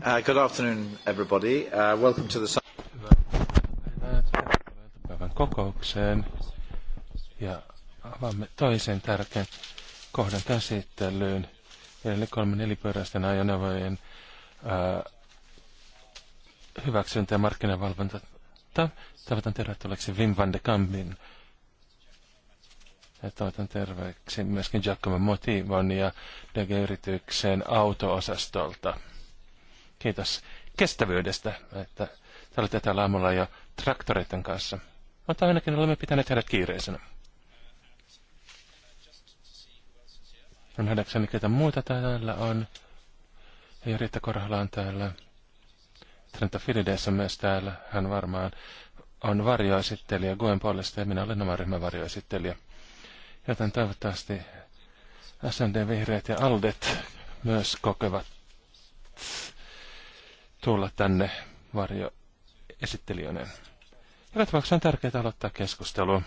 Uh, good afternoon, everybody. Uh, welcome to the... Päivän kokoukseen ja avaamme toisen tärkeän kohdan käsittelyyn, eli kolme nelipyöräisten ajoneuvojen uh, hyväksyntä ja markkinavalvonta. Toivotan tervetulleeksi Wim van de Kampin ja toivotan terveeksi myöskin Giacomo Motivon ja DG-yrityksen auto-osastolta. Kiitos kestävyydestä, että te olette täällä aamulla jo traktoreiden kanssa. Mutta ainakin olemme pitäneet heidät kiireisenä. On nähdäkseni, ketä muita täällä on. Ei Riitta Korhola on täällä. Trenta Filides on myös täällä. Hän varmaan on varjoesittelijä Goen puolesta ja minä olen oman ryhmän varjoesittelijä. Joten toivottavasti SND, Vihreät ja Aldet myös kokevat tulla tänne varjoesittelijöinen. Joka tapauksessa on tärkeää aloittaa keskustelu.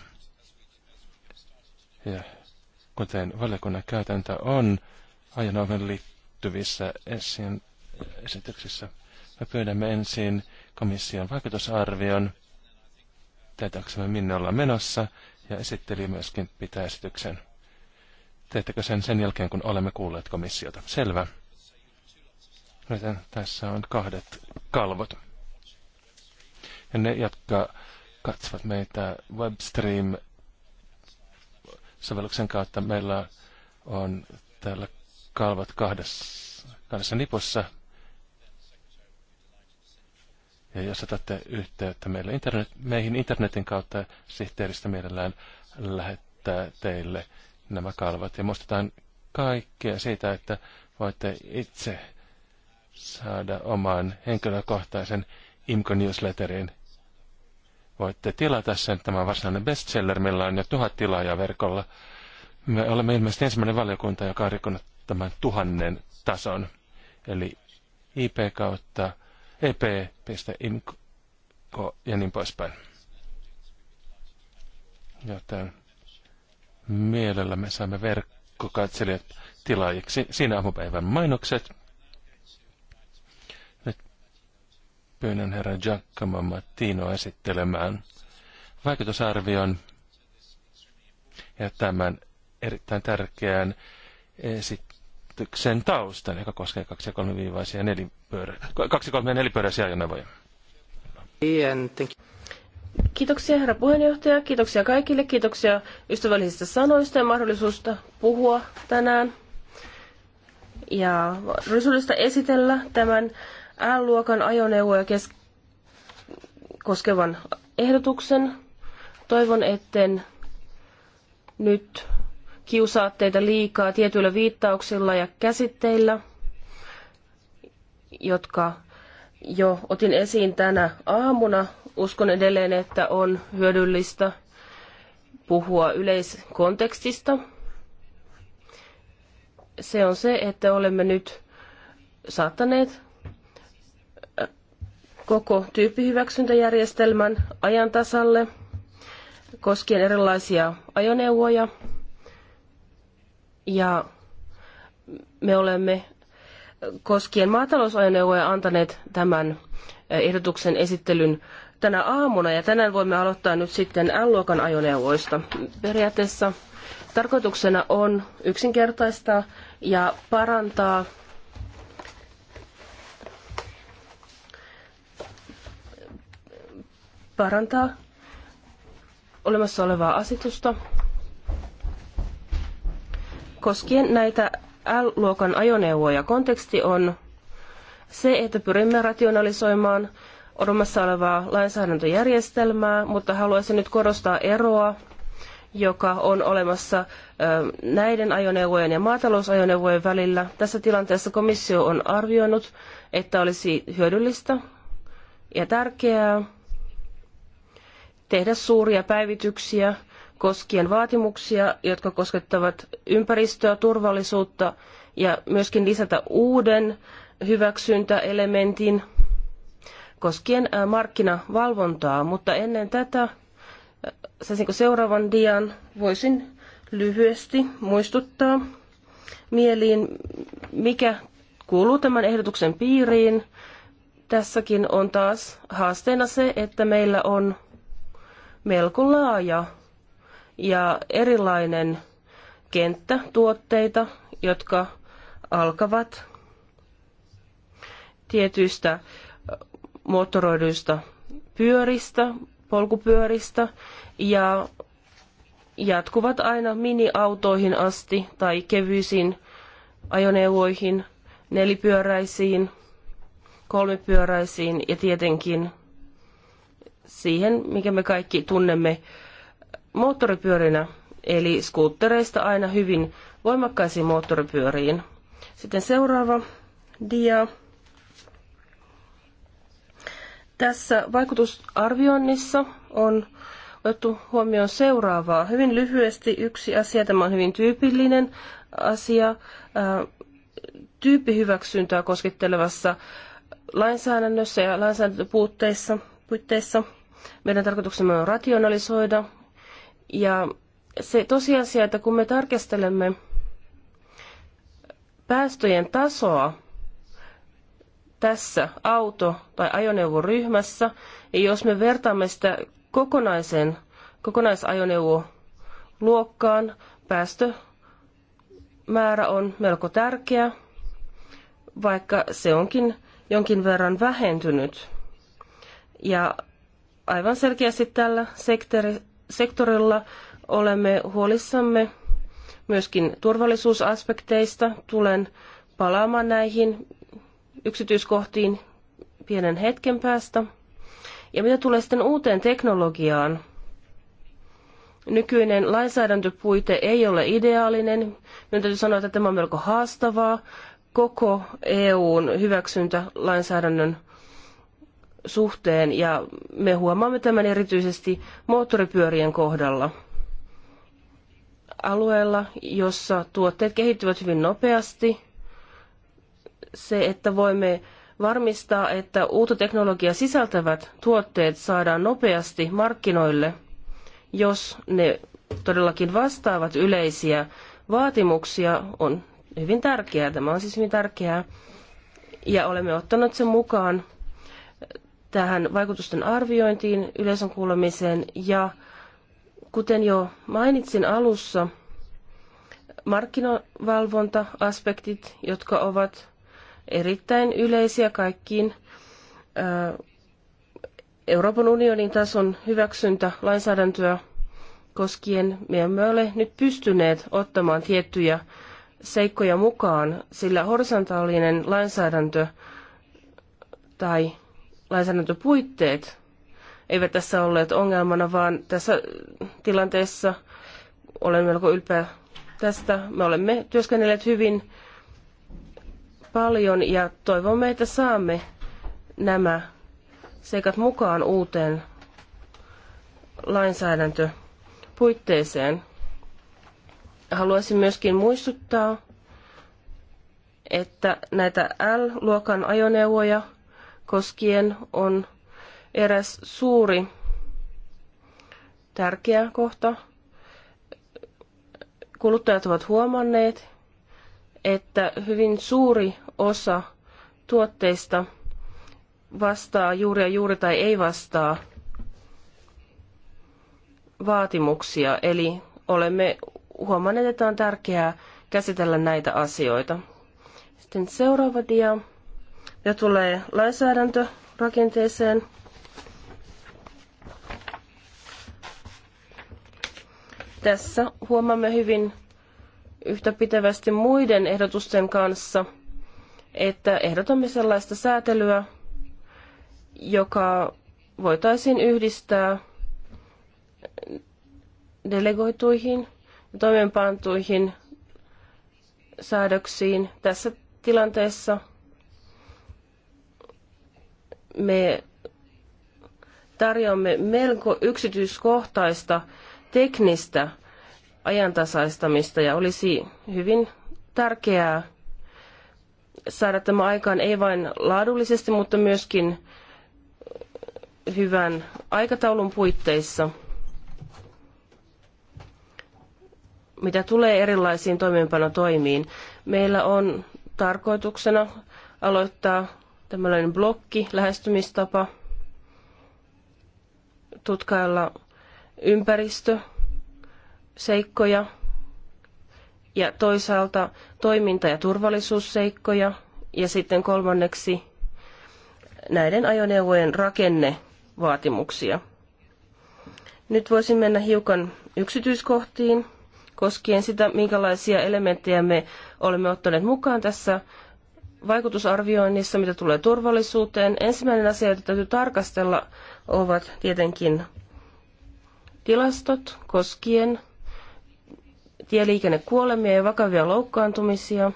Ja kuten valiokunnan käytäntö on ajoneuvoon liittyvissä esiin esityksissä, me pyydämme ensin komission vaikutusarvion, tietääksemme minne ollaan menossa, ja esitteli myöskin pitää esityksen. Teettekö sen sen jälkeen, kun olemme kuulleet komissiota? Selvä. Joten tässä on kahdet kalvot. Ja ne, jotka katsovat meitä Webstream-sovelluksen kautta, meillä on täällä kalvot kahdessa, kahdessa nipussa. Ja jos otatte yhteyttä meille internet, meihin internetin kautta, sihteeristä mielellään lähettää teille nämä kalvot. Ja muistetaan kaikkea siitä, että voitte itse saada omaan henkilökohtaisen Imco newsletterin. Voitte tilata sen, tämä on varsinainen bestseller, millä on jo tuhat tilaajaa verkolla. Me olemme ilmeisesti ensimmäinen valiokunta, joka on rikkonut tämän tuhannen tason, eli IP kautta ep.imco ja niin poispäin. Joten mielellä me saamme verkkokatselijat tilaajiksi. Siinä aamupäivän mainokset. pyynnön herra Giacomo Mattino esittelemään vaikutusarvion ja tämän erittäin tärkeän esityksen taustan, joka koskee 2 ja 3 viivaisia nelipyörä, ja nelipyöräisiä ajoneuvoja. Kiitoksia herra puheenjohtaja, kiitoksia kaikille, kiitoksia ystävällisistä sanoista ja mahdollisuudesta puhua tänään ja mahdollisuudesta esitellä tämän L-luokan ajoneuvoja kes- koskevan ehdotuksen. Toivon, etten nyt kiusaa teitä liikaa tietyillä viittauksilla ja käsitteillä, jotka jo otin esiin tänä aamuna. Uskon edelleen, että on hyödyllistä puhua yleiskontekstista. Se on se, että olemme nyt saattaneet koko tyyppihyväksyntäjärjestelmän ajan tasalle koskien erilaisia ajoneuvoja. Ja me olemme koskien maatalousajoneuvoja antaneet tämän eh, ehdotuksen esittelyn tänä aamuna ja tänään voimme aloittaa nyt sitten L-luokan ajoneuvoista. Periaatteessa tarkoituksena on yksinkertaistaa ja parantaa parantaa olemassa olevaa asetusta koskien näitä L-luokan ajoneuvoja. Konteksti on se, että pyrimme rationalisoimaan olemassa olevaa lainsäädäntöjärjestelmää, mutta haluaisin nyt korostaa eroa, joka on olemassa näiden ajoneuvojen ja maatalousajoneuvojen välillä. Tässä tilanteessa komissio on arvioinut, että olisi hyödyllistä ja tärkeää tehdä suuria päivityksiä koskien vaatimuksia, jotka koskettavat ympäristöä, turvallisuutta ja myöskin lisätä uuden hyväksyntäelementin koskien markkinavalvontaa. Mutta ennen tätä, saisinko seuraavan dian, voisin lyhyesti muistuttaa mieliin, mikä kuuluu tämän ehdotuksen piiriin. Tässäkin on taas haasteena se, että meillä on melko laaja ja erilainen kenttä tuotteita, jotka alkavat tietyistä moottoroiduista pyöristä, polkupyöristä ja jatkuvat aina miniautoihin asti tai kevyisiin ajoneuvoihin, nelipyöräisiin, kolmipyöräisiin ja tietenkin siihen, mikä me kaikki tunnemme moottoripyörinä, eli skuuttereista aina hyvin voimakkaisiin moottoripyöriin. Sitten seuraava dia. Tässä vaikutusarvioinnissa on otettu huomioon seuraavaa. Hyvin lyhyesti yksi asia, tämä on hyvin tyypillinen asia, tyyppihyväksyntää koskettelevassa lainsäädännössä ja lainsäädäntöpuutteissa – puitteissa. Meidän tarkoituksemme on rationalisoida. Ja se tosiasia, että kun me tarkastelemme päästöjen tasoa tässä auto- tai ajoneuvoryhmässä, ja jos me vertaamme sitä kokonaisen, kokonaisajoneuvoluokkaan, päästömäärä on melko tärkeä, vaikka se onkin jonkin verran vähentynyt. Ja aivan selkeästi tällä sektori, sektorilla olemme huolissamme myöskin turvallisuusaspekteista. Tulen palaamaan näihin yksityiskohtiin pienen hetken päästä. Ja mitä tulee sitten uuteen teknologiaan, nykyinen lainsäädäntöpuite ei ole ideaalinen. Minun täytyy sanoa, että tämä on melko haastavaa. Koko EUn hyväksyntä lainsäädännön suhteen ja me huomaamme tämän erityisesti moottoripyörien kohdalla. Alueella, jossa tuotteet kehittyvät hyvin nopeasti, se, että voimme varmistaa, että uutta teknologiaa sisältävät tuotteet saadaan nopeasti markkinoille, jos ne todellakin vastaavat yleisiä vaatimuksia, on hyvin tärkeää. Tämä on siis hyvin tärkeää. Ja olemme ottaneet sen mukaan tähän vaikutusten arviointiin, yleisön kuulemiseen ja kuten jo mainitsin alussa, markkinavalvonta-aspektit, jotka ovat erittäin yleisiä kaikkiin Euroopan unionin tason hyväksyntä lainsäädäntöä koskien me emme ole nyt pystyneet ottamaan tiettyjä seikkoja mukaan, sillä horisontaalinen lainsäädäntö tai lainsäädäntöpuitteet eivät tässä olleet ongelmana, vaan tässä tilanteessa olen melko ylpeä tästä. Me olemme työskennelleet hyvin paljon ja toivomme, että saamme nämä seikat mukaan uuteen lainsäädäntöpuitteeseen. Haluaisin myöskin muistuttaa, että näitä L-luokan ajoneuvoja – koskien on eräs suuri tärkeä kohta. Kuluttajat ovat huomanneet, että hyvin suuri osa tuotteista vastaa juuri ja juuri tai ei vastaa vaatimuksia. Eli olemme huomanneet, että on tärkeää käsitellä näitä asioita. Sitten seuraava dia ja tulee lainsäädäntörakenteeseen. Tässä huomaamme hyvin yhtäpitävästi muiden ehdotusten kanssa, että ehdotamme sellaista säätelyä, joka voitaisiin yhdistää delegoituihin ja toimeenpantuihin säädöksiin tässä tilanteessa – me tarjoamme melko yksityiskohtaista teknistä ajantasaistamista ja olisi hyvin tärkeää saada tämä aikaan ei vain laadullisesti, mutta myöskin hyvän aikataulun puitteissa. Mitä tulee erilaisiin toimeenpanotoimiin, meillä on tarkoituksena aloittaa tämmöinen blokki, lähestymistapa, tutkailla seikkoja ja toisaalta toiminta- ja turvallisuusseikkoja ja sitten kolmanneksi näiden ajoneuvojen rakennevaatimuksia. Nyt voisin mennä hiukan yksityiskohtiin koskien sitä, minkälaisia elementtejä me olemme ottaneet mukaan tässä vaikutusarvioinnissa, mitä tulee turvallisuuteen, ensimmäinen asia, jota täytyy tarkastella, ovat tietenkin tilastot koskien tieliikennekuolemia ja vakavia loukkaantumisia.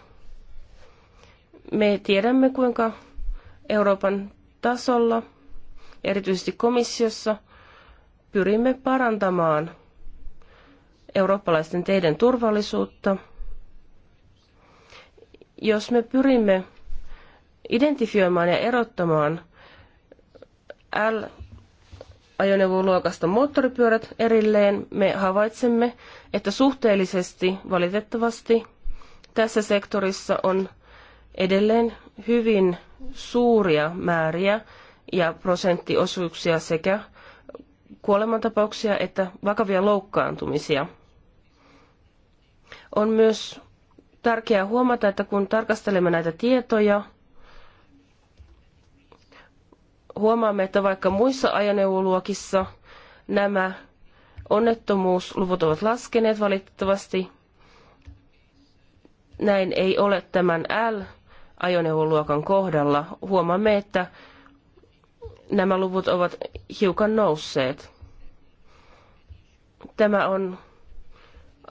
Me tiedämme, kuinka Euroopan tasolla, erityisesti komissiossa, pyrimme parantamaan eurooppalaisten teiden turvallisuutta. Jos me pyrimme identifioimaan ja erottamaan L-ajoneuvoluokasta moottoripyörät erilleen, me havaitsemme, että suhteellisesti valitettavasti tässä sektorissa on edelleen hyvin suuria määriä ja prosenttiosuuksia sekä kuolemantapauksia että vakavia loukkaantumisia. On myös tärkeää huomata, että kun tarkastelemme näitä tietoja, huomaamme, että vaikka muissa ajoneuvoluokissa nämä onnettomuusluvut ovat laskeneet valitettavasti, näin ei ole tämän L-ajoneuvoluokan kohdalla. Huomaamme, että nämä luvut ovat hiukan nousseet. Tämä on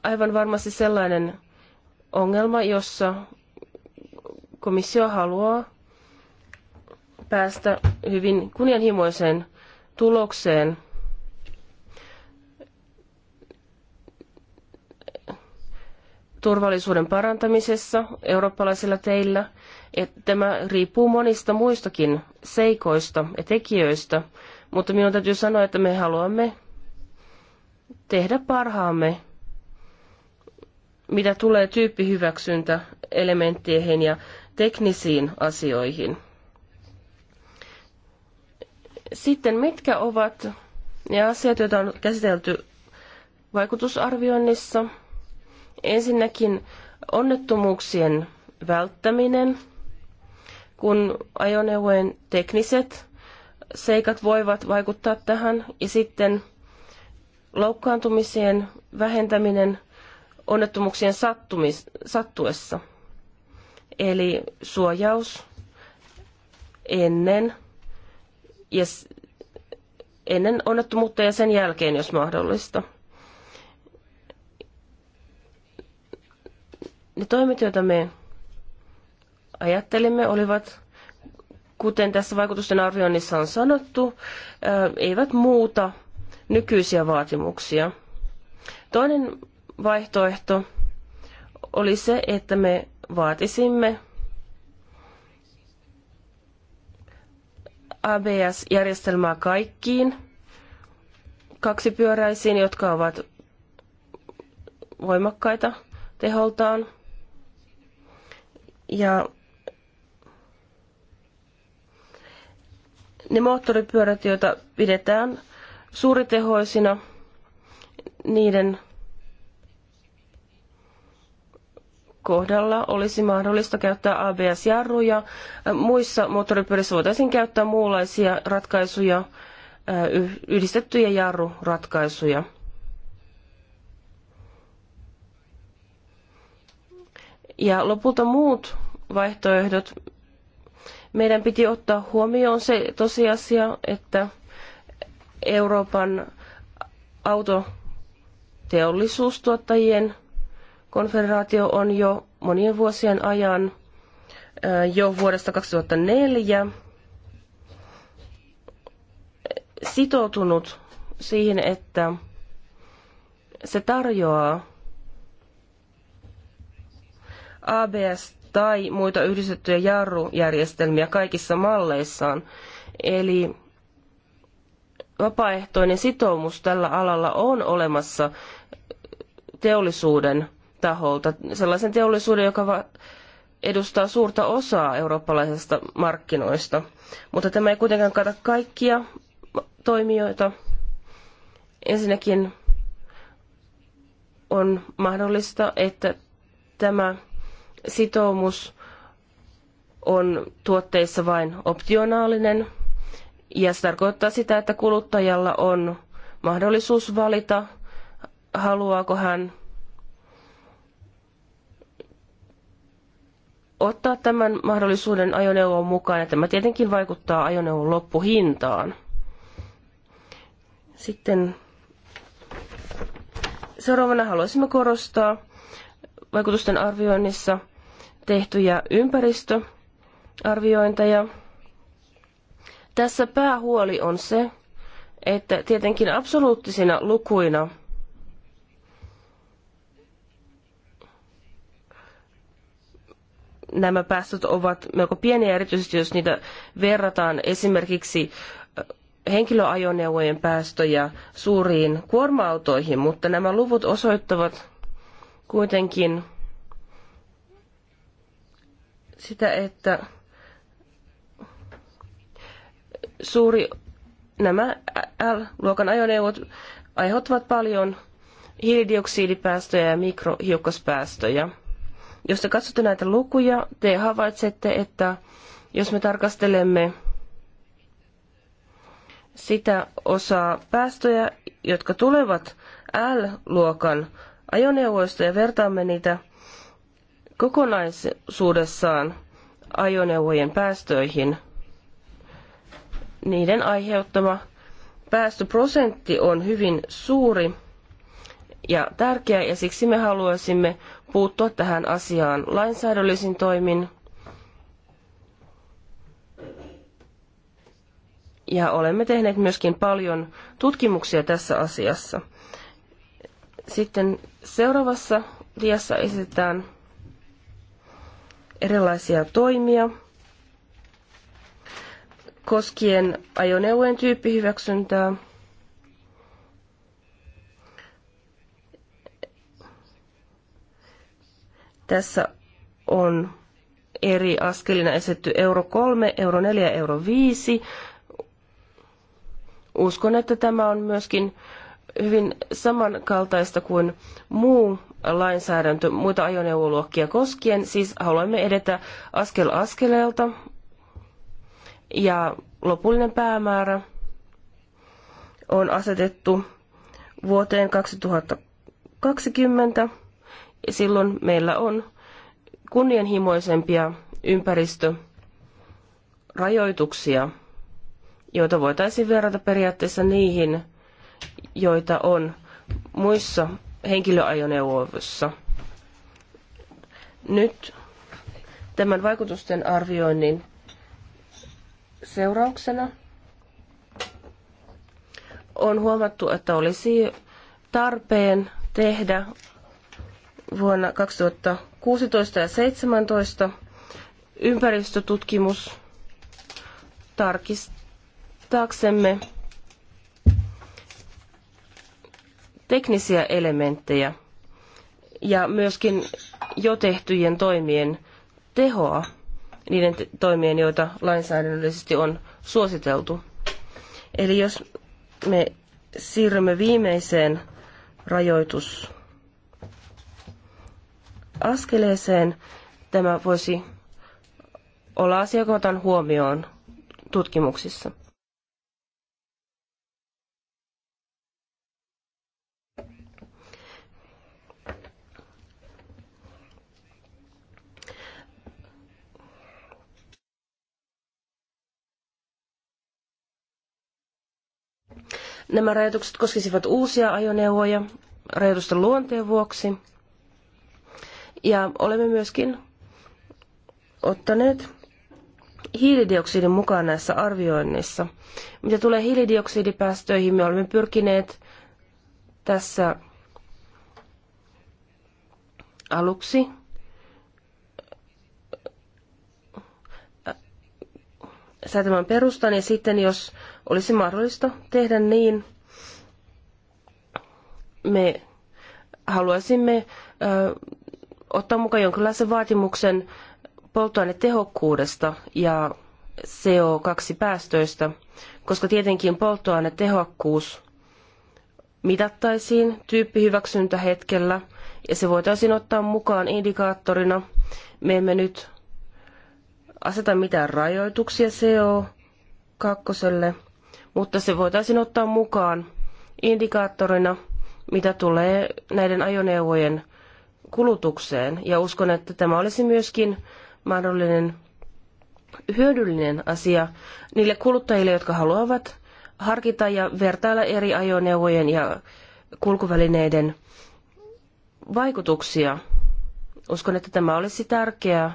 aivan varmasti sellainen ongelma, jossa komissio haluaa päästä hyvin kunnianhimoiseen tulokseen. turvallisuuden parantamisessa eurooppalaisilla teillä. Että tämä riippuu monista muistakin seikoista ja tekijöistä, mutta minun täytyy sanoa, että me haluamme tehdä parhaamme, mitä tulee tyyppihyväksyntä elementteihin ja teknisiin asioihin. Sitten mitkä ovat ne asiat, joita on käsitelty vaikutusarvioinnissa? Ensinnäkin onnettomuuksien välttäminen, kun ajoneuvojen tekniset seikat voivat vaikuttaa tähän, ja sitten loukkaantumisien vähentäminen onnettomuuksien sattumis, sattuessa. Eli suojaus ennen ja ennen onnettomuutta ja sen jälkeen, jos mahdollista. Ne toimet, joita me ajattelimme, olivat, kuten tässä vaikutusten arvioinnissa on sanottu, eivät muuta nykyisiä vaatimuksia. Toinen vaihtoehto oli se, että me vaatisimme ABS-järjestelmää kaikkiin kaksipyöräisiin, jotka ovat voimakkaita teholtaan. Ja ne moottoripyörät, joita pidetään suuritehoisina, niiden kohdalla olisi mahdollista käyttää ABS-jarruja. Äh, muissa moottoripyörissä voitaisiin käyttää muunlaisia ratkaisuja, äh, yhdistettyjä jarruratkaisuja. Ja lopulta muut vaihtoehdot. Meidän piti ottaa huomioon se tosiasia, että Euroopan autoteollisuustuottajien Konfederaatio on jo monien vuosien ajan, jo vuodesta 2004, sitoutunut siihen, että se tarjoaa ABS tai muita yhdistettyjä jarrujärjestelmiä kaikissa malleissaan. Eli vapaaehtoinen sitoumus tällä alalla on olemassa teollisuuden taholta. Sellaisen teollisuuden, joka edustaa suurta osaa eurooppalaisista markkinoista. Mutta tämä ei kuitenkaan kata kaikkia toimijoita. Ensinnäkin on mahdollista, että tämä sitoumus on tuotteissa vain optionaalinen. Ja se tarkoittaa sitä, että kuluttajalla on mahdollisuus valita, haluaako hän ottaa tämän mahdollisuuden ajoneuvoon mukaan, ja tämä tietenkin vaikuttaa ajoneuvon loppuhintaan. Sitten seuraavana haluaisimme korostaa vaikutusten arvioinnissa tehtyjä ympäristöarviointeja. Tässä päähuoli on se, että tietenkin absoluuttisina lukuina – nämä päästöt ovat melko pieniä, erityisesti jos niitä verrataan esimerkiksi henkilöajoneuvojen päästöjä suuriin kuorma-autoihin, mutta nämä luvut osoittavat kuitenkin sitä, että suuri nämä L-luokan ajoneuvot aiheuttavat paljon hiilidioksidipäästöjä ja mikrohiukkaspäästöjä. Jos te katsotte näitä lukuja, te havaitsette, että jos me tarkastelemme sitä osaa päästöjä, jotka tulevat L-luokan ajoneuvoista ja vertaamme niitä kokonaisuudessaan ajoneuvojen päästöihin, niiden aiheuttama päästöprosentti on hyvin suuri ja tärkeä ja siksi me haluaisimme puuttua tähän asiaan lainsäädännöllisin toimin. Ja olemme tehneet myöskin paljon tutkimuksia tässä asiassa. Sitten seuraavassa diassa esitetään erilaisia toimia koskien ajoneuvojen tyyppihyväksyntää. hyväksyntää Tässä on eri askelina esitetty euro 3, euro 4 euro 5. Uskon, että tämä on myöskin hyvin samankaltaista kuin muu lainsäädäntö muita ajoneuvoluokkia koskien. Siis haluamme edetä askel askeleelta ja lopullinen päämäärä on asetettu vuoteen 2020 silloin meillä on kunnianhimoisempia ympäristörajoituksia, joita voitaisiin verrata periaatteessa niihin, joita on muissa henkilöajoneuvoissa. Nyt tämän vaikutusten arvioinnin seurauksena on huomattu, että olisi tarpeen tehdä vuonna 2016 ja 2017 ympäristötutkimus tarkistaaksemme teknisiä elementtejä ja myöskin jo tehtyjen toimien tehoa, niiden toimien, joita lainsäädännöllisesti on suositeltu. Eli jos me siirrymme viimeiseen rajoitus askeleeseen. Tämä voisi olla asia, joka otan huomioon tutkimuksissa. Nämä rajoitukset koskisivat uusia ajoneuvoja rajoitusten luonteen vuoksi. Ja olemme myöskin ottaneet hiilidioksidin mukaan näissä arvioinneissa. Mitä tulee hiilidioksidipäästöihin, me olemme pyrkineet tässä aluksi äh, säätämään perustan ja sitten jos olisi mahdollista tehdä niin, me haluaisimme äh, ottaa mukaan jonkinlaisen vaatimuksen polttoainetehokkuudesta ja CO2-päästöistä, koska tietenkin polttoainetehokkuus mitattaisiin tyyppihyväksyntähetkellä ja se voitaisiin ottaa mukaan indikaattorina. Me emme nyt aseta mitään rajoituksia CO2, mutta se voitaisiin ottaa mukaan indikaattorina, mitä tulee näiden ajoneuvojen kulutukseen. Ja uskon, että tämä olisi myöskin mahdollinen hyödyllinen asia niille kuluttajille, jotka haluavat harkita ja vertailla eri ajoneuvojen ja kulkuvälineiden vaikutuksia. Uskon, että tämä olisi tärkeä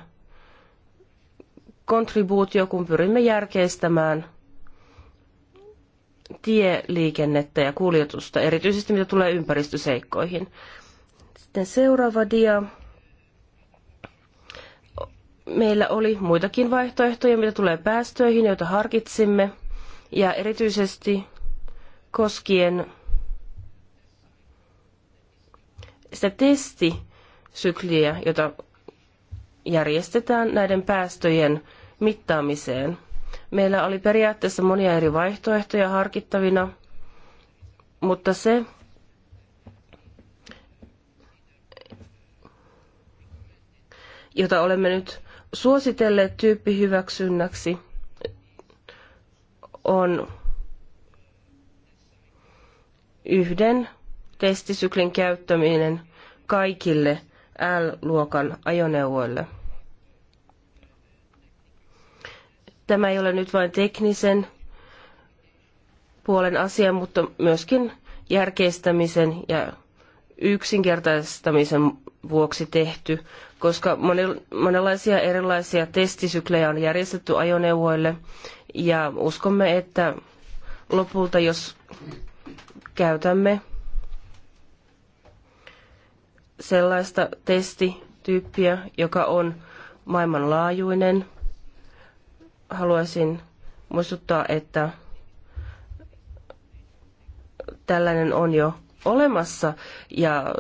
kontribuutio, kun pyrimme järkeistämään tieliikennettä ja kuljetusta, erityisesti mitä tulee ympäristöseikkoihin. Sitten seuraava dia. Meillä oli muitakin vaihtoehtoja, mitä tulee päästöihin, joita harkitsimme. Ja erityisesti koskien sitä testisykliä, jota järjestetään näiden päästöjen mittaamiseen. Meillä oli periaatteessa monia eri vaihtoehtoja harkittavina, mutta se, jota olemme nyt suositelleet tyyppihyväksynnäksi, on yhden testisyklin käyttäminen kaikille L-luokan ajoneuvoille. Tämä ei ole nyt vain teknisen puolen asia, mutta myöskin järkeistämisen ja yksinkertaistamisen vuoksi tehty koska monenlaisia erilaisia testisyklejä on järjestetty ajoneuvoille ja uskomme, että lopulta jos käytämme sellaista testityyppiä, joka on maailmanlaajuinen, haluaisin muistuttaa, että tällainen on jo olemassa ja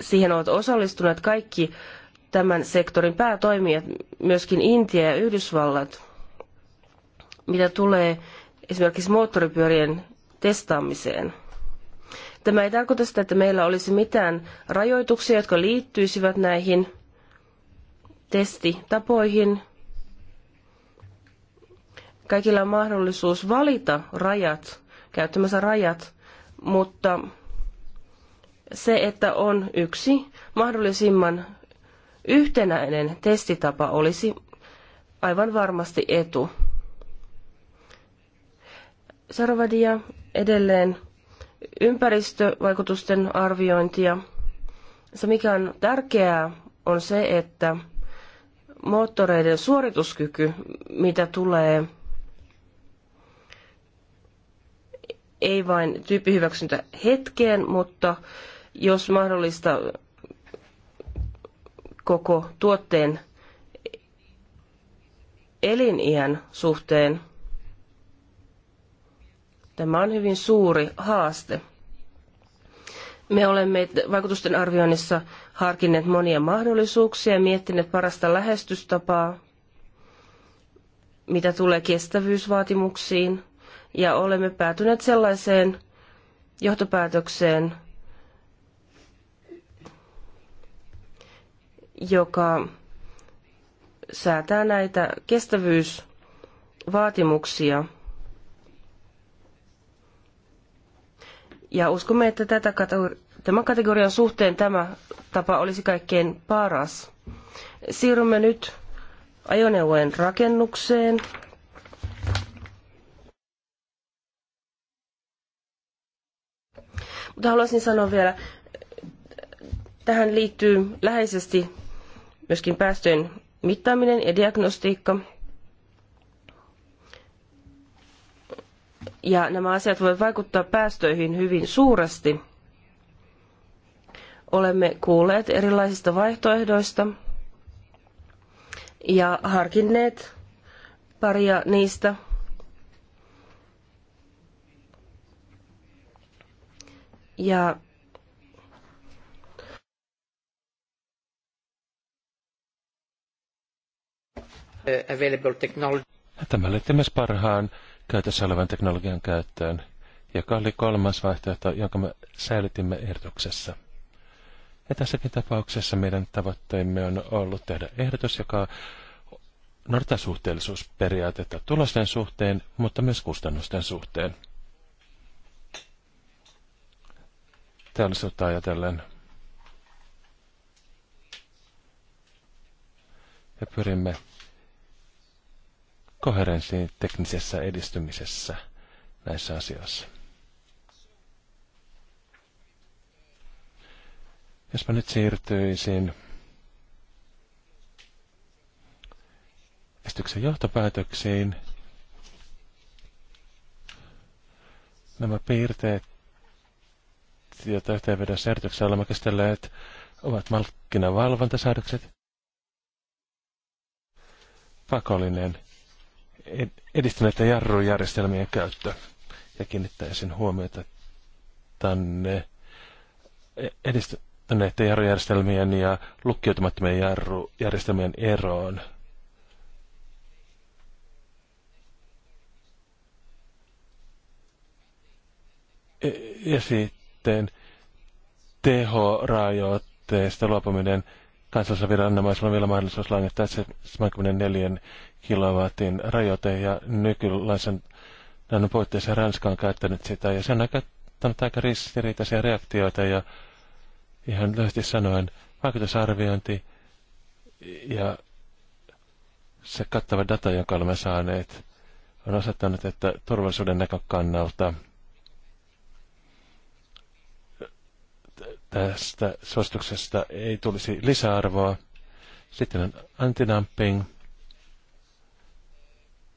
siihen ovat osallistuneet kaikki tämän sektorin päätoimijat, myöskin Intia ja Yhdysvallat, mitä tulee esimerkiksi moottoripyörien testaamiseen. Tämä ei tarkoita sitä, että meillä olisi mitään rajoituksia, jotka liittyisivät näihin testitapoihin. Kaikilla on mahdollisuus valita rajat, käyttämänsä rajat, mutta se, että on yksi mahdollisimman yhtenäinen testitapa olisi aivan varmasti etu. Sarvadia edelleen ympäristövaikutusten arviointia. Se mikä on tärkeää on se, että moottoreiden suorituskyky, mitä tulee ei vain tyyppihyväksyntä hetkeen, mutta jos mahdollista koko tuotteen eliniän suhteen. Tämä on hyvin suuri haaste. Me olemme vaikutusten arvioinnissa harkinneet monia mahdollisuuksia ja miettineet parasta lähestystapaa, mitä tulee kestävyysvaatimuksiin, ja olemme päätyneet sellaiseen johtopäätökseen, joka säätää näitä kestävyysvaatimuksia. Ja uskomme, että tätä kategori- tämän kategorian suhteen tämä tapa olisi kaikkein paras. Siirrymme nyt ajoneuvojen rakennukseen. Mutta haluaisin sanoa vielä, tähän liittyy läheisesti myöskin päästöjen mittaaminen ja diagnostiikka. Ja nämä asiat voivat vaikuttaa päästöihin hyvin suuresti. Olemme kuulleet erilaisista vaihtoehdoista ja harkinneet paria niistä. Ja Uh, available technology. Tämä liittyy myös parhaan käytössä olevan teknologian käyttöön, joka oli kolmas vaihtoehto, jonka me säilytimme ehdotuksessa. Ja tässäkin tapauksessa meidän tavoitteemme on ollut tehdä ehdotus, joka noudattaa suhteellisuusperiaatetta tulosten suhteen, mutta myös kustannusten suhteen. Teollisuutta ajatellen. Ja pyrimme koherenssin teknisessä edistymisessä näissä asioissa. Jos mä nyt siirtyisin esityksen johtopäätöksiin, nämä piirteet, joita yhteenvedossa erityksessä olemme käsitelleet, ovat markkinavalvontasäädökset, pakollinen edistyneitä jarrujärjestelmien käyttö. Ja kiinnittäisin huomiota tänne e- edistyneiden jarrujärjestelmien ja lukkiutumattomien jarrujärjestelmien eroon. E- ja sitten teho-rajoitteista luopuminen – kansallisella viranomaisella on vielä mahdollisuus langettaa 74 kilowatin rajoite ja nykylainsäädännön puitteissa Ranska on käyttänyt sitä ja se on aiheuttanut aika ristiriitaisia reaktioita ja ihan lyhyesti sanoen vaikutusarviointi ja se kattava data, jonka olemme saaneet, on osoittanut, että turvallisuuden näkökannalta – tästä suosituksesta ei tulisi lisäarvoa. Sitten on antidumping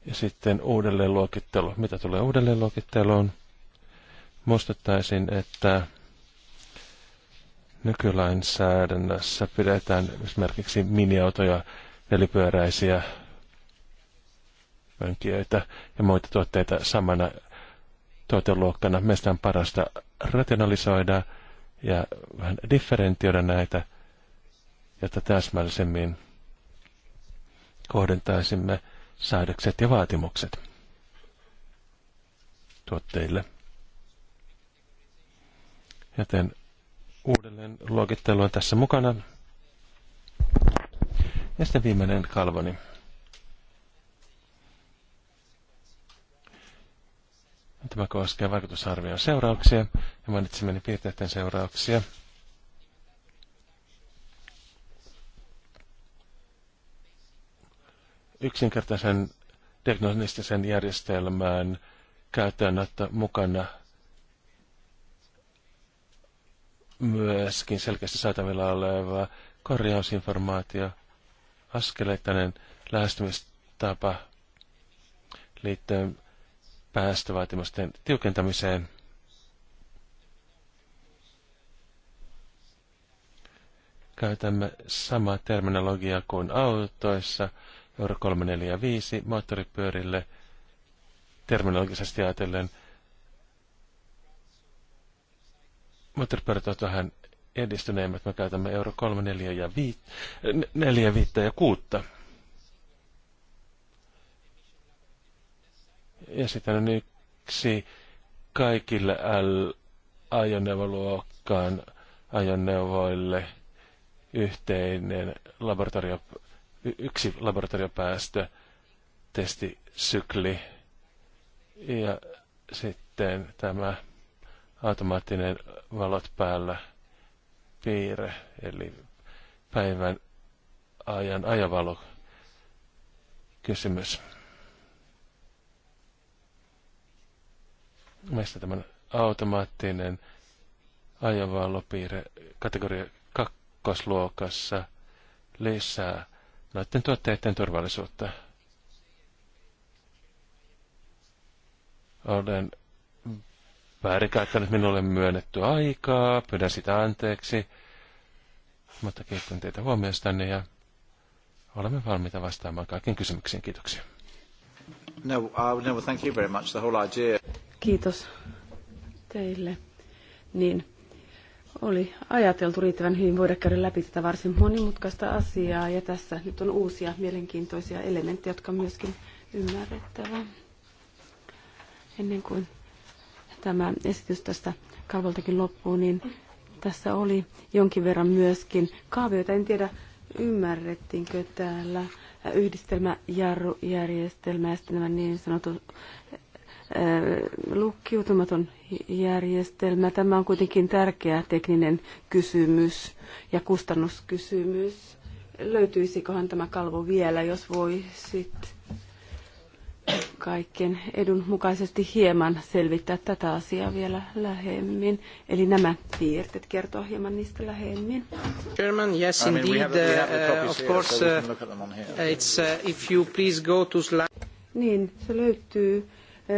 ja sitten uudelleenluokittelu. Mitä tulee uudelleenluokitteluun? Muistuttaisin, että nykylainsäädännössä pidetään esimerkiksi miniautoja, nelipyöräisiä mönkijöitä ja muita tuotteita samana tuoteluokkana. Meistä on parasta rationalisoida ja vähän differentioida näitä, jotta täsmällisemmin kohdentaisimme säädökset ja vaatimukset tuotteille. Joten uudelleen luokittelu on tässä mukana. Ja sitten viimeinen kalvoni. Tämä koskee vaikutusarvion seurauksia ja mainitsemani piirteiden seurauksia. Yksinkertaisen diagnostisen järjestelmän käyttöönotto mukana myöskin selkeästi saatavilla oleva korjausinformaatio, askeleittainen lähestymistapa liittyen päästövaatimusten tiukentamiseen. Käytämme samaa terminologiaa kuin autoissa, Euro 345 moottoripyörille, terminologisesti ajatellen. Moottoripyörät ovat vähän edistyneemmät, me käytämme Euro 3, 4 ja 5, 4, 5 ja 6. esitän yksi kaikille L-ajoneuvoluokkaan ajoneuvoille yhteinen laboratorio, yksi laboratoriopäästö, testisykli ja sitten tämä automaattinen valot päällä piirre, eli päivän ajan ajavalo kysymys. Meistä tämän automaattinen ajovalopiirre kategoria kakkosluokassa lisää noiden tuotteiden turvallisuutta. Olen käyttänyt minulle myönnetty aikaa, pyydän sitä anteeksi, mutta kiitän teitä huomiostanne ja olemme valmiita vastaamaan kaikkiin kysymyksiin. Kiitoksia. No, uh, no, thank you very much. The whole idea. Kiitos teille. Niin, oli ajateltu riittävän hyvin voida käydä läpi tätä varsin monimutkaista asiaa ja tässä nyt on uusia mielenkiintoisia elementtejä, jotka on myöskin ymmärrettävä. Ennen kuin tämä esitys tästä kalvoltakin loppuu, niin tässä oli jonkin verran myöskin kaavioita. En tiedä, ymmärrettiinkö täällä yhdistelmäjarrujärjestelmä ja sitten nämä niin sanotut lukkiutumaton järjestelmä. Tämä on kuitenkin tärkeä tekninen kysymys ja kustannuskysymys. Löytyisikohan tämä kalvo vielä, jos voisit kaikkien edun mukaisesti hieman selvittää tätä asiaa vielä lähemmin. Eli nämä piirteet kertoo hieman niistä lähemmin. Chairman, yes indeed, uh, of course, uh, it's, uh, if you please go to slide. Niin, se löytyy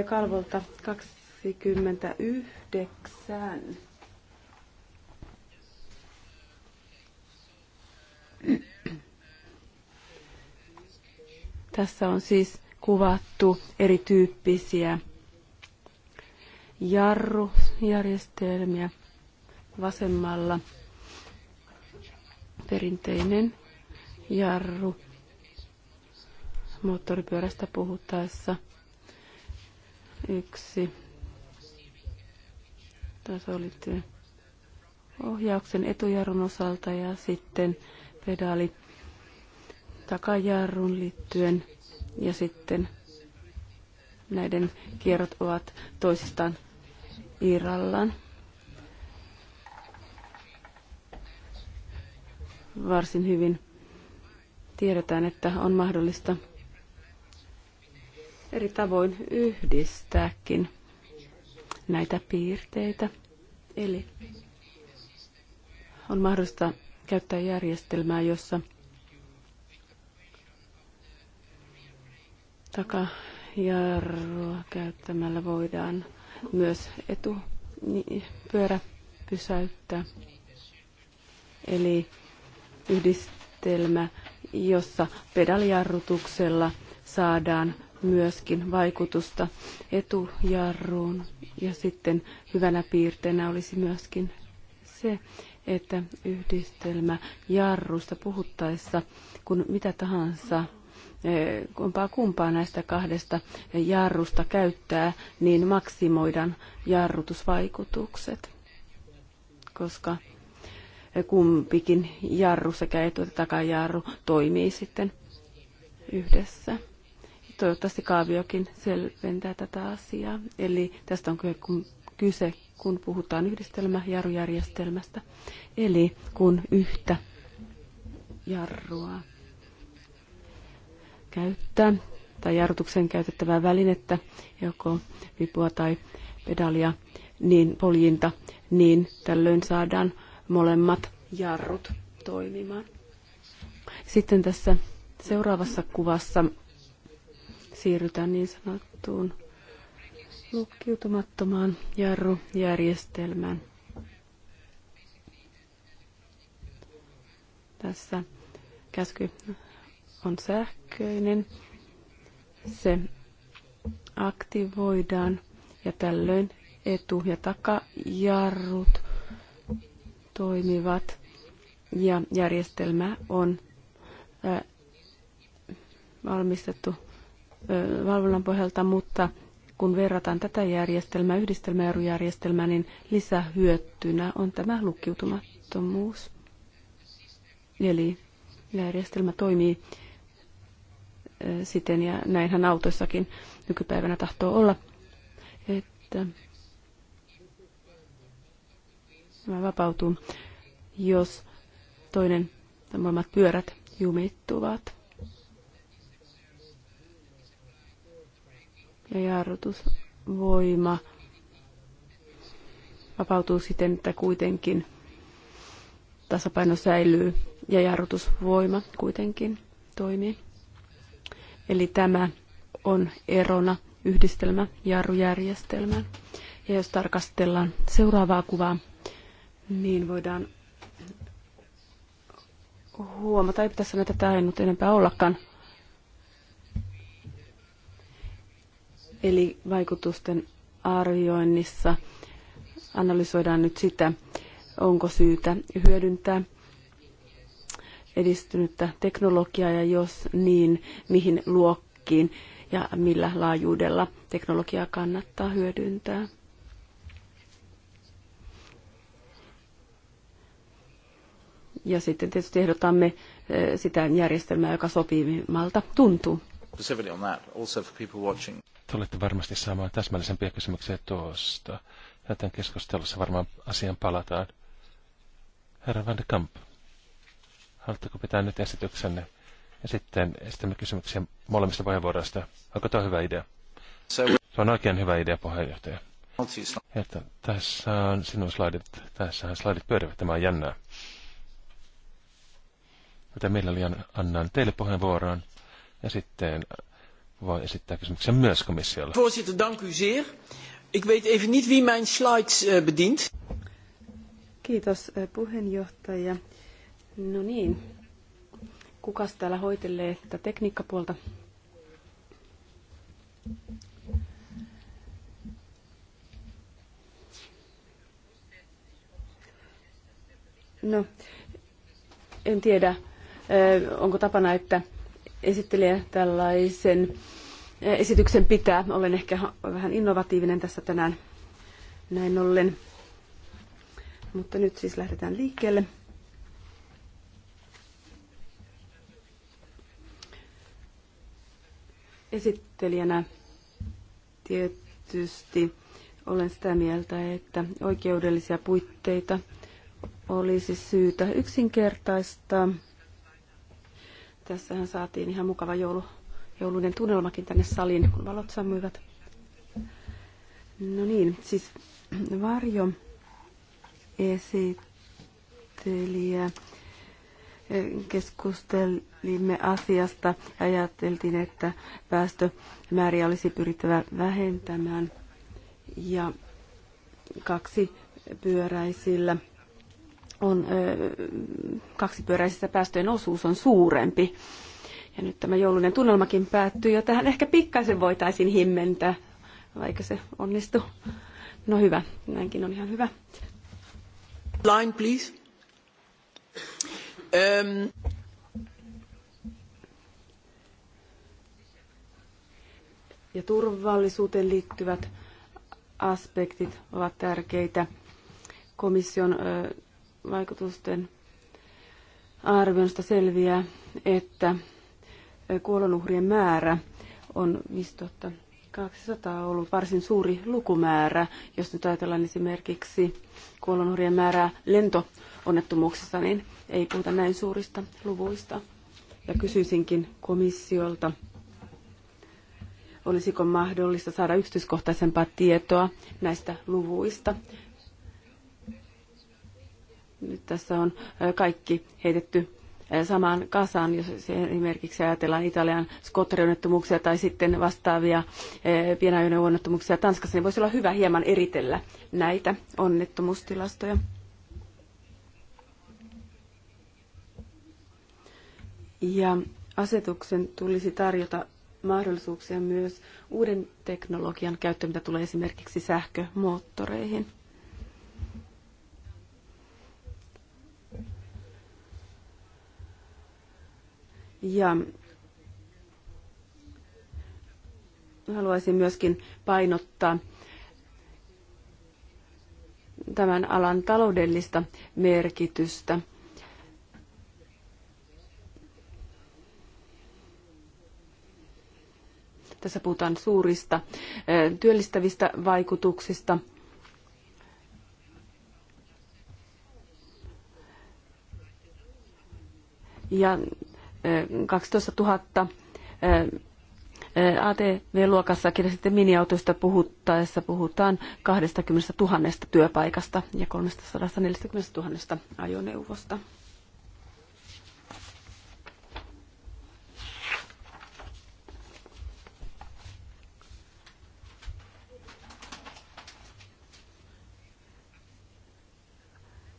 kalvolta 29. Tässä on siis kuvattu erityyppisiä jarrujärjestelmiä vasemmalla perinteinen jarru moottoripyörästä puhuttaessa – Yksi oli työ. ohjauksen etujarrun osalta ja sitten pedaali takajarrun liittyen ja sitten näiden kierrot ovat toisistaan irrallaan. Varsin hyvin tiedetään, että on mahdollista eri tavoin yhdistääkin näitä piirteitä. Eli on mahdollista käyttää järjestelmää, jossa takajarrua käyttämällä voidaan myös etupyörä niin, pysäyttää. Eli yhdistelmä, jossa pedalijarrutuksella saadaan myöskin vaikutusta etujarruun. Ja sitten hyvänä piirteenä olisi myöskin se, että yhdistelmä jarrusta puhuttaessa, kun mitä tahansa e, kumpaa kumpaa näistä kahdesta jarrusta käyttää, niin maksimoidaan jarrutusvaikutukset, koska kumpikin jarru sekä etu- että takajarru toimii sitten yhdessä. Toivottavasti kaaviokin selventää tätä asiaa. Eli tästä on kyse, kun puhutaan yhdistelmäjarrujärjestelmästä. Eli kun yhtä jarrua käyttää tai jarrutuksen käytettävää välinettä, joko vipua tai pedalia, niin poljinta, niin tällöin saadaan molemmat jarrut toimimaan. Sitten tässä seuraavassa kuvassa siirrytään niin sanottuun lukkiutumattomaan jarrujärjestelmään. Tässä käsky on sähköinen. Se aktivoidaan ja tällöin etu- ja takajarrut toimivat ja järjestelmä on äh, valmistettu valvonnan pohjalta, mutta kun verrataan tätä järjestelmää yhdistelmäerujärjestelmään, niin lisähyöttynä on tämä lukkiutumattomuus. Eli järjestelmä toimii siten, ja näinhän autoissakin nykypäivänä tahtoo olla, että mä vapautun, jos toinen molemmat pyörät jumittuvat. ja jarrutusvoima vapautuu siten, että kuitenkin tasapaino säilyy ja jarrutusvoima kuitenkin toimii. Eli tämä on erona yhdistelmä jarrujärjestelmään. Ja jos tarkastellaan seuraavaa kuvaa, niin voidaan huomata, ei pitäisi näitä ei nyt enempää ollakaan, Eli vaikutusten arvioinnissa analysoidaan nyt sitä, onko syytä hyödyntää edistynyttä teknologiaa ja jos niin, mihin luokkiin ja millä laajuudella teknologiaa kannattaa hyödyntää. Ja sitten tietysti ehdotamme eh, sitä järjestelmää, joka sopivimmalta tuntuu tulette varmasti saamaan täsmällisempiä kysymyksiä tuosta. Tämän keskustelussa varmaan asian palataan. Herra Van de Kamp, haluatteko pitää nyt esityksenne? Ja sitten esitämme kysymyksiä molemmista puheenvuoroista. Onko tuo hyvä idea? Se on oikein hyvä idea, puheenjohtaja. Siis- Että tässä on sinun slaidit, tässä on slaidit pyörivät, tämä on jännää. Joten mielelläni annan teille puheenvuoron ja sitten voi esittää kysymyksiä myös komissiolle. Voorzitter, dank u zeer. Ik weet even niet wie mijn slides eh, bedient. Kiitos eh, puheenjohtaja. No niin, kukas täällä hoitelee tätä tekniikkapuolta? No, en tiedä, eh, onko tapana, että esittelijä tällaisen esityksen pitää. Olen ehkä vähän innovatiivinen tässä tänään näin ollen. Mutta nyt siis lähdetään liikkeelle. Esittelijänä tietysti olen sitä mieltä, että oikeudellisia puitteita olisi syytä yksinkertaistaa. Tässähän saatiin ihan mukava joulu, joulunen tunnelmakin tänne saliin, kun valot sammuivat. No niin, siis varjo esittelijä. Keskustelimme asiasta ja ajateltiin, että päästömääriä olisi pyrittävä vähentämään ja kaksi pyöräisillä on kaksipyöräisistä päästöjen osuus on suurempi. Ja nyt tämä joulunen tunnelmakin päättyy ja tähän ehkä pikkaisen voitaisiin himmentää, vaikka se onnistu. No hyvä, näinkin on ihan hyvä. Line, please. Um. Ja turvallisuuteen liittyvät aspektit ovat tärkeitä. Komission vaikutusten arvioista selviää, että kuolonuhrien määrä on 5200 ollut varsin suuri lukumäärä. Jos nyt ajatellaan esimerkiksi kuolonuhrien määrää lentoonnettomuuksissa, niin ei puhuta näin suurista luvuista. Ja kysyisinkin komissiolta, olisiko mahdollista saada yksityiskohtaisempaa tietoa näistä luvuista nyt tässä on kaikki heitetty samaan kasaan, jos esimerkiksi ajatellaan Italian skotterionnettomuuksia tai sitten vastaavia pienajoneuvonnettomuuksia Tanskassa, niin voisi olla hyvä hieman eritellä näitä onnettomuustilastoja. Ja asetuksen tulisi tarjota mahdollisuuksia myös uuden teknologian käyttöön, mitä tulee esimerkiksi sähkömoottoreihin. Ja haluaisin myöskin painottaa tämän alan taloudellista merkitystä. Tässä puhutaan suurista työllistävistä vaikutuksista. Ja 12 000 ATV-luokassa sitten miniautoista puhuttaessa puhutaan 20 000 työpaikasta ja 340 000 ajoneuvosta.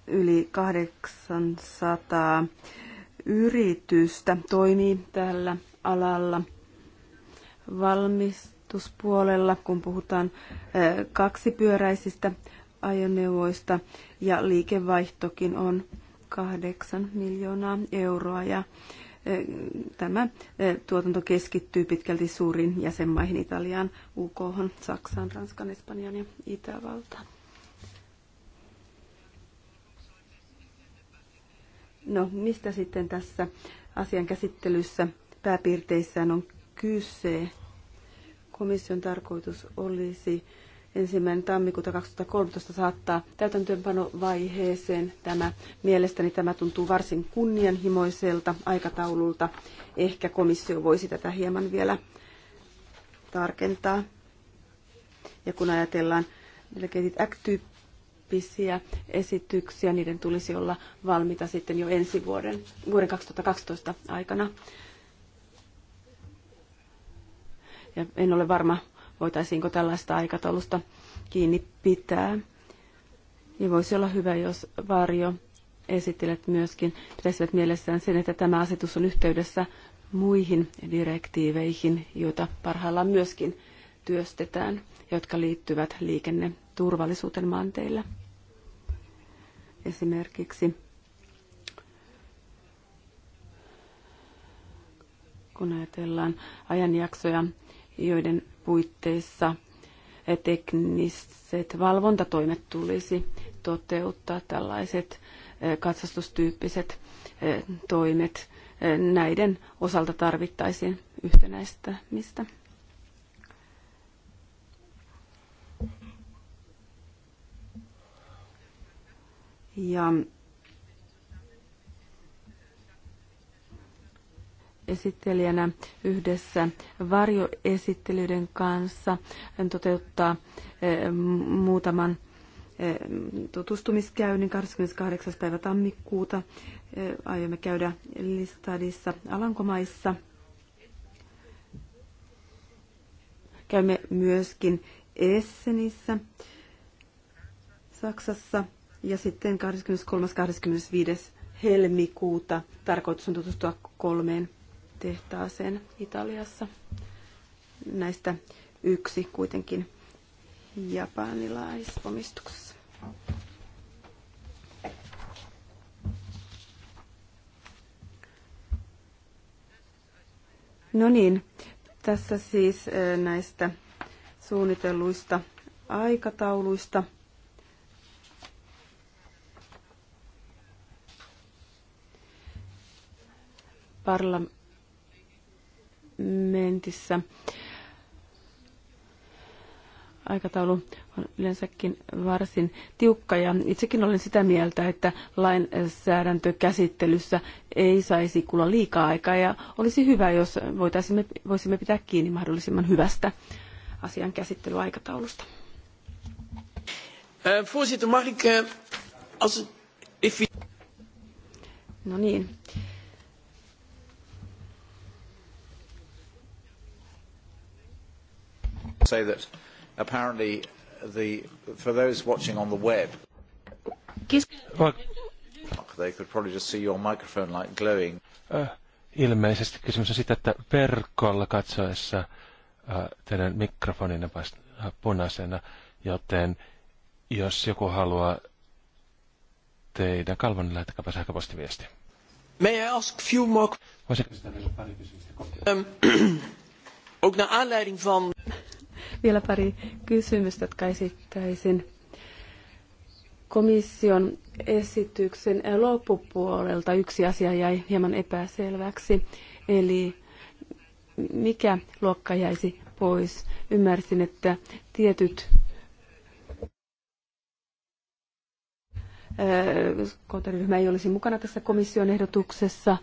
Yli 800 yritystä toimii tällä alalla valmistuspuolella, kun puhutaan kaksipyöräisistä ajoneuvoista ja liikevaihtokin on 8 miljoonaa euroa ja tämä tuotanto keskittyy pitkälti suurin jäsenmaihin Italiaan, UK, Saksaan, Ranskan, Espanjan ja Itävaltaan. No, mistä sitten tässä asian käsittelyssä pääpiirteissään on kyse? Komission tarkoitus olisi ensimmäinen tammikuuta 2013 saattaa täytäntöönpanovaiheeseen tämä. Mielestäni tämä tuntuu varsin kunnianhimoiselta aikataululta. Ehkä komissio voisi tätä hieman vielä tarkentaa. Ja kun ajatellaan Delegated Act-tyyppiä, tyyppisiä esityksiä. Niiden tulisi olla valmiita sitten jo ensi vuoden, vuoden 2012 aikana. Ja en ole varma, voitaisiinko tällaista aikataulusta kiinni pitää. Ja niin voisi olla hyvä, jos Varjo esittelet myöskin pitäisivät mielessään sen, että tämä asetus on yhteydessä muihin direktiiveihin, joita parhaillaan myöskin työstetään, jotka liittyvät liikenne- turvallisuuteen manteilla. Esimerkiksi kun ajatellaan ajanjaksoja, joiden puitteissa tekniset valvontatoimet tulisi toteuttaa tällaiset eh, katsastustyyppiset eh, toimet. Eh, näiden osalta tarvittaisiin yhtenäistämistä. Ja esittelijänä yhdessä varjoesittelyiden kanssa Hän toteuttaa eh, muutaman eh, tutustumiskäynnin 28. päivä tammikuuta. Eh, aiomme käydä Listadissa Alankomaissa. Käymme myöskin Essenissä Saksassa – ja sitten 23.–25. helmikuuta tarkoitus on tutustua kolmeen tehtaaseen Italiassa. Näistä yksi kuitenkin japanilaisomistuksessa. No niin, tässä siis eh, näistä suunnitelluista aikatauluista – parlamentissa aikataulu on yleensäkin varsin tiukka ja itsekin olen sitä mieltä, että lainsäädäntökäsittelyssä ei saisi kulla liikaa aikaa ja olisi hyvä, jos voitaisimme, voisimme pitää kiinni mahdollisimman hyvästä asian käsittelyaikataulusta. Eh, voorzitter, eh, No niin. say that apparently the, for those watching on the web, they could probably just see your microphone like glowing. Uh, Ilmeisesti kysymys on sitä, että verkolla katsoessa uh, teidän mikrofoninne punaisena, joten jos joku haluaa teidän kalvon, lähettäkääpä sähköpostiviesti. May I ask few more... Voisitko sitä vielä pari kysymystä? Um, ook naar aanleiding van... Vielä pari kysymystä, jotka esittäisin komission esityksen loppupuolelta yksi asia jäi hieman epäselväksi, eli mikä luokka jäisi pois. Ymmärsin, että tietyt kohderyhmä ei olisi mukana tässä komission ehdotuksessa,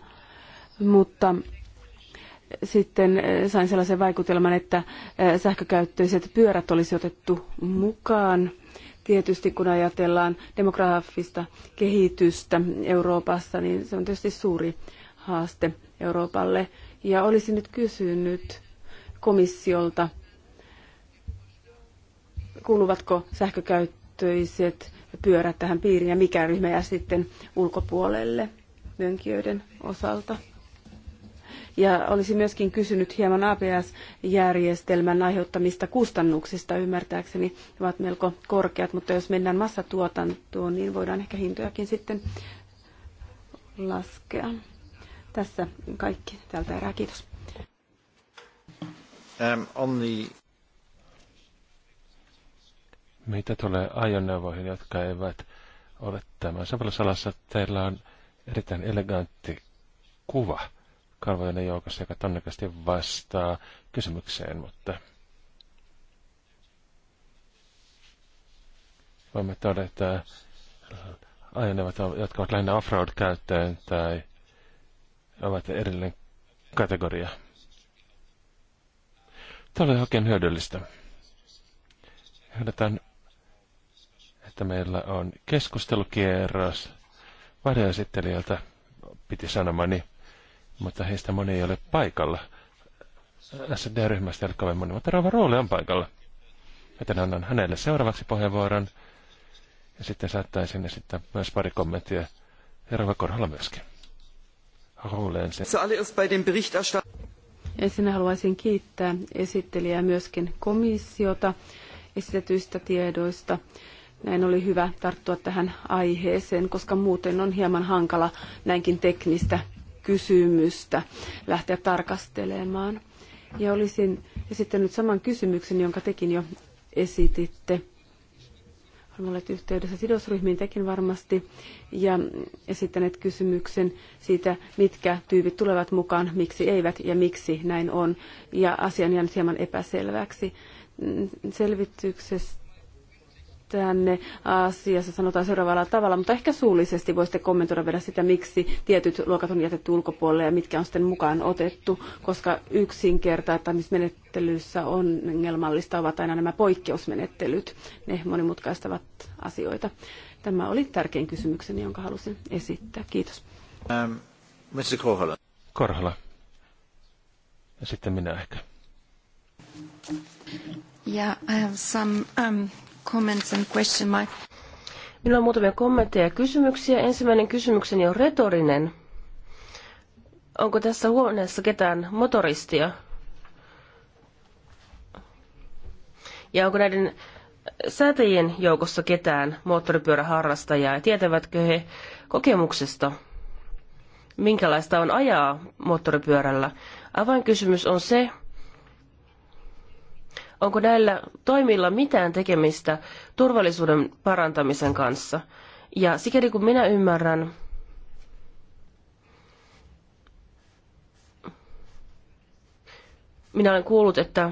mutta sitten eh, sain sellaisen vaikutelman, että eh, sähkökäyttöiset pyörät olisi otettu mukaan. Tietysti kun ajatellaan demografista kehitystä Euroopassa, niin se on tietysti suuri haaste Euroopalle. Ja olisin nyt kysynyt komissiolta, kuuluvatko sähkökäyttöiset pyörät tähän piiriin ja mikä ryhmä jää sitten ulkopuolelle mönkijöiden osalta? Ja olisi myöskin kysynyt hieman abs järjestelmän aiheuttamista kustannuksista. Ymmärtääkseni ovat melko korkeat, mutta jos mennään massatuotantoon, niin voidaan ehkä hintojakin sitten laskea. Tässä kaikki tältä erää. Kiitos. Um, on the... Mitä tulee ajoneuvoihin, jotka eivät ole tämän sovellusalassa, teillä on erittäin elegantti kuva kalvojen joukossa, joka todennäköisesti vastaa kysymykseen, mutta voimme todeta ajoneuvot, jotka ovat lähinnä offroad-käyttöön tai ovat erillinen kategoria. Tämä oli oikein hyödyllistä. Hyödytään, että meillä on keskustelukierros varjoesittelijältä, piti sanomani. Niin mutta heistä moni ei ole paikalla. SD-ryhmästä ei ole kovin moni, mutta Rauva Rooli on paikalla. Joten annan hänelle seuraavaksi puheenvuoron. Ja sitten saattaisin esittää myös pari kommenttia Rauva Korhola myöskin. Rooli ensin. Ensin haluaisin kiittää esittelijää myöskin komissiota esitetyistä tiedoista. Näin oli hyvä tarttua tähän aiheeseen, koska muuten on hieman hankala näinkin teknistä kysymystä lähteä tarkastelemaan. Ja olisin esittänyt saman kysymyksen, jonka tekin jo esititte. Olemme olleet yhteydessä sidosryhmiin tekin varmasti ja esittäneet kysymyksen siitä, mitkä tyypit tulevat mukaan, miksi eivät ja miksi näin on. Ja asian jäänyt hieman epäselväksi. Mm, selvityksestä tänne asiassa sanotaan seuraavalla tavalla, mutta ehkä suullisesti voisitte kommentoida vielä sitä, miksi tietyt luokat on jätetty ulkopuolelle ja mitkä on sitten mukaan otettu, koska yksinkertaistamismenettelyssä on ongelmallista ovat aina nämä poikkeusmenettelyt. Ne monimutkaistavat asioita. Tämä oli tärkein kysymykseni, jonka halusin esittää. Kiitos. Ähm, Korhola. Korhola. Ja sitten minä ehkä. Yeah, I have some um, comments and question. Minulla on muutamia kommentteja ja kysymyksiä. Ensimmäinen kysymykseni on retorinen. Onko tässä huoneessa ketään motoristia? Ja onko näiden säätäjien joukossa ketään moottoripyöräharrastajaa? Tietävätkö he kokemuksesta, minkälaista on ajaa moottoripyörällä? Avainkysymys on se, Onko näillä toimilla mitään tekemistä turvallisuuden parantamisen kanssa? Ja sikäli kun minä ymmärrän, minä olen kuullut, että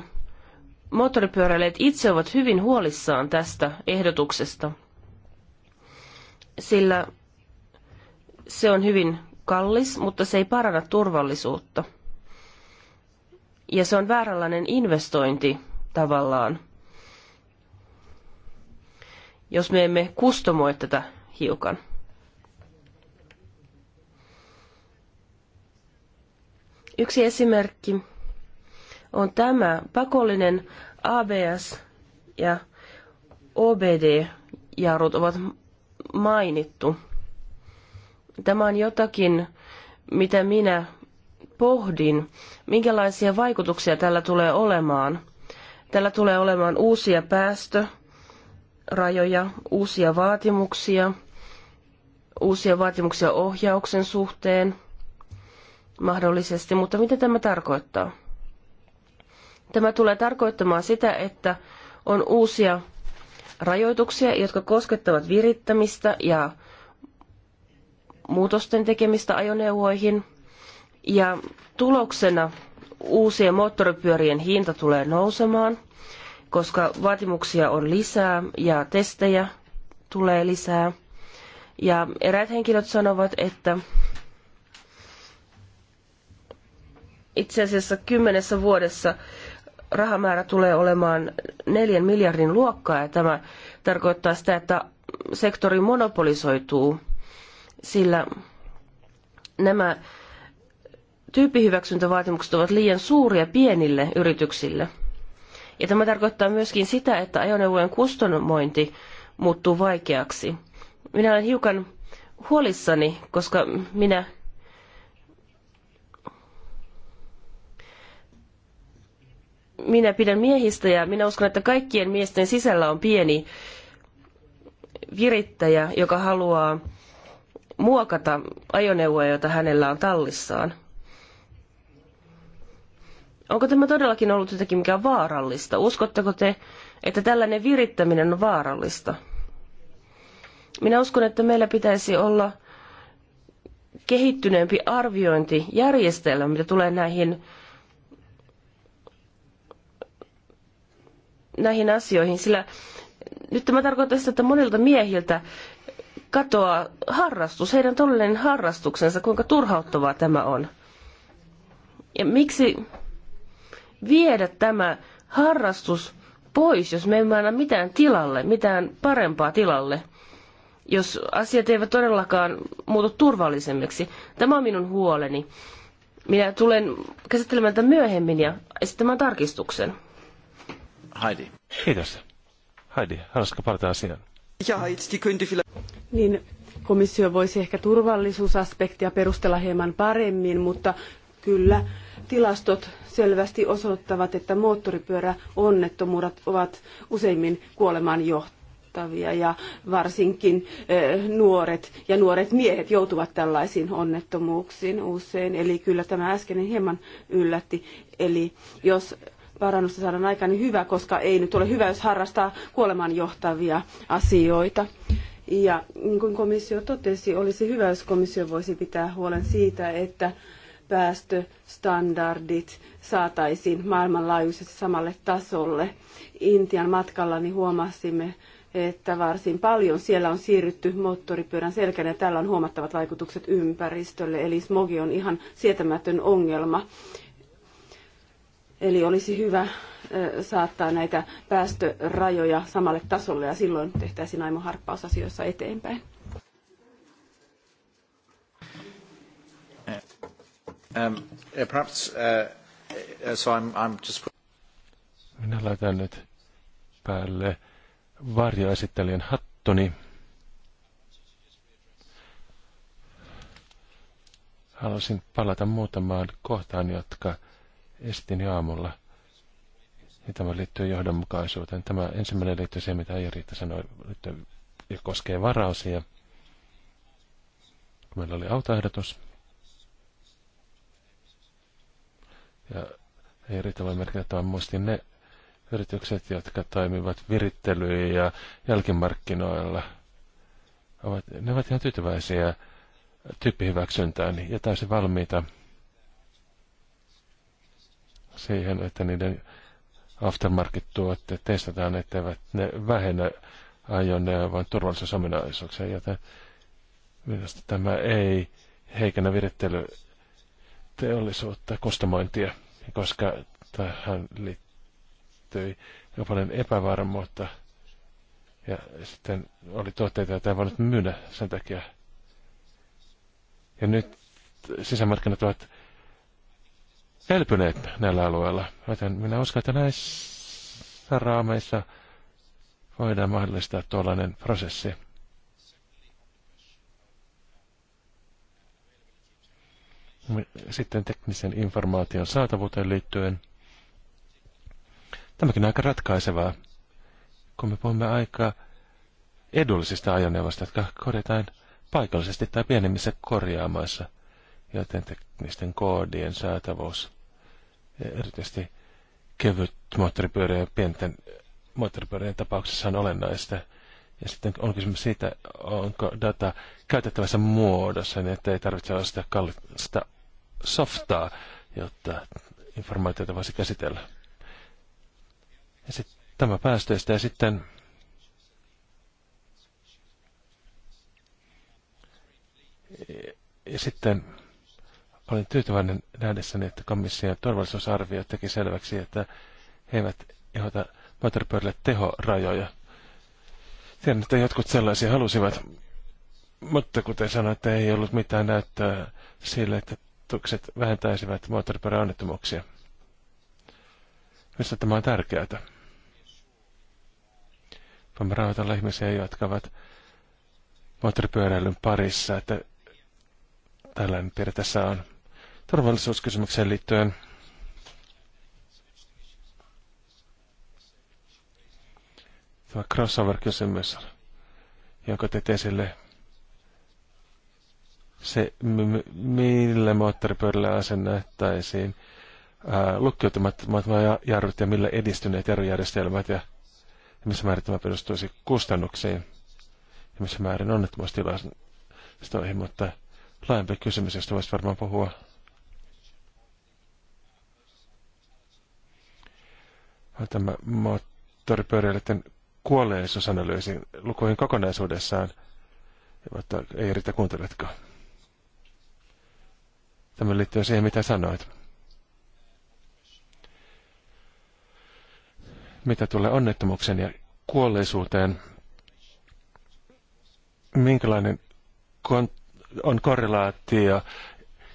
moottoripyöräilijät itse ovat hyvin huolissaan tästä ehdotuksesta, sillä se on hyvin kallis, mutta se ei paranna turvallisuutta. Ja se on vääränlainen investointi tavallaan. Jos me emme kustomoi tätä hiukan. Yksi esimerkki on tämä pakollinen ABS ja OBD-jarrut ovat mainittu. Tämä on jotakin, mitä minä pohdin, minkälaisia vaikutuksia tällä tulee olemaan – Tällä tulee olemaan uusia päästörajoja, uusia vaatimuksia, uusia vaatimuksia ohjauksen suhteen mahdollisesti, mutta mitä tämä tarkoittaa? Tämä tulee tarkoittamaan sitä, että on uusia rajoituksia, jotka koskettavat virittämistä ja muutosten tekemistä ajoneuvoihin. Ja tuloksena uusien moottoripyörien hinta tulee nousemaan, koska vaatimuksia on lisää ja testejä tulee lisää. Ja eräät henkilöt sanovat, että itse asiassa kymmenessä vuodessa rahamäärä tulee olemaan neljän miljardin luokkaa ja tämä tarkoittaa sitä, että sektori monopolisoituu, sillä nämä tyyppihyväksyntävaatimukset ovat liian suuria pienille yrityksille. Ja tämä tarkoittaa myöskin sitä, että ajoneuvojen kustomointi muuttuu vaikeaksi. Minä olen hiukan huolissani, koska minä minä pidän miehistä ja minä uskon, että kaikkien miesten sisällä on pieni virittäjä, joka haluaa muokata ajoneuvoja, jota hänellä on tallissaan. Onko tämä todellakin ollut jotakin, mikä on vaarallista? Uskotteko te, että tällainen virittäminen on vaarallista? Minä uskon, että meillä pitäisi olla kehittyneempi arviointijärjestelmä, mitä tulee näihin, näihin asioihin, sillä nyt tämä tarkoittaa sitä, että monilta miehiltä katoaa harrastus, heidän todellinen harrastuksensa, kuinka turhauttavaa tämä on. Ja miksi viedä tämä harrastus pois, jos me emme anna mitään tilalle, mitään parempaa tilalle, jos asiat eivät todellakaan muutu turvallisemmiksi. Tämä on minun huoleni. Minä tulen käsittelemään tätä myöhemmin ja esittämään tarkistuksen. Heidi. Kiitos. Heidi, haluaisitko palata asiaan? Niin, komissio voisi ehkä turvallisuusaspektia perustella hieman paremmin, mutta kyllä tilastot selvästi osoittavat, että moottoripyöräonnettomuudet ovat useimmin kuolemaan johtavia ja varsinkin eh, nuoret ja nuoret miehet joutuvat tällaisiin onnettomuuksiin usein. Eli kyllä tämä äskeinen hieman yllätti. Eli jos parannusta saadaan aikaan, niin hyvä, koska ei nyt ole hyvä, jos harrastaa kuolemaan johtavia asioita. Ja niin kuin komissio totesi, olisi hyvä, jos komissio voisi pitää huolen siitä, että päästöstandardit saataisiin maailmanlaajuisesti samalle tasolle. Intian matkalla niin huomasimme, että varsin paljon siellä on siirrytty moottoripyörän selkänä ja tällä on huomattavat vaikutukset ympäristölle, eli smogi on ihan sietämätön ongelma. Eli olisi hyvä saattaa näitä päästörajoja samalle tasolle ja silloin tehtäisiin aimo harppaus asioissa eteenpäin. Um, perhaps, uh, uh, so I'm, I'm just... Minä laitan nyt päälle varjoesittelijän hattuni. Haluaisin palata muutamaan kohtaan, jotka estin jo aamulla. Ja tämä liittyy johdonmukaisuuteen. Tämä ensimmäinen liittyy siihen, mitä Eija-Riitta sanoi, liittyy, ja koskee varausia. Meillä oli autoehdotus. Ja Eiritä voi merkitä muistin ne yritykset, jotka toimivat virittelyyn ja jälkimarkkinoilla. Ovat, ne ovat ihan tyytyväisiä tyyppihyväksyntään ja täysin valmiita siihen, että niiden aftermarket-tuotteet testataan, etteivät ne vähennä ajoneuvon turvallisuusominaisuuksia, joten minusta tämä ei heikennä virittely- teollisuutta, kustamointia, koska tähän liittyi jo paljon epävarmuutta. Ja sitten oli tuotteita, joita ei voinut myydä sen takia. Ja nyt sisämarkkinat ovat elpyneet näillä alueilla. Joten minä uskon, että näissä raameissa voidaan mahdollistaa tuollainen prosessi. Sitten teknisen informaation saatavuuteen liittyen. Tämäkin on aika ratkaisevaa, kun me puhumme aika edullisista ajoneuvoista, jotka korjataan paikallisesti tai pienemmissä korjaamoissa, joten teknisten koodien saatavuus, erityisesti kevyt moottoripyörä ja pienten moottoripyörien tapauksessa on olennaista. Ja sitten on kysymys siitä, onko data käytettävässä muodossa, niin että ei tarvitse olla sitä kallista softaa, jotta informaatiota voisi käsitellä. Ja sitten tämä päästöistä ja sitten ja sitten olin tyytyväinen nähdessäni, että komission turvallisuusarvio teki selväksi, että he eivät ehdota moottoripyörille tehorajoja – Tiedän, että jotkut sellaisia halusivat, mutta kuten sanoitte, ei ollut mitään näyttöä sille, että tukset vähentäisivät moottoripyöräonnettomuuksia. mistä tämä on tärkeää. Voimme rahoitella ihmisiä, jotka ovat moottoripyöräilyn parissa, että tällainen piirre tässä on. Turvallisuuskysymykseen liittyen Tämä crossover-kysymys, jonka teit esille, se, millä moottoripyörillä asennettaisiin lukkiutumattomat jarrut ja millä edistyneet jarrujärjestelmät ja, ja missä määrin tämä perustuisi kustannuksiin ja missä määrin onnettomuustilastoihin, mutta laajempi kysymys, josta voisi varmaan puhua. On tämä moottoripyöräilijöiden kuolleisuusanalyysin lukuihin kokonaisuudessaan, mutta ei riitä kuunteletko. Tämä liittyy siihen, mitä sanoit. Mitä tulee onnettomuuksen ja kuolleisuuteen, minkälainen on korrelaatio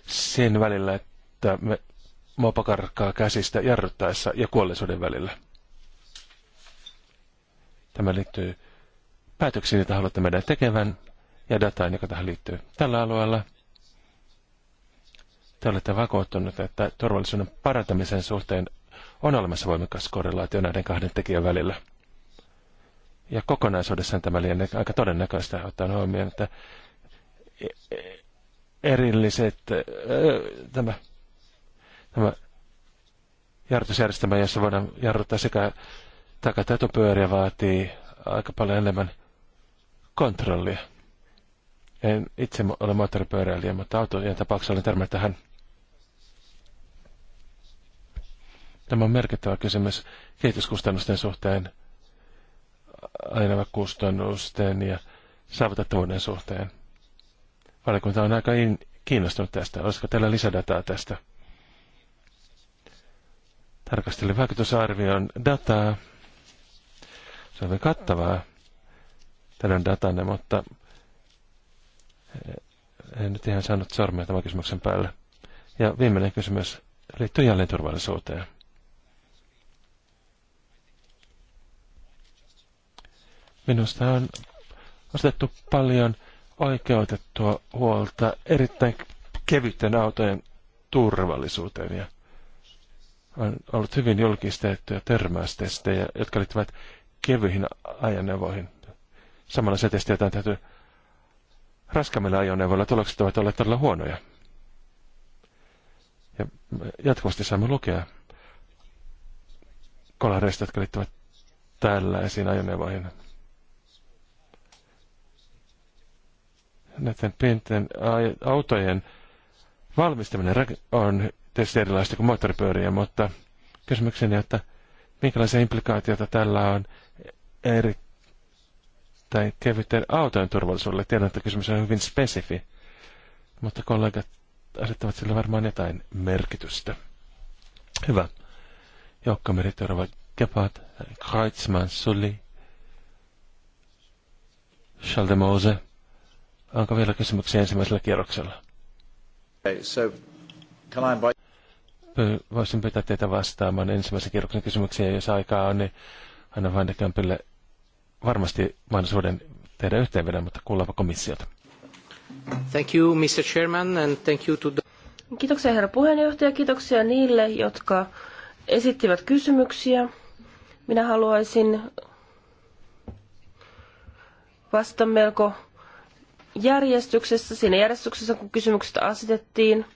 sen välillä, että me mopa karkaa käsistä jarruttaessa ja kuolleisuuden välillä? Tämä liittyy päätöksiin, joita haluatte meidän tekevän, ja dataan, joka tähän liittyy. Tällä alueella te olette vakuuttuneet, että turvallisuuden parantamisen suhteen on olemassa voimakas korrelaatio näiden kahden tekijän välillä. Ja kokonaisuudessaan tämä lienee aika todennäköistä ottaen huomioon, että erilliset, tämä, tämä jarrutusjärjestelmä, jossa voidaan jarruttaa sekä takatetupyöriä vaatii aika paljon enemmän kontrollia. En itse ole moottoripyöräilijä, mutta autojen tapauksessa olen törmännyt tähän. Tämä on merkittävä kysymys kehityskustannusten suhteen, kustannusten ja saavutettavuuden suhteen. Valiokunta on aika in, kiinnostunut tästä. Olisiko teillä lisädataa tästä? Tarkastelin vaikutusarvion dataa. Se on kattavaa teidän datanne, mutta en nyt ihan saanut sormia tämän kysymyksen päälle. Ja viimeinen kysymys liittyy jälleen turvallisuuteen. Minusta on ostettu paljon oikeutettua huolta erittäin kevyten autojen turvallisuuteen ja on ollut hyvin julkistettuja törmäystestejä, jotka liittyvät kevyihin ajoneuvoihin. se testi, on tehty raskaammilla ajoneuvoilla. Tulokset ovat olleet todella huonoja. Ja jatkuvasti saamme lukea kolareista, jotka liittyvät tällaisiin ajoneuvoihin. Näiden pienten autojen valmistaminen on tietysti erilaista kuin moottoripyöriä, mutta kysymykseni, että minkälaisia implikaatioita tällä on eri tai kevyiden autojen turvallisuudelle. Tiedän, että kysymys on hyvin spesifi, mutta kollegat asettavat sille varmaan jotain merkitystä. Hyvä. Joukka Meritorva, Gepard, Kreitzmann, Sulli, Schaldemose. Onko vielä kysymyksiä ensimmäisellä kierroksella? Okay, so can I invite voisin pyytää teitä vastaamaan ensimmäisen kierroksen kysymyksiä, jos aikaa on, niin annan Van de varmasti mahdollisuuden tehdä yhteenvedon, mutta kuullaanpa komissiota. Thank you, Mr. Chairman, and thank you to the... Kiitoksia herra puheenjohtaja, kiitoksia niille, jotka esittivät kysymyksiä. Minä haluaisin vastata melko järjestyksessä, siinä järjestyksessä kun kysymykset asetettiin –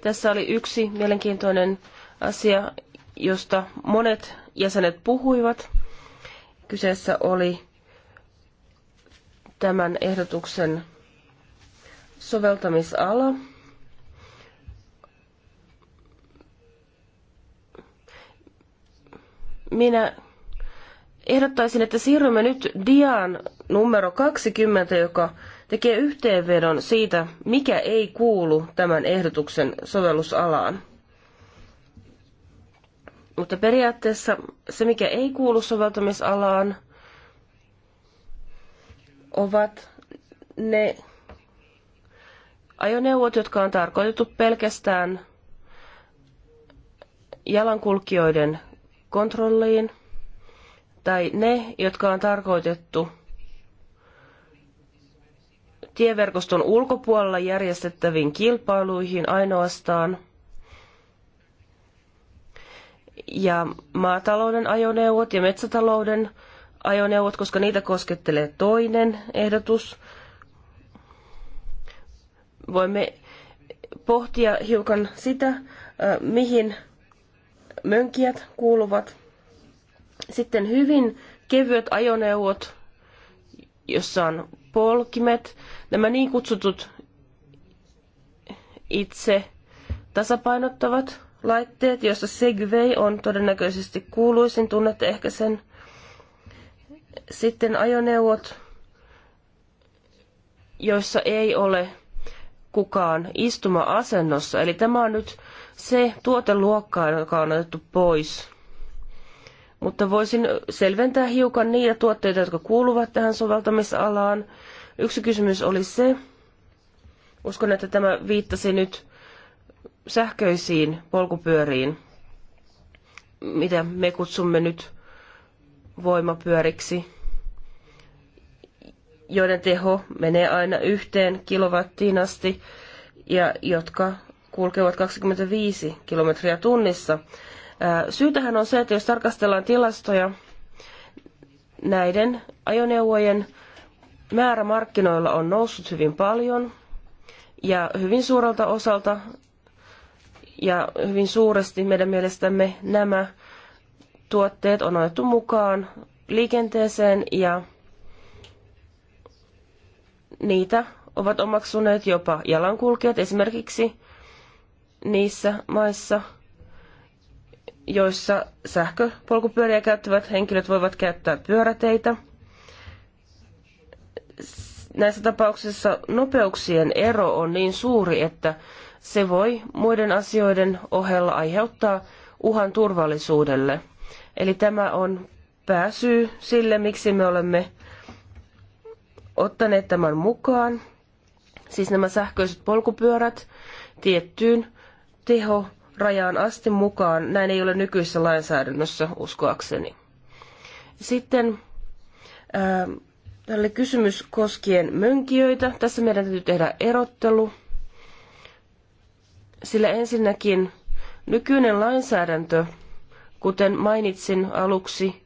tässä oli yksi mielenkiintoinen asia, josta monet jäsenet puhuivat. Kyseessä oli tämän ehdotuksen soveltamisala. Minä ehdottaisin, että siirrymme nyt diaan numero 20, joka tekee yhteenvedon siitä, mikä ei kuulu tämän ehdotuksen sovellusalaan. Mutta periaatteessa se, mikä ei kuulu soveltamisalaan, ovat ne ajoneuvot, jotka on tarkoitettu pelkästään jalankulkijoiden kontrolliin, tai ne, jotka on tarkoitettu tieverkoston ulkopuolella järjestettäviin kilpailuihin ainoastaan. Ja maatalouden ajoneuvot ja metsätalouden ajoneuvot, koska niitä koskettelee toinen ehdotus. Voimme pohtia hiukan sitä, äh, mihin mönkijät kuuluvat. Sitten hyvin kevyet ajoneuvot, jossa on polkimet, nämä niin kutsutut itse tasapainottavat laitteet, joissa Segway on todennäköisesti kuuluisin, tunnette ehkä sen. Sitten ajoneuvot, joissa ei ole kukaan istuma-asennossa. Eli tämä on nyt se tuoteluokka, joka on otettu pois mutta voisin selventää hiukan niitä tuotteita, jotka kuuluvat tähän soveltamisalaan. Yksi kysymys oli se, uskon, että tämä viittasi nyt sähköisiin polkupyöriin, mitä me kutsumme nyt voimapyöriksi, joiden teho menee aina yhteen kilowattiin asti ja jotka kulkevat 25 kilometriä tunnissa. Syytähän on se, että jos tarkastellaan tilastoja näiden ajoneuvojen määrä markkinoilla on noussut hyvin paljon ja hyvin suurelta osalta ja hyvin suuresti meidän mielestämme nämä tuotteet on otettu mukaan liikenteeseen ja niitä ovat omaksuneet jopa jalankulkijat esimerkiksi niissä maissa – joissa sähköpolkupyöriä käyttävät henkilöt voivat käyttää pyöräteitä. Näissä tapauksissa nopeuksien ero on niin suuri, että se voi muiden asioiden ohella aiheuttaa uhan turvallisuudelle. Eli tämä on pääsyy sille, miksi me olemme ottaneet tämän mukaan. Siis nämä sähköiset polkupyörät tiettyyn teho rajaan asti mukaan. Näin ei ole nykyisessä lainsäädännössä, uskoakseni. Sitten ää, ähm, tälle kysymys koskien mönkijöitä. Tässä meidän täytyy tehdä erottelu, sillä ensinnäkin nykyinen lainsäädäntö, kuten mainitsin aluksi,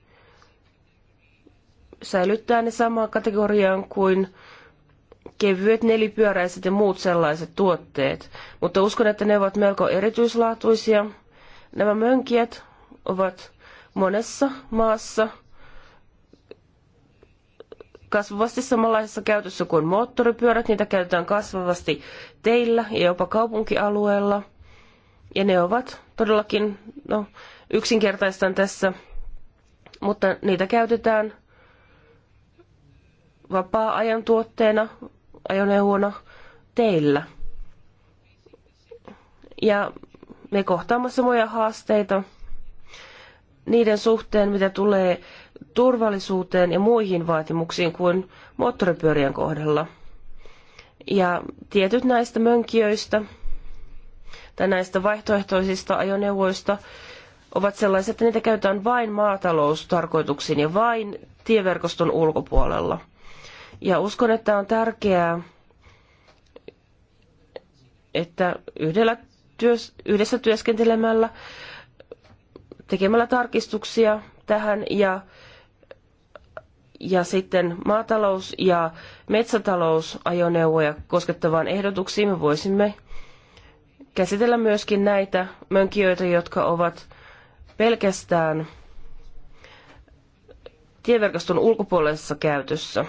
säilyttää ne samaan kategoriaan kuin kevyet nelipyöräiset ja muut sellaiset tuotteet, mutta uskon, että ne ovat melko erityislaatuisia. Nämä mönkijät ovat monessa maassa kasvavasti samanlaisessa käytössä kuin moottoripyörät. Niitä käytetään kasvavasti teillä ja jopa kaupunkialueella. Ja ne ovat todellakin, no yksinkertaistan tässä, mutta niitä käytetään vapaa-ajan tuotteena ajoneuvona teillä. Ja me kohtaamme samoja haasteita niiden suhteen, mitä tulee turvallisuuteen ja muihin vaatimuksiin kuin moottoripyörien kohdalla. Ja tietyt näistä mönkijöistä tai näistä vaihtoehtoisista ajoneuvoista ovat sellaiset, että niitä käytetään vain maataloustarkoituksiin ja vain tieverkoston ulkopuolella. Ja uskon, että on tärkeää, että yhdellä työs, yhdessä työskentelemällä, tekemällä tarkistuksia tähän ja, ja sitten maatalous- ja metsätalousajoneuvoja koskettavaan ehdotuksiin me voisimme käsitellä myöskin näitä mönkijöitä, jotka ovat pelkästään tieverkoston ulkopuolisessa käytössä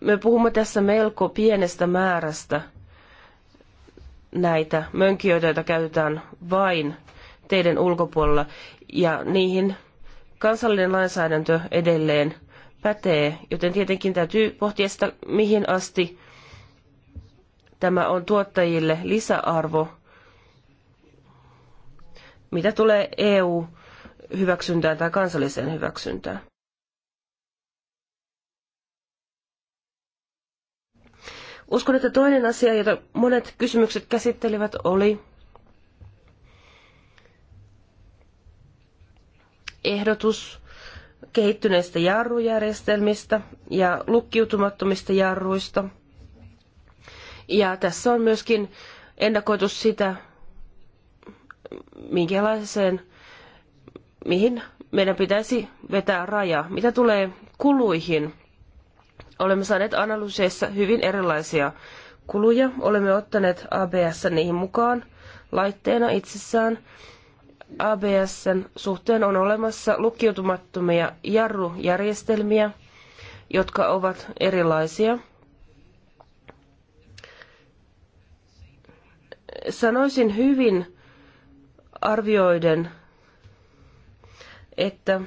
me puhumme tässä melko pienestä määrästä näitä mönkijöitä, joita käytetään vain teidän ulkopuolella, ja niihin kansallinen lainsäädäntö edelleen pätee, joten tietenkin täytyy pohtia sitä, mihin asti tämä on tuottajille lisäarvo, mitä tulee EU-hyväksyntään tai kansalliseen hyväksyntään. Uskon, että toinen asia, jota monet kysymykset käsittelivät, oli ehdotus kehittyneistä jarrujärjestelmistä ja lukkiutumattomista jarruista. Ja tässä on myöskin ennakoitus sitä, minkälaiseen, mihin meidän pitäisi vetää raja. Mitä tulee kuluihin, Olemme saaneet analyyseissa hyvin erilaisia kuluja. Olemme ottaneet ABS niihin mukaan laitteena itsessään. ABSn suhteen on olemassa lukkiutumattomia jarrujärjestelmiä, jotka ovat erilaisia. Sanoisin hyvin arvioiden, että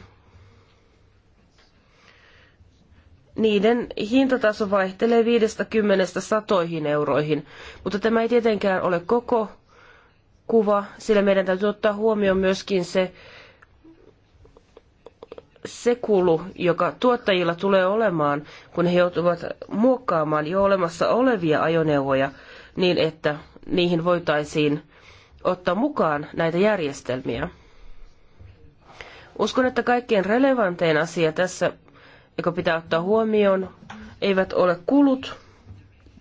niiden hintataso vaihtelee 50 satoihin euroihin, mutta tämä ei tietenkään ole koko kuva, sillä meidän täytyy ottaa huomioon myöskin se, se kulu, joka tuottajilla tulee olemaan, kun he joutuvat muokkaamaan jo olemassa olevia ajoneuvoja niin, että niihin voitaisiin ottaa mukaan näitä järjestelmiä. Uskon, että kaikkein relevantein asia tässä joka pitää ottaa huomioon, eivät ole kulut,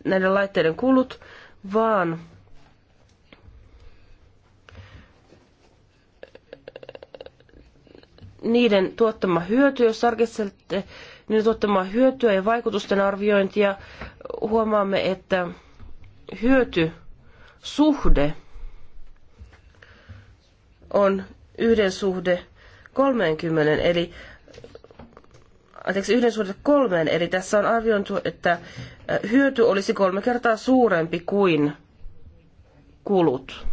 näiden laitteiden kulut, vaan niiden tuottama hyöty, jos tarkistelette niiden tuottamaa hyötyä ja vaikutusten arviointia, huomaamme, että suhde on yhden suhde 30, eli anteeksi, yhden suhde kolmeen, eli tässä on arvioitu, että hyöty olisi kolme kertaa suurempi kuin kulut.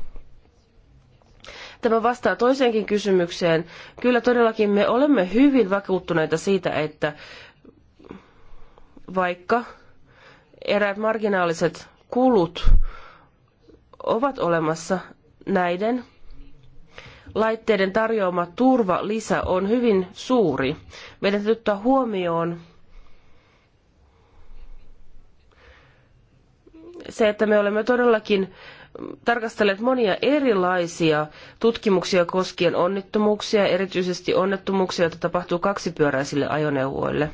Tämä vastaa toiseenkin kysymykseen. Kyllä todellakin me olemme hyvin vakuuttuneita siitä, että vaikka eräät marginaaliset kulut ovat olemassa näiden laitteiden tarjoama turvalisä on hyvin suuri. Meidän täytyy ottaa huomioon se, että me olemme todellakin tarkastelleet monia erilaisia tutkimuksia koskien onnettomuuksia, erityisesti onnettomuuksia, joita tapahtuu kaksipyöräisille ajoneuvoille.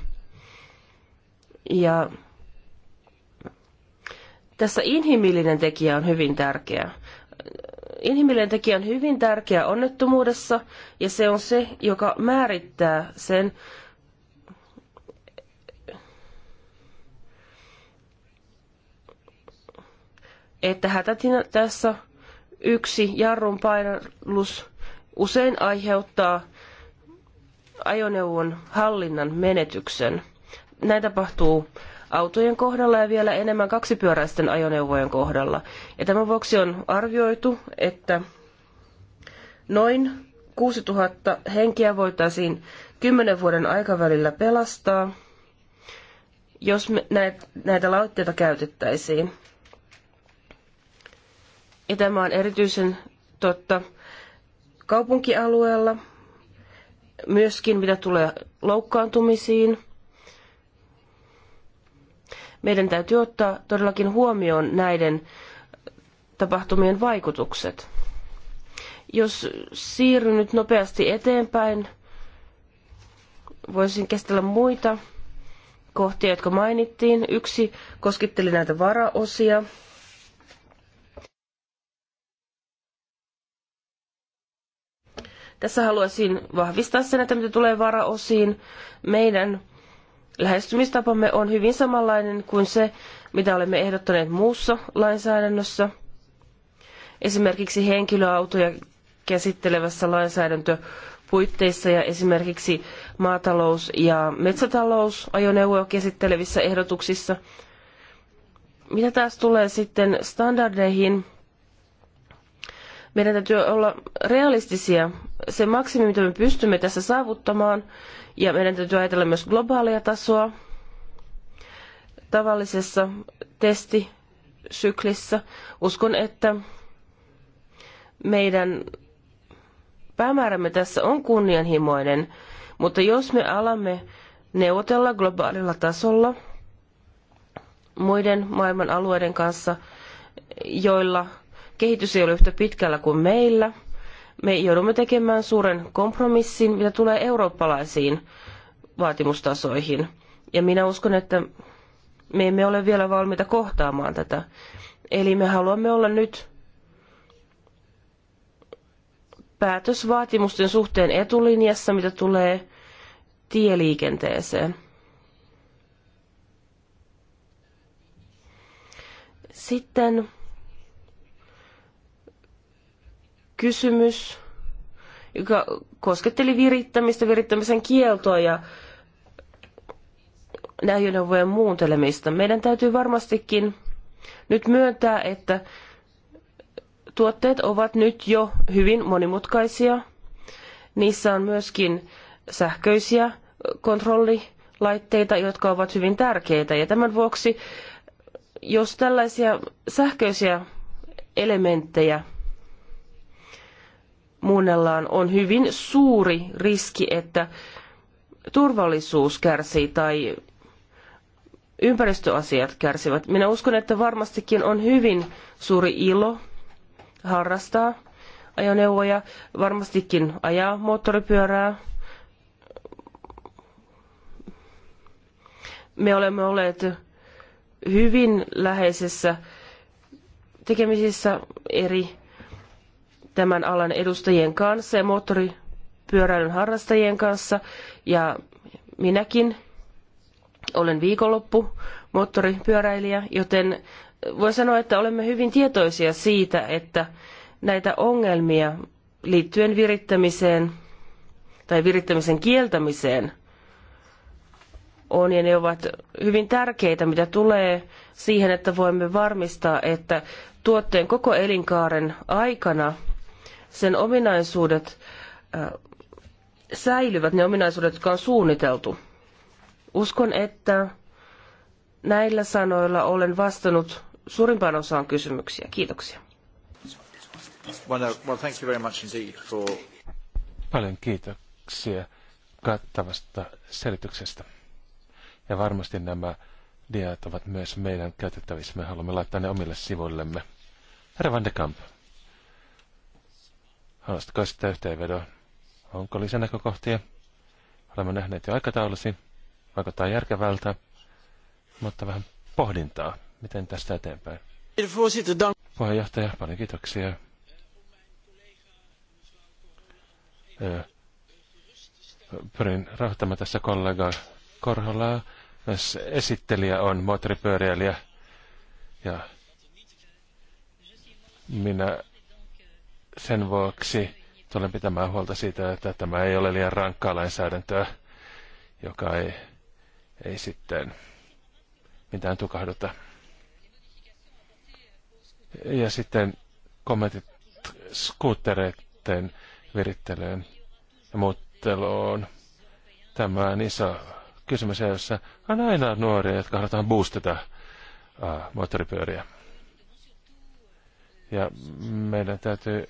Ja tässä inhimillinen tekijä on hyvin tärkeä inhimillinen tekijä on hyvin tärkeä onnettomuudessa ja se on se, joka määrittää sen, että hätätilanteessa yksi jarrun painallus usein aiheuttaa ajoneuvon hallinnan menetyksen. Näin tapahtuu autojen kohdalla ja vielä enemmän kaksipyöräisten ajoneuvojen kohdalla. Ja tämän vuoksi on arvioitu, että noin 6000 henkiä voitaisiin 10 vuoden aikavälillä pelastaa, jos näitä laitteita käytettäisiin. Ja tämä on erityisen totta kaupunkialueella, myöskin mitä tulee loukkaantumisiin – meidän täytyy ottaa todellakin huomioon näiden tapahtumien vaikutukset. Jos siirryn nyt nopeasti eteenpäin, voisin kestellä muita kohtia, jotka mainittiin. Yksi koskitteli näitä varaosia. Tässä haluaisin vahvistaa sen, että mitä tulee varaosiin. Meidän lähestymistapamme on hyvin samanlainen kuin se, mitä olemme ehdottaneet muussa lainsäädännössä. Esimerkiksi henkilöautoja käsittelevässä lainsäädäntöpuitteissa ja esimerkiksi maatalous- ja metsätalousajoneuvoja käsittelevissä ehdotuksissa. Mitä taas tulee sitten standardeihin, meidän täytyy olla realistisia. Se maksimi, mitä me pystymme tässä saavuttamaan, ja meidän täytyy ajatella myös globaalia tasoa tavallisessa testisyklissä. Uskon, että meidän päämäärämme tässä on kunnianhimoinen, mutta jos me alamme neuvotella globaalilla tasolla muiden maailman alueiden kanssa, joilla kehitys ei ole yhtä pitkällä kuin meillä. Me joudumme tekemään suuren kompromissin, mitä tulee eurooppalaisiin vaatimustasoihin. Ja minä uskon, että me emme ole vielä valmiita kohtaamaan tätä. Eli me haluamme olla nyt päätösvaatimusten suhteen etulinjassa, mitä tulee tieliikenteeseen. Sitten kysymys, joka kosketteli virittämistä, virittämisen kieltoa ja ajoneuvojen muuntelemista. Meidän täytyy varmastikin nyt myöntää, että tuotteet ovat nyt jo hyvin monimutkaisia. Niissä on myöskin sähköisiä kontrollilaitteita, jotka ovat hyvin tärkeitä. Ja tämän vuoksi, jos tällaisia sähköisiä elementtejä muunnellaan, on hyvin suuri riski, että turvallisuus kärsii tai ympäristöasiat kärsivät. Minä uskon, että varmastikin on hyvin suuri ilo harrastaa ajoneuvoja, varmastikin ajaa moottoripyörää. Me olemme olleet hyvin läheisessä tekemisissä eri tämän alan edustajien kanssa ja moottoripyöräilyn harrastajien kanssa ja minäkin olen viikonloppu moottoripyöräilijä, joten voin sanoa, että olemme hyvin tietoisia siitä, että näitä ongelmia liittyen virittämiseen tai virittämisen kieltämiseen on ja ne ovat hyvin tärkeitä, mitä tulee siihen, että voimme varmistaa, että tuotteen koko elinkaaren aikana sen ominaisuudet säilyvät, ne ominaisuudet, jotka on suunniteltu. Uskon, että näillä sanoilla olen vastannut suurimpaan osaan kysymyksiä. Kiitoksia. No, Paljon kiitoksia kattavasta selityksestä. Ja varmasti nämä diat ovat myös meidän käytettävissä. Me haluamme laittaa ne omille sivuillemme. Herra Van de Kamp. Haluaisitko sitä yhteenvedoa? Onko lisänäkökohtia? Olemme nähneet jo aikataulusi. Vaikuttaa järkevältä, mutta vähän pohdintaa. Miten tästä eteenpäin? Puheenjohtaja, paljon kiitoksia. Pyrin rauhoittamaan tässä kollega Korholaa. Myös esittelijä on moottoripyöräilijä. Ja minä sen vuoksi tulen pitämään huolta siitä, että tämä ei ole liian rankkaa lainsäädäntöä, joka ei, ei sitten mitään tukahduta. Ja sitten kommentit skuuttereiden virittelyyn ja muutteluun. Tämä on iso kysymys, jossa on aina nuoria, jotka halutaan boostata moottoripyöriä. Ja meidän täytyy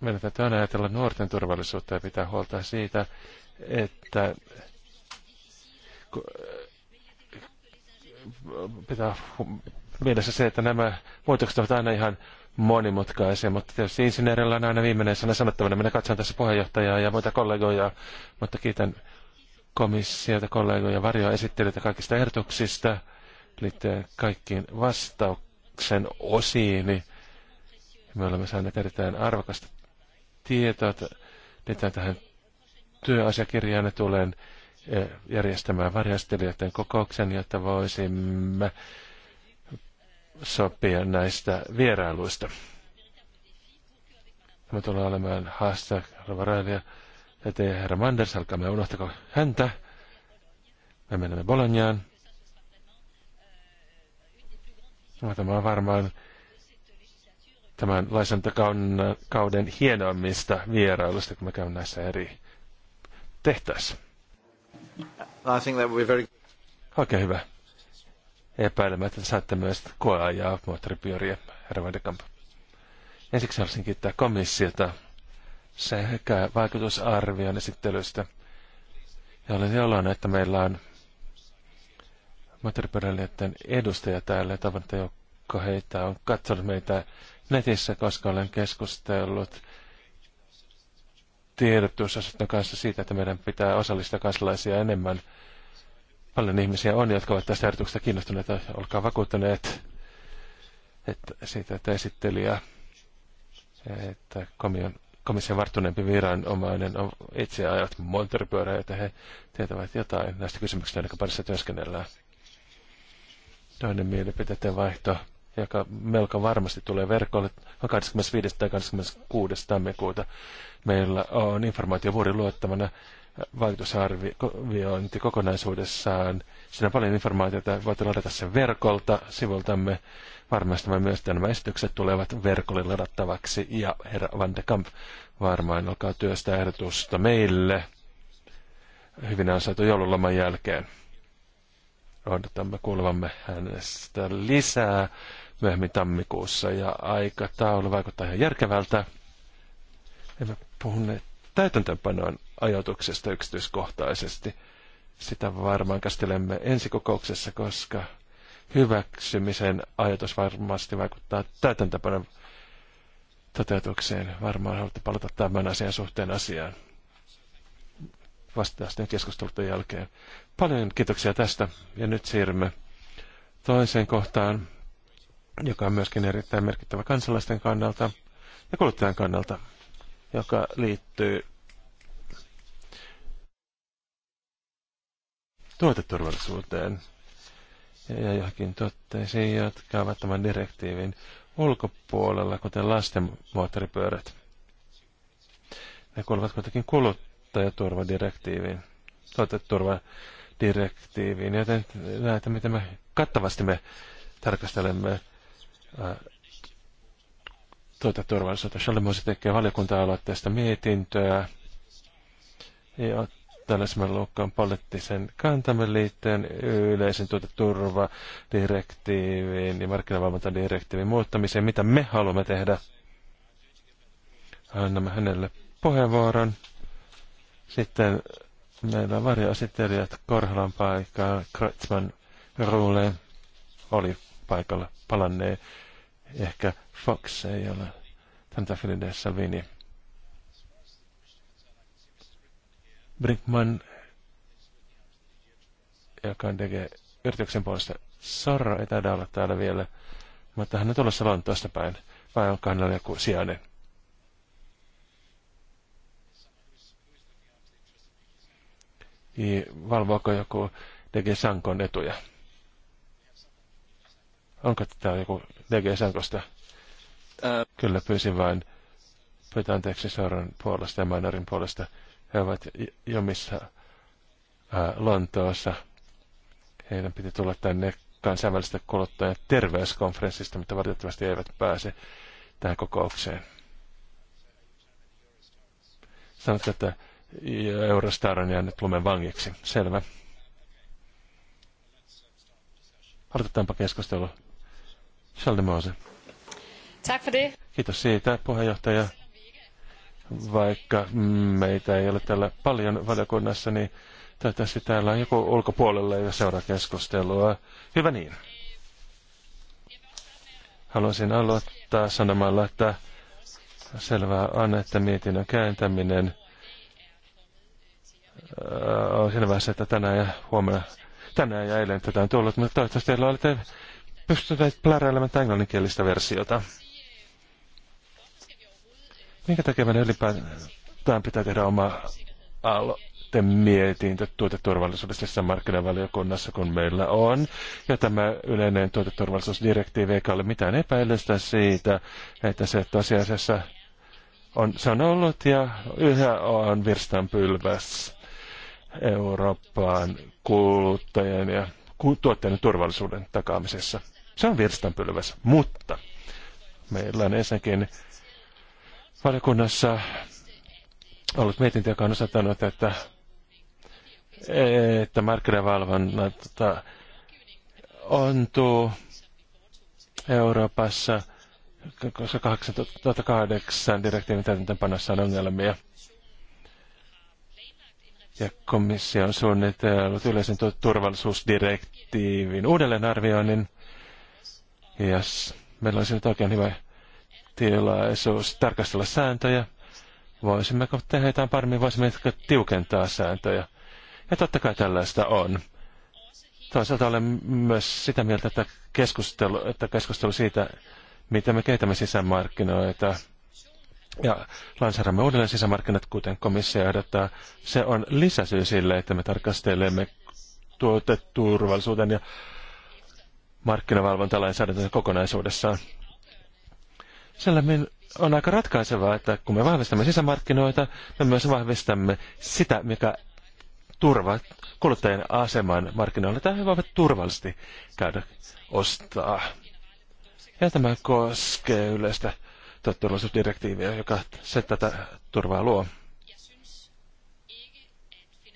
meidän täytyy aina ajatella nuorten turvallisuutta ja pitää huolta siitä, että pitää mielessä se, että nämä muutokset ovat aina ihan monimutkaisia, mutta tietysti insinöörillä on aina viimeinen sana sanottavana. Minä katson tässä puheenjohtajaa ja muita kollegoja, mutta kiitän komissiota, kollegoja, esittelyitä kaikista ehdotuksista liittyen kaikkiin vastauksen osiin. Me olemme saaneet erittäin arvokasta tietoa, mitä tähän työasiakirjaan tulen eh, järjestämään varjastelijoiden kokouksen, jotta voisimme sopia näistä vierailuista. Me tullaan olemaan haastaa Rovarailija eteen herra Manders, alkaa me unohtako häntä. Me menemme Bolognaan. No, tämä on varmaan tämän lainsäädäntökauden hienoimmista vierailusta, kun mä käyn näissä eri tehtäissä. I think that we're very... Oikein hyvä. Epäilemättä saatte myös koea ja moottoripyöriä, herra Vandekamp. Ensiksi haluaisin kiittää komissiota sekä vaikutusarvion esittelystä. Ja olen iloinen, että meillä on moottoripyöräilijöiden edustaja täällä, tavoite, joukko heitä on katsonut meitä netissä, koska olen keskustellut tiedotusaston kanssa siitä, että meidän pitää osallistaa kansalaisia enemmän. Paljon ihmisiä on, jotka ovat tästä ehdotuksesta kiinnostuneita. Olkaa vakuuttuneet että siitä, että esittelijä, että komion, komission varttuneempi viranomainen on itse ajat monteripyörää, että he tietävät jotain näistä kysymyksistä, joiden parissa työskennellään. Toinen mielipiteiden vaihto joka melko varmasti tulee verkolle, 25. tai 26. tammikuuta. Meillä on informaatiovuoden luottamana vaikutusarviointi kokonaisuudessaan. Siinä on paljon informaatiota, voitte ladata sen verkolta sivultamme. Varmasti myös nämä esitykset tulevat verkolle ladattavaksi ja herra Van de Kamp varmaan alkaa työstää ehdotusta meille hyvin saatu joululoman jälkeen. Odotamme kuulevamme hänestä lisää myöhemmin tammikuussa ja aikataulu vaikuttaa ihan järkevältä. Emme puhuneet täytäntöönpanoon ajatuksesta yksityiskohtaisesti. Sitä varmaan käsittelemme ensikokouksessa, koska hyväksymisen ajatus varmasti vaikuttaa täytäntöönpanon toteutukseen. Varmaan haluatte palata tämän asian suhteen asiaan vastausten keskustelun jälkeen. Paljon kiitoksia tästä ja nyt siirrymme toiseen kohtaan joka on myöskin erittäin merkittävä kansalaisten kannalta ja kuluttajan kannalta, joka liittyy tuoteturvallisuuteen ja johonkin tuotteisiin, jotka ovat tämän direktiivin ulkopuolella, kuten lasten moottoripyörät. Ne kuuluvat kuitenkin kuluttajaturvadirektiiviin, tuoteturvadirektiiviin, joten näitä, miten me kattavasti me tarkastelemme Äh, tuota turvallisuutta. Shalimoisi tekee valiokunta-aloitteesta mietintöä ja tällaisen luokkaan poliittisen kantamme liittyen yleisen tuoteturvadirektiiviin ja markkinavalvontadirektiivin muuttamiseen, mitä me haluamme tehdä. Annamme hänelle puheenvuoron. Sitten meillä on varjoasittelijat Korhalan paikka, Kretsman, Rule, oli paikalla palannee. Ehkä Fox ei ole Tantafilide Salvini. Brinkman, joka on tekee yrityksen puolesta. Sarra ei taida olla täällä vielä, mutta hän on tulossa Lontoosta päin. Vai onko hänellä joku sijainen? valvoako joku DG Sankon etuja. Onko tämä joku DG Sankosta? Ää... Kyllä pyysin vain pyytää anteeksi Sauron puolesta ja Mainarin puolesta. He ovat jomissa ää, Lontoossa. Heidän piti tulla tänne kansainvälistä kuluttajan terveyskonferenssista, mutta valitettavasti eivät pääse tähän kokoukseen. Sanotko, että Eurostar on jäänyt lumen vangiksi. Selvä. Aloitetaanpa keskustelu. Schaldemose. Tack för det. Kiitos siitä, puheenjohtaja. Vaikka meitä ei ole täällä paljon valiokunnassa, niin toivottavasti täällä on joku ulkopuolella ja seuraa keskustelua. Hyvä niin. Haluaisin aloittaa sanomalla, että selvää on, että mietinnön kääntäminen äh, on siinä vaiheessa, että tänään ja huomenna, tänään ja eilen tätä on tullut, mutta toivottavasti teillä oli pystyvät pläräilemään englanninkielistä versiota. Minkä takia meidän ylipäätään pitää tehdä oma mietintä tuoteturvallisuudessa markkinavaliokunnassa, kun meillä on. Ja tämä yleinen tuoteturvallisuusdirektiivi eikä ole mitään epäilystä siitä, että se tosiasiassa on, se on ollut ja yhä on virstanpylväs Eurooppaan kuluttajien ja tuotteiden turvallisuuden takaamisessa. Se on virstanpylväs, mutta meillä on ensinnäkin valiokunnassa ollut mietintö, joka on osoittanut, että, että markkinavalvonnalta tota, ontuu Euroopassa, koska 2008 direktiivin täytäntöönpanossa on ongelmia. Ja komissio on suunnitellut yleisen turvallisuusdirektiivin uudelleenarvioinnin ja yes. meillä olisi nyt oikein hyvä tilaisuus tarkastella sääntöjä. Voisimmeko tehdä jotain paremmin, voisimmeko tiukentaa sääntöjä. Ja totta kai tällaista on. Toisaalta olen myös sitä mieltä, että keskustelu, että keskustelu siitä, miten me kehitämme sisämarkkinoita ja lanseeraamme uudelleen sisämarkkinat, kuten komissio ehdottaa, se on lisäsyy sille, että me tarkastelemme tuoteturvallisuuden ja markkinavalvontalainsäädäntönsä kokonaisuudessaan. Sellainen on aika ratkaisevaa, että kun me vahvistamme sisämarkkinoita, me myös vahvistamme sitä, mikä turvaa kuluttajien aseman markkinoilla. Tämä he voivat turvallisesti käydä ostaa. Ja tämä koskee yleistä turvallisuusdirektiiviä, joka se tätä turvaa luo.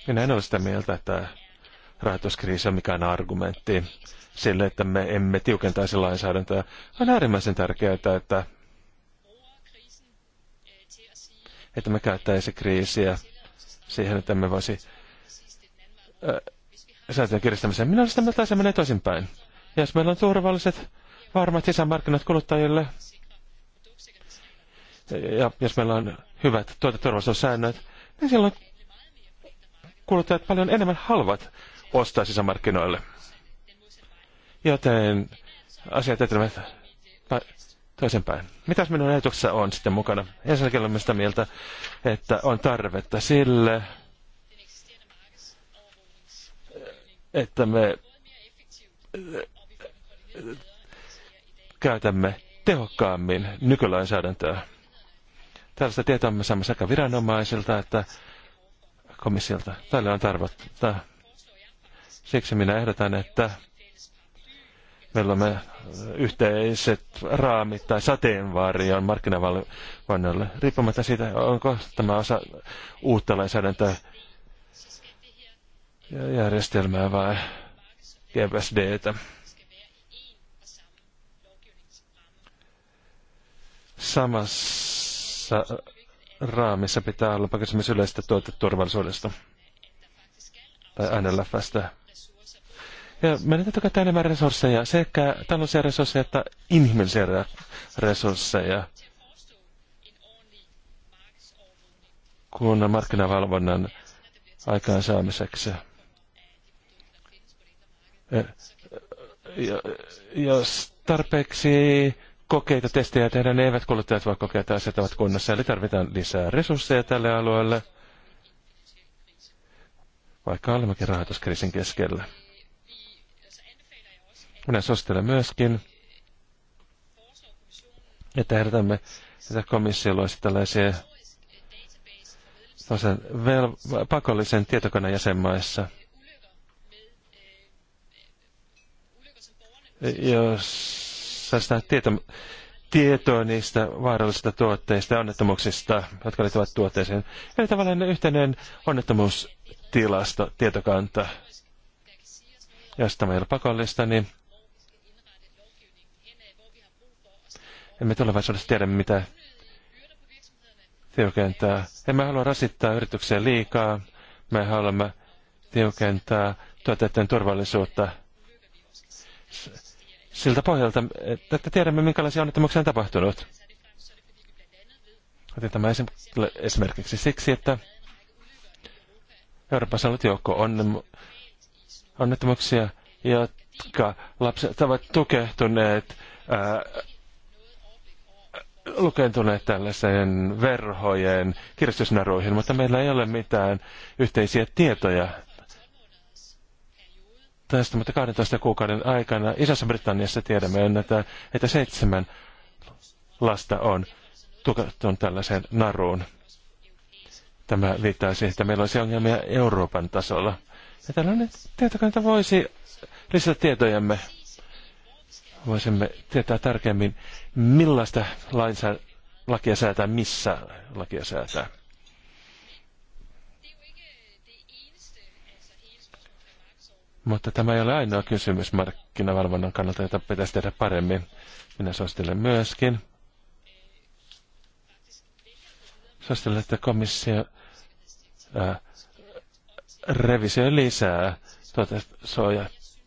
Minä en ole sitä mieltä, että rahoituskriisi on mikään argumentti sille, että me emme tiukentaisi lainsäädäntöä. On äärimmäisen tärkeää, että, että me käyttäisi kriisiä siihen, että me voisi sääntöjen kiristämiseen. Minä olen sitä mieltä, se menee toisinpäin. Ja jos meillä on turvalliset, varmat sisämarkkinat kuluttajille, ja jos meillä on hyvät tuoteturvallisuussäännöt, niin silloin kuluttajat paljon enemmän halvat ostaa sisämarkkinoille. Joten asiat etenevät päin. Mitäs minun ajatuksessa on sitten mukana? Ensinnäkin olen sitä mieltä, että on tarvetta sille, että me äh, käytämme tehokkaammin nykylainsäädäntöä. Tällaista tietoa me saamme sekä viranomaisilta että komissiolta. Tälle on tarvetta. Siksi minä ehdotan, että me olemme yhteiset raamit tai sateenvarjon markkinavalvonnalle, riippumatta siitä, onko tämä osa uutta lainsäädäntöä järjestelmää vai GBSDtä. Samassa raamissa pitää olla kysymys yleistä tuoteturvallisuudesta tai NLFstä ja meidän täytyy käyttää enemmän resursseja, sekä taloudellisia resursseja että inhimillisiä resursseja. Kun markkinavalvonnan aikaansaamiseksi. Eh, eh, ja, jos tarpeeksi kokeita, testejä tehdään, ne eivät kuluttajat voi kokea, että asiat ovat kunnossa. Eli tarvitaan lisää resursseja tälle alueelle, vaikka olemmekin rahoituskriisin keskellä. Minä suosittelen myöskin, että ehdotamme, että komissio loisi tällaisia vel- pakollisen tietokoneen jäsenmaissa. Jos saa tieto, tietoa niistä vaarallisista tuotteista ja onnettomuuksista, jotka liittyvät tuotteeseen. Eli tavallaan yhteinen onnettomuustilasto, tietokanta. Jos tämä ei ole pakollista, niin Emme tulevaisuudessa tiedä, mitä tiukentaa. Emme halua rasittaa yrityksiä liikaa. Me haluamme tiukentaa tuotteiden turvallisuutta siltä pohjalta, että tiedämme, minkälaisia onnettomuuksia on tapahtunut. Otin tämä esimerkiksi siksi, että Euroopassa on ollut joukko onnettomuuksia, jotka lapset ovat tukehtuneet ää, lukentuneet tällaiseen verhojen kiristysnaruihin, mutta meillä ei ole mitään yhteisiä tietoja tästä, mutta 12 kuukauden aikana Isossa Britanniassa tiedämme, että, että seitsemän lasta on tukattu tällaiseen naruun. Tämä viittaa siihen, että meillä olisi ongelmia Euroopan tasolla. Ja tällainen tietokanta voisi lisätä tietojamme voisimme tietää tarkemmin, millaista lainsä, lakia säätää, missä lakia säätää. Mutta tämä ei ole ainoa kysymys markkinavalvonnan kannalta, jota pitäisi tehdä paremmin. Minä suosittelen myöskin. Suosittelen, että komissio ää, äh, revisioi lisää tuota suojadirektiiviä.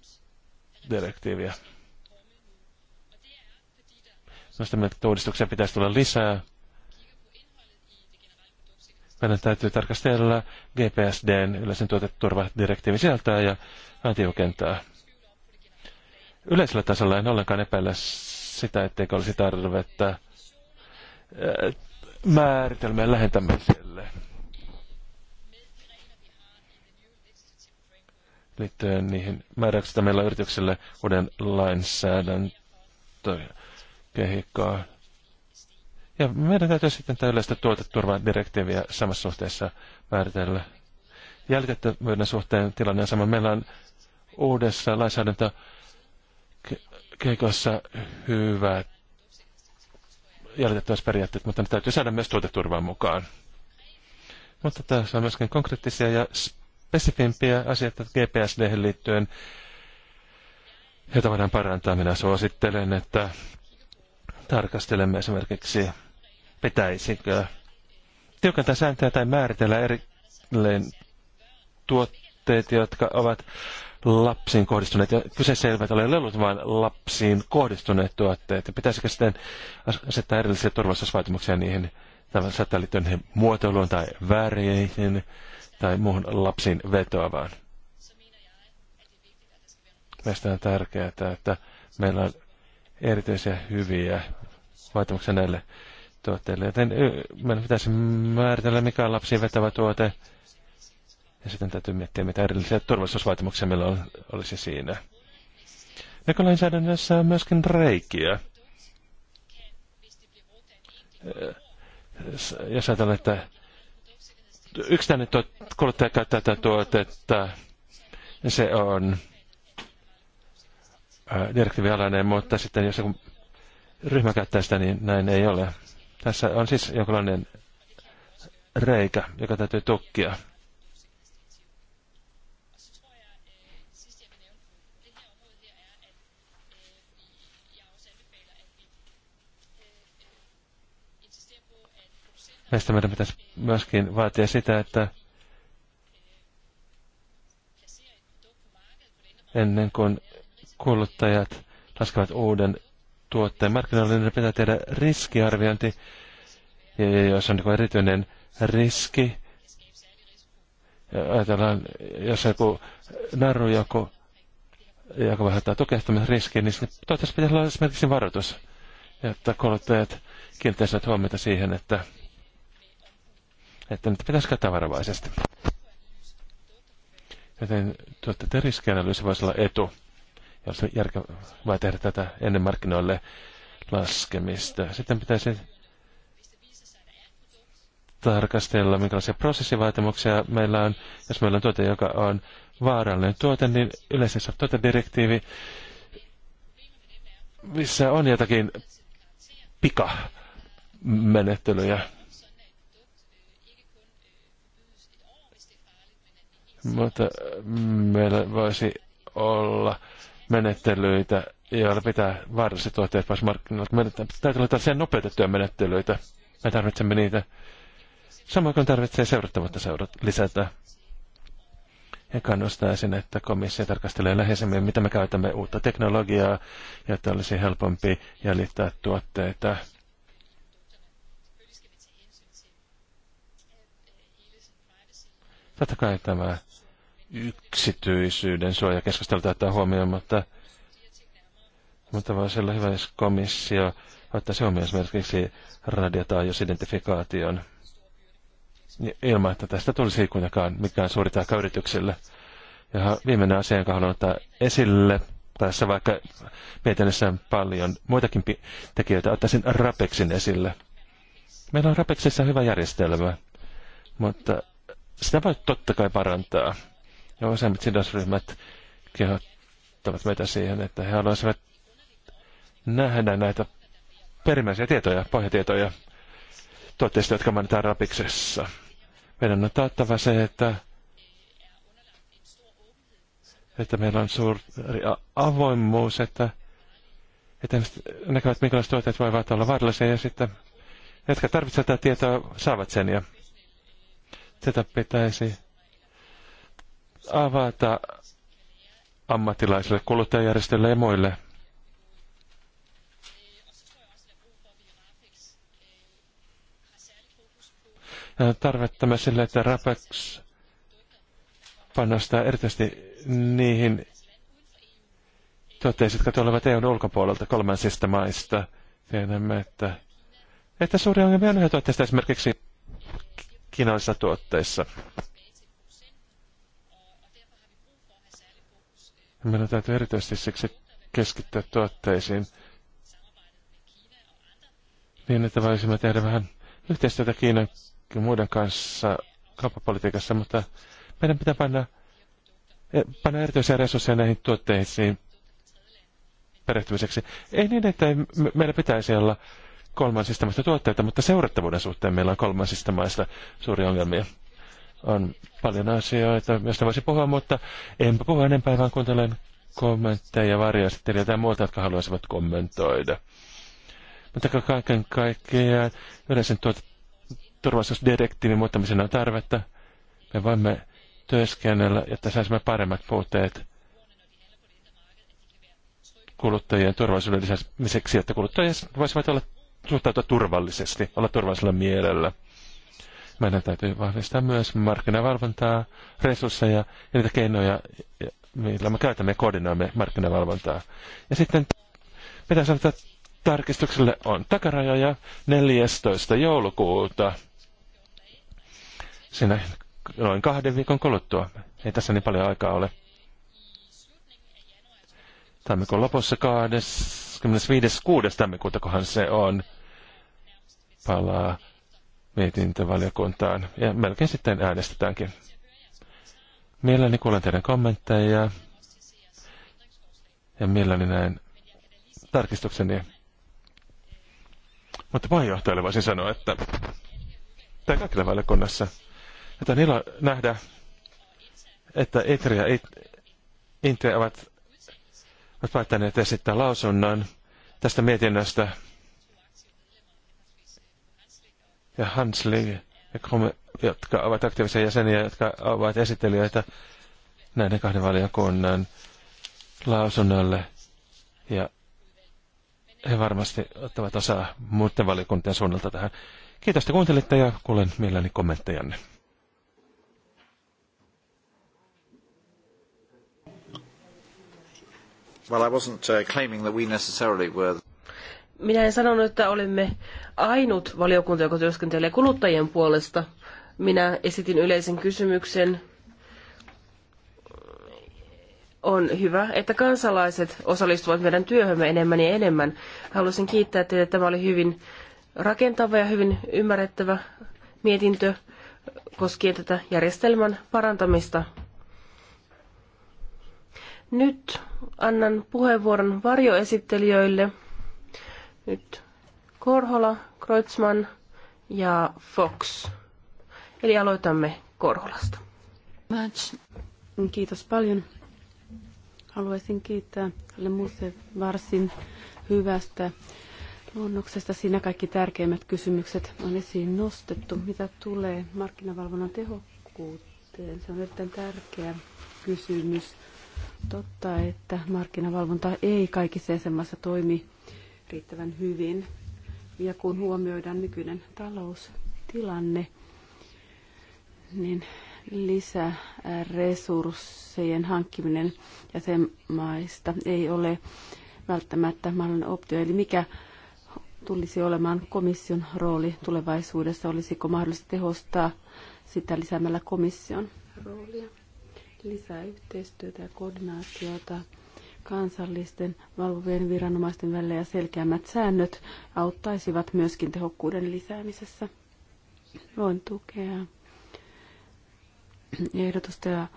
direktiiviä. Minusta että uudistuksia pitäisi tulla lisää. Meidän täytyy tarkastella GPSDn yleisen tuoteturvadirektiivin sieltä ja vähän tiukentaa. Yleisellä tasolla en ollenkaan epäillä sitä, etteikö olisi tarvetta äh, määritelmien lähentämiselle. liittyen niihin määräyksistä meillä on yritykselle uuden lainsäädäntöön kehikkoon. Ja meidän täytyy sitten tällaista tuoteturvadirektiiviä samassa suhteessa määritellä. Jäljitettävyyden suhteen tilanne on sama. Meillä on uudessa lainsäädäntö keikossa hyvät jäljitettävyysperiaatteet, mutta ne täytyy saada myös tuoteturvaan mukaan. Mutta tässä on myöskin konkreettisia ja spesifimpiä asioita gps liittyen, joita voidaan parantaa. Minä suosittelen, että tarkastelemme esimerkiksi, pitäisikö tiukentaa sääntöjä tai määritellä erilleen tuotteet, jotka ovat lapsiin kohdistuneet. Ja kyseessä eivät ole lelut, vaan lapsiin kohdistuneet tuotteet. Ja pitäisikö sitten asettaa erillisiä turvallisuusvaatimuksia niihin, tämä muotoiluun tai väreihin tai muuhun lapsiin vetoavaan. Mielestäni on tärkeää, että meillä on erityisiä hyviä vaatimuksia näille tuotteille. Joten meidän pitäisi määritellä, mikä on lapsiin vetävä tuote. Ja sitten täytyy miettiä, mitä erillisiä turvallisuusvaatimuksia meillä on, olisi siinä. Nykylainsäädännössä on myöskin reikiä. Jos ajatellaan, että yksittäinen kuluttaja käyttää tätä tuotetta, niin se on Äh, direktiivialainen, mutta sitten jos joku ryhmä käyttää sitä, niin näin ei ole. Tässä on siis jonkinlainen reikä, joka täytyy tukkia. Meistä meidän pitäisi myöskin vaatia sitä, että ennen kuin kuluttajat laskevat uuden tuotteen markkinoille, niin pitää tehdä riskiarviointi, ja jos on niin erityinen riski, ja ajatellaan, jos joku naru, joku, joka vähentää tukehtumisriskiä, niin toivottavasti pitäisi olla esimerkiksi varoitus, jotta kuluttajat kiinnittäisivät huomiota siihen, että, että niitä pitäisi käyttää varovaisesti. Joten tuotteiden riskianalyysi voisi olla etu ja olisi järkevää tehdä tätä ennen markkinoille laskemista. Sitten pitäisi tarkastella, minkälaisia prosessivaatimuksia meillä on. Jos meillä on tuote, joka on vaarallinen tuote, niin yleisessä tuotedirektiivi, missä on jotakin pikamenettelyjä. Mutta meillä voisi olla menettelyitä, joilla pitää vaaralliset tuotteet päästä markkinoilta. Meidän täytyy olla tällaisia nopeutettuja menettelyitä. Me tarvitsemme niitä. Samoin kuin tarvitsee seurattavuutta seurat lisätä. Ja kannustaisin, että komissio tarkastelee läheisemmin, mitä me käytämme uutta teknologiaa, jotta olisi helpompi jäljittää tuotteita. Totta kai tämä yksityisyyden suojakeskustelua ottaa huomioon, mutta, mutta voisi olla hyvä, jos komissio ottaa se huomioon esimerkiksi radiotaajuusidentifikaation ilman, että tästä tulisi kuitenkaan mikään suuri taakka yrityksille. Ja viimeinen asia, jonka haluan ottaa esille, tässä vaikka mietinnössä on paljon muitakin tekijöitä, ottaisin Rapexin esille. Meillä on Rapexissa hyvä järjestelmä, mutta sitä voi totta kai parantaa. Ja useimmat sidosryhmät kehottavat meitä siihen, että he haluaisivat nähdä näitä perimmäisiä tietoja, pohjatietoja tuotteista, jotka mainitaan rapiksessa. Meidän on taattava se, että, että meillä on suuri avoimuus, että, että näkevät, minkälaiset tuotteet voivat olla vaarallisia ja sitten ne, jotka tarvitsevat tätä tietoa, saavat sen. Ja tätä pitäisi avata ammattilaisille, kuluttajajärjestöille ja muille. Ja tarvetta sille, että Rapex panostaa erityisesti niihin tuotteisiin, jotka tulevat EUn ulkopuolelta kolmansista maista. Tiedämme, että, että suuri ongelma on yhä tuotteista esimerkiksi kiinalaisissa tuotteissa. meidän täytyy erityisesti siksi keskittyä tuotteisiin niin, että voisimme tehdä vähän yhteistyötä Kiinan ja muiden kanssa kauppapolitiikassa, mutta meidän pitää panna, e, panna erityisiä resursseja näihin tuotteisiin perehtymiseksi. Ei niin, että meillä pitäisi olla kolmansista maista tuotteita, mutta seurattavuuden suhteen meillä on kolmansista maista suuria ongelmia. On paljon asioita, joista voisi puhua, mutta enpä puhu enempää, vaan kuuntelen kommentteja varjoesittelijöitä ja muuta, jotka haluaisivat kommentoida. Mutta kaiken kaikkiaan yleisen turvallisuusdirektiivin muuttamisen on tarvetta. Me voimme työskennellä, jotta saisimme paremmat puutteet kuluttajien turvallisuuden lisäämiseksi, että kuluttajat voisivat olla, suhtautua turvallisesti, olla turvallisella mielellä. Meidän täytyy vahvistaa myös markkinavalvontaa, resursseja ja niitä keinoja, millä me käytämme ja koordinoimme markkinavalvontaa. Ja sitten, mitä sanotaan, tarkistukselle on takarajoja 14. joulukuuta. Siinä noin kahden viikon kuluttua. Ei tässä niin paljon aikaa ole. Tammikuun lopussa 25.6. tammikuuta, kohan se on, palaa mietintövaliokuntaan ja melkein sitten äänestetäänkin. Mielelläni kuulen teidän kommentteja ja, mielelläni näin tarkistukseni. Mutta puheenjohtajalle voisin sanoa, että tämä kaikilla valiokunnassa, että on ilo nähdä, että Itri ja It, ovat, ovat päättäneet esittää lausunnon tästä mietinnöstä ja Hansli, ja Krumme, jotka ovat aktiivisia jäseniä, jotka ovat esittelijöitä näiden kahden valiokunnan lausunnolle. Ja he varmasti ottavat osaa muiden valiokuntien suunnalta tähän. Kiitos, että kuuntelitte ja kuulen mielelläni kommenttejanne. Well, I wasn't uh, claiming that we necessarily were. Minä en sanonut, että olemme ainut valiokunta, joka työskentelee kuluttajien puolesta. Minä esitin yleisen kysymyksen. On hyvä, että kansalaiset osallistuvat meidän työhömme enemmän ja enemmän. Haluaisin kiittää teitä. Tämä oli hyvin rakentava ja hyvin ymmärrettävä mietintö koskien tätä järjestelmän parantamista. Nyt annan puheenvuoron varjoesittelijöille – nyt Korhola, Kreutzmann ja Fox. Eli aloitamme Korholasta. Match. Kiitos paljon. Haluaisin kiittää Lemuse varsin hyvästä luonnoksesta. Siinä kaikki tärkeimmät kysymykset on esiin nostettu. Mitä tulee markkinavalvonnan tehokkuuteen? Se on erittäin tärkeä kysymys. Totta, että markkinavalvonta ei kaikissa jäsenmaissa toimi riittävän hyvin. Ja kun huomioidaan nykyinen taloustilanne, niin lisäresurssien hankkiminen jäsenmaista ei ole välttämättä mahdollinen optio. Eli mikä tulisi olemaan komission rooli tulevaisuudessa? Olisiko mahdollista tehostaa sitä lisäämällä komission roolia? Lisää yhteistyötä ja koordinaatiota kansallisten valvovien viranomaisten välillä ja selkeämmät säännöt auttaisivat myöskin tehokkuuden lisäämisessä. Voin tukea ehdotusta ja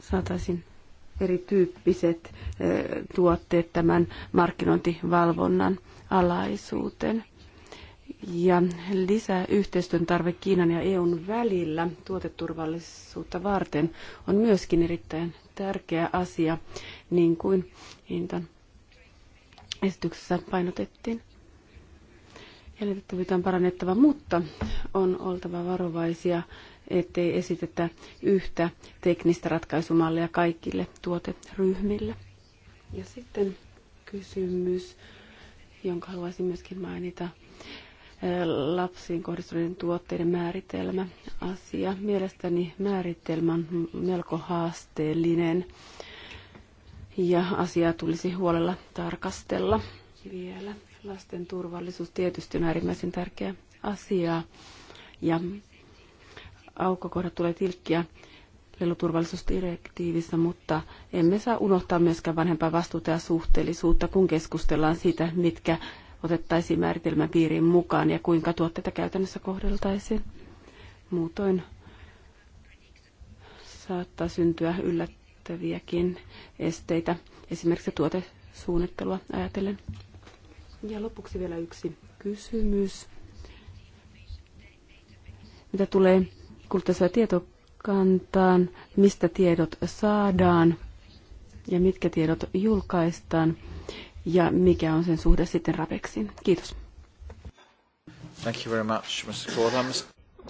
saataisiin erityyppiset eh, tuotteet tämän markkinointivalvonnan alaisuuteen ja lisää yhteistyön tarve Kiinan ja EUn välillä tuoteturvallisuutta varten on myöskin erittäin tärkeä asia, niin kuin Intan esityksessä painotettiin. Jäljitettävyyttä on parannettava, mutta on oltava varovaisia, ettei esitetä yhtä teknistä ratkaisumallia kaikille tuoteryhmille. Ja sitten kysymys, jonka haluaisin myöskin mainita lapsiin kohdistuneiden tuotteiden määritelmä asia. Mielestäni määritelmä on melko haasteellinen ja asiaa tulisi huolella tarkastella vielä. Lasten turvallisuus tietysti on äärimmäisen tärkeä asia ja aukkokohdat tulee tilkkiä leluturvallisuusdirektiivissä, mutta emme saa unohtaa myöskään vanhempaa vastuuta ja suhteellisuutta, kun keskustellaan siitä, mitkä otettaisiin määritelmän piiriin mukaan ja kuinka tuotteita käytännössä kohdeltaisiin. Muutoin saattaa syntyä yllättäviäkin esteitä, esimerkiksi tuotesuunnittelua ajatellen. Ja lopuksi vielä yksi kysymys. Mitä tulee tietokantaan, mistä tiedot saadaan ja mitkä tiedot julkaistaan? ja mikä on sen suhde sitten Rapeksiin. Kiitos. Thank you very much, Mr.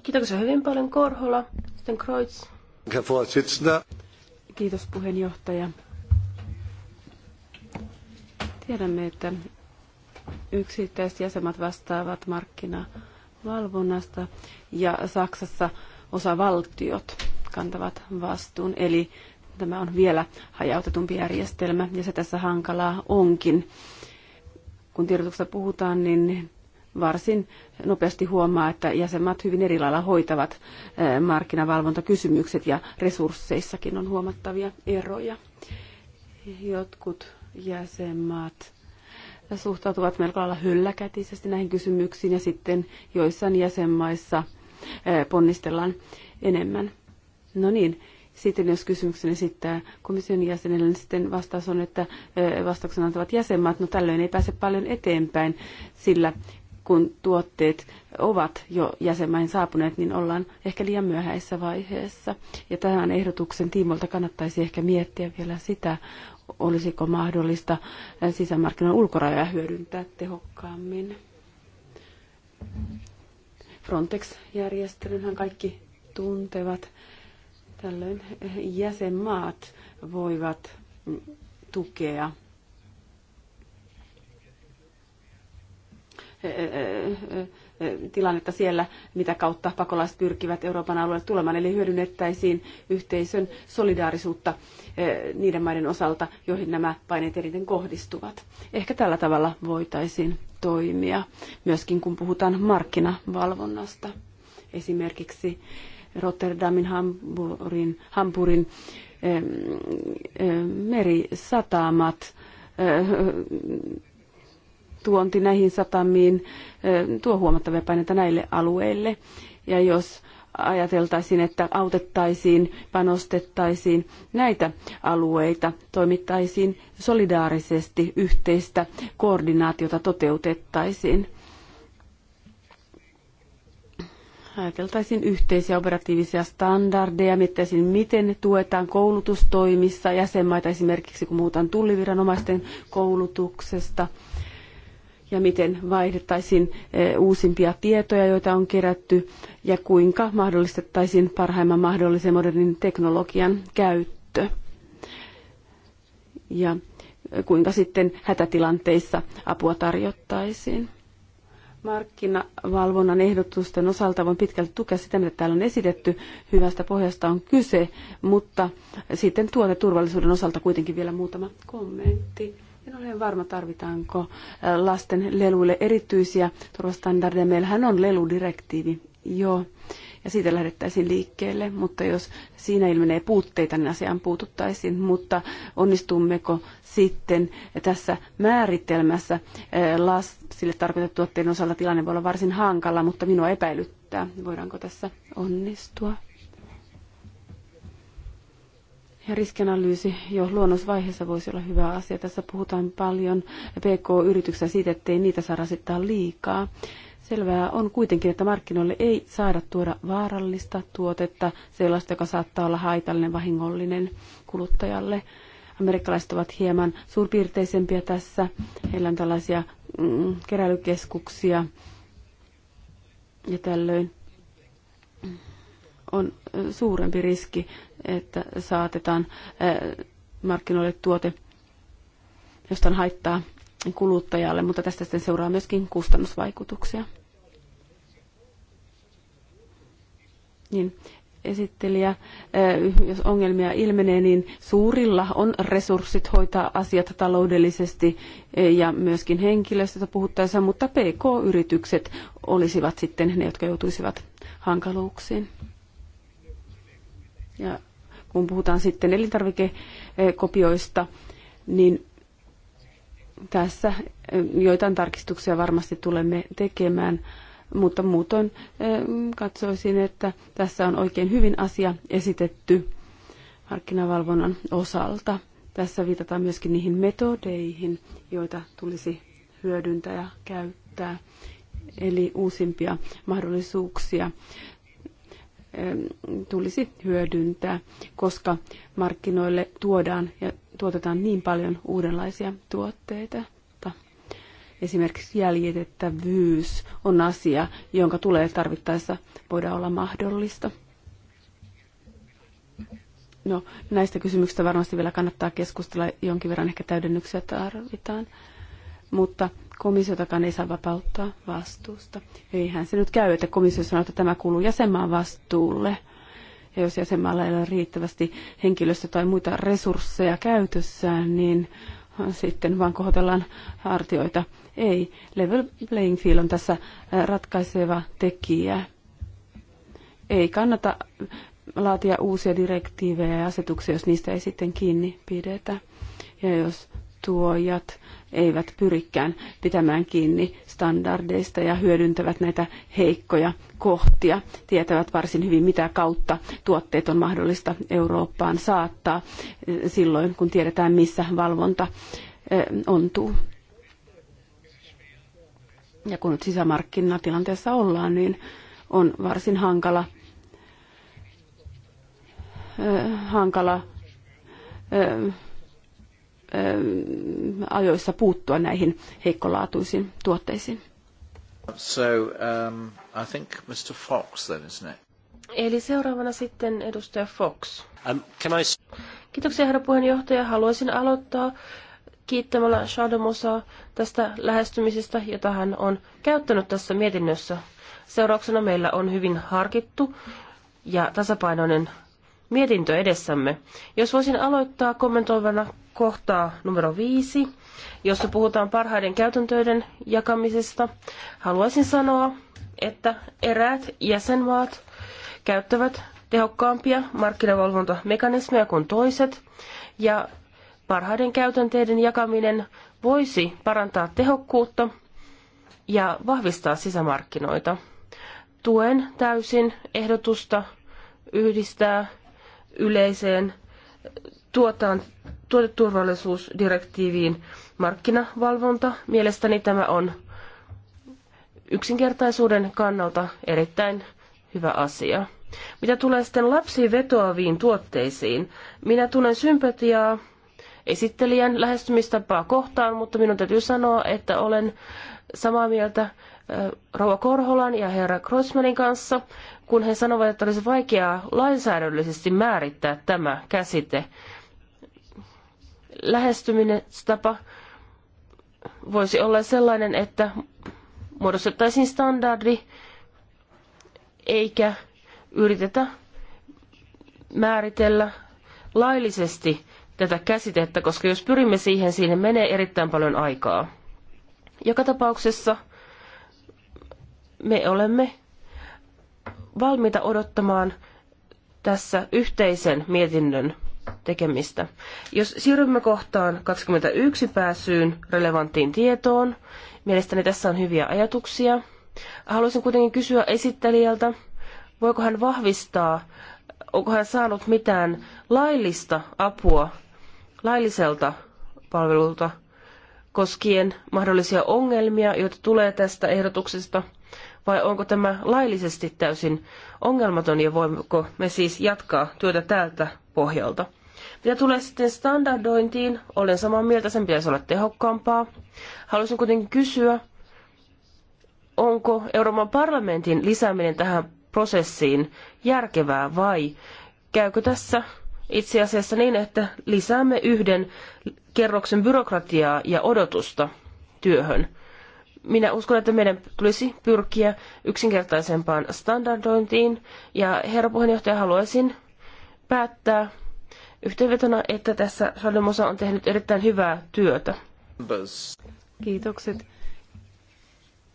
Kiitoksia hyvin paljon Korhola. Sitten Kreutz. Kiitos puheenjohtaja. Tiedämme, että yksittäiset jäsenmaat vastaavat markkinavalvonnasta ja Saksassa osavaltiot kantavat vastuun. Eli tämä on vielä hajautetumpi järjestelmä ja se tässä hankalaa onkin. Kun tiedotuksesta puhutaan, niin varsin nopeasti huomaa, että jäsenmaat hyvin eri lailla hoitavat markkinavalvontakysymykset ja resursseissakin on huomattavia eroja. Jotkut jäsenmaat suhtautuvat melko lailla hylläkätisesti näihin kysymyksiin ja sitten joissain jäsenmaissa ponnistellaan enemmän. No niin, sitten jos kysymyksen esittää komission jäsenelle, niin sitten vastaus on, että vastauksen antavat jäsenmaat. No tällöin ei pääse paljon eteenpäin, sillä kun tuotteet ovat jo jäsenmaihin saapuneet, niin ollaan ehkä liian myöhäisessä vaiheessa. Ja tämän ehdotuksen tiimolta kannattaisi ehkä miettiä vielä sitä, olisiko mahdollista sisämarkkinoiden ulkorajoja hyödyntää tehokkaammin. Frontex-järjestelynhän kaikki tuntevat. Tällöin jäsenmaat voivat tukea tilannetta siellä, mitä kautta pakolaiset pyrkivät Euroopan alueelle tulemaan. Eli hyödynnettäisiin yhteisön solidaarisuutta eh, niiden maiden osalta, joihin nämä paineet eniten kohdistuvat. Ehkä tällä tavalla voitaisiin toimia, myöskin kun puhutaan markkinavalvonnasta. Esimerkiksi Rotterdamin, Hamburin Hamburin merisatamat, eh, tuonti näihin satamiin eh, tuo huomattavia paineita näille alueille. Ja jos ajateltaisiin, että autettaisiin, panostettaisiin näitä alueita, toimittaisiin solidaarisesti, yhteistä koordinaatiota toteutettaisiin ajateltaisiin yhteisiä operatiivisia standardeja, miettäisiin miten ne tuetaan koulutustoimissa, jäsenmaita esimerkiksi kun puhutaan tulliviranomaisten koulutuksesta ja miten vaihdettaisiin eh, uusimpia tietoja, joita on kerätty, ja kuinka mahdollistettaisiin parhaimman mahdollisen modernin teknologian käyttö. Ja eh, kuinka sitten hätätilanteissa apua tarjottaisiin. Markkinavalvonnan ehdotusten osalta voin pitkälti tukea sitä, mitä täällä on esitetty. Hyvästä pohjasta on kyse, mutta sitten tuoteturvallisuuden osalta kuitenkin vielä muutama kommentti. En ole varma, tarvitaanko lasten leluille erityisiä turvastandardeja. Meillähän on leludirektiivi jo ja siitä lähdettäisiin liikkeelle, mutta jos siinä ilmenee puutteita, niin asiaan puututtaisiin, mutta onnistummeko sitten tässä määritelmässä eh, lapsille tarkoitettu tuotteen osalta tilanne voi olla varsin hankala, mutta minua epäilyttää, voidaanko tässä onnistua. Ja riskianalyysi jo luonnosvaiheessa voisi olla hyvä asia. Tässä puhutaan paljon PK-yrityksiä siitä, ettei niitä saa rasittaa liikaa. Selvää on kuitenkin, että markkinoille ei saada tuoda vaarallista tuotetta, sellaista, joka saattaa olla haitallinen, vahingollinen kuluttajalle. Amerikkalaiset ovat hieman suurpiirteisempiä tässä. Heillä on tällaisia mm, keräilykeskuksia. Ja tällöin on suurempi riski, että saatetaan markkinoille tuote, josta on haittaa kuluttajalle, mutta tästä sitten seuraa myöskin kustannusvaikutuksia. niin esittelijä, eh, jos ongelmia ilmenee, niin suurilla on resurssit hoitaa asiat taloudellisesti eh, ja myöskin henkilöstöstä puhuttaessa, mutta PK-yritykset olisivat sitten ne, jotka joutuisivat hankaluuksiin. Ja kun puhutaan sitten elintarvikekopioista, niin tässä eh, joitain tarkistuksia varmasti tulemme tekemään mutta muutoin katsoisin, että tässä on oikein hyvin asia esitetty markkinavalvonnan osalta. Tässä viitataan myöskin niihin metodeihin, joita tulisi hyödyntää ja käyttää, eli uusimpia mahdollisuuksia tulisi hyödyntää, koska markkinoille tuodaan ja tuotetaan niin paljon uudenlaisia tuotteita. Esimerkiksi jäljitettävyys on asia, jonka tulee tarvittaessa voida olla mahdollista. No, näistä kysymyksistä varmasti vielä kannattaa keskustella, jonkin verran ehkä täydennyksiä tarvitaan. Mutta komissiotakaan ei saa vapauttaa vastuusta. Eihän se nyt käy, että komissio sanoo, että tämä kuuluu jäsenmaan vastuulle. Ja jos jäsenmaalla ei ole riittävästi henkilöstö- tai muita resursseja käytössään, niin sitten vaan kohotellaan hartioita. Ei, level playing field on tässä ratkaiseva tekijä. Ei kannata laatia uusia direktiivejä ja asetuksia, jos niistä ei sitten kiinni pidetä. Ja jos tuojat eivät pyrikään pitämään kiinni standardeista ja hyödyntävät näitä heikkoja kohtia. Tietävät varsin hyvin, mitä kautta tuotteet on mahdollista Eurooppaan saattaa eh, silloin, kun tiedetään, missä valvonta eh, ontuu. Ja kun nyt sisämarkkinatilanteessa ollaan, niin on varsin hankala, eh, hankala Äh, ajoissa puuttua näihin heikkolaatuisiin tuotteisiin. So, um, I think Mr. Fox then, isn't it? Eli seuraavana sitten edustaja Fox. Um, can I... Kiitoksia herra puheenjohtaja. Haluaisin aloittaa kiittämällä Shadomosa tästä lähestymisestä, jota hän on käyttänyt tässä mietinnössä. Seurauksena meillä on hyvin harkittu ja tasapainoinen mietintö edessämme. Jos voisin aloittaa kommentoivana kohtaa numero viisi, jossa puhutaan parhaiden käytäntöiden jakamisesta, haluaisin sanoa, että eräät jäsenmaat käyttävät tehokkaampia markkinavalvontamekanismeja kuin toiset, ja parhaiden käytänteiden jakaminen voisi parantaa tehokkuutta ja vahvistaa sisämarkkinoita. Tuen täysin ehdotusta yhdistää yleiseen tuotaan tuoteturvallisuusdirektiiviin markkinavalvonta. Mielestäni tämä on yksinkertaisuuden kannalta erittäin hyvä asia. Mitä tulee sitten lapsiin vetoaviin tuotteisiin, minä tunnen sympatiaa esittelijän lähestymistapaa kohtaan, mutta minun täytyy sanoa, että olen samaa mieltä Rauha Korholan ja herra Grossmanin kanssa, kun he sanovat, että olisi vaikeaa lainsäädännöllisesti määrittää tämä käsite lähestymistapa voisi olla sellainen, että muodostettaisiin standardi eikä yritetä määritellä laillisesti tätä käsitettä, koska jos pyrimme siihen, siihen menee erittäin paljon aikaa. Joka tapauksessa me olemme valmiita odottamaan tässä yhteisen mietinnön tekemistä. Jos siirrymme kohtaan 21 pääsyyn relevanttiin tietoon, mielestäni tässä on hyviä ajatuksia. Haluaisin kuitenkin kysyä esittelijältä, voiko hän vahvistaa, onko hän saanut mitään laillista apua lailliselta palvelulta koskien mahdollisia ongelmia, joita tulee tästä ehdotuksesta, vai onko tämä laillisesti täysin ongelmaton ja voimmeko me siis jatkaa työtä tältä pohjalta? Mitä tulee sitten standardointiin, olen samaa mieltä, sen pitäisi olla tehokkaampaa. Haluaisin kuitenkin kysyä, onko Euroopan parlamentin lisääminen tähän prosessiin järkevää vai käykö tässä itse asiassa niin, että lisäämme yhden kerroksen byrokratiaa ja odotusta työhön. Minä uskon, että meidän tulisi pyrkiä yksinkertaisempaan standardointiin ja herra puheenjohtaja haluaisin päättää yhteenvetona, että tässä Saldomosa on tehnyt erittäin hyvää työtä. Kiitokset.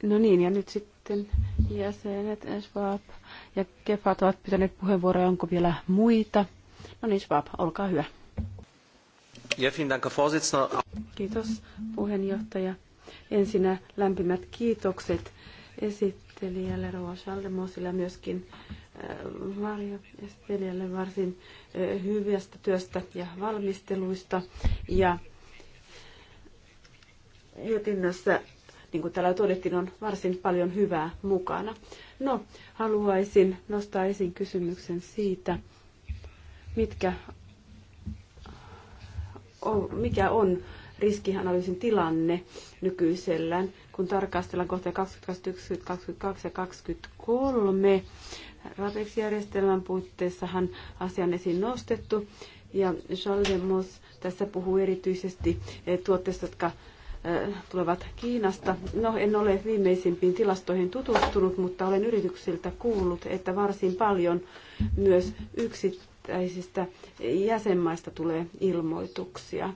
No niin, ja nyt sitten jäsenet Svab ja Kefat ovat pitäneet puheenvuoroja. Onko vielä muita? No niin, Svab, olkaa hyvä. Kiitos puheenjohtaja. Ensinnä lämpimät kiitokset esittelijälle Roa Schallemosille ja myöskin varjoesittelijälle varsin hyvästä työstä ja valmisteluista. Ja mietinnössä, niin kuin täällä todettiin, on varsin paljon hyvää mukana. No, haluaisin nostaa esiin kysymyksen siitä, mitkä on, mikä on riskianalyysin tilanne nykyisellään, kun tarkastellaan kohtia 2021, 2022 ja 2023. RAPEX-järjestelmän puitteissahan asian esiin nostettu. Ja Charles tässä puhuu erityisesti eh, tuotteista, jotka eh, tulevat Kiinasta. No, en ole viimeisimpiin tilastoihin tutustunut, mutta olen yrityksiltä kuullut, että varsin paljon myös yksittäisistä jäsenmaista tulee ilmoituksia.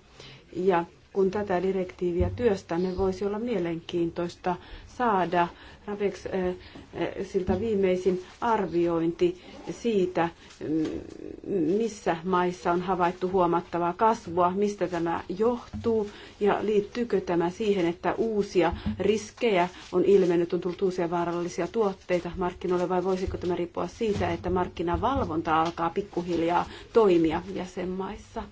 Ja kun tätä direktiiviä työstämme, voisi olla mielenkiintoista saada Rapex eh, eh, siltä viimeisin arviointi siitä, mm, missä maissa on havaittu huomattavaa kasvua, mistä tämä johtuu ja liittyykö tämä siihen, että uusia riskejä on ilmennyt, on tullut uusia vaarallisia tuotteita markkinoille vai voisiko tämä riippua siitä, että markkinavalvonta alkaa pikkuhiljaa toimia jäsenmaissa.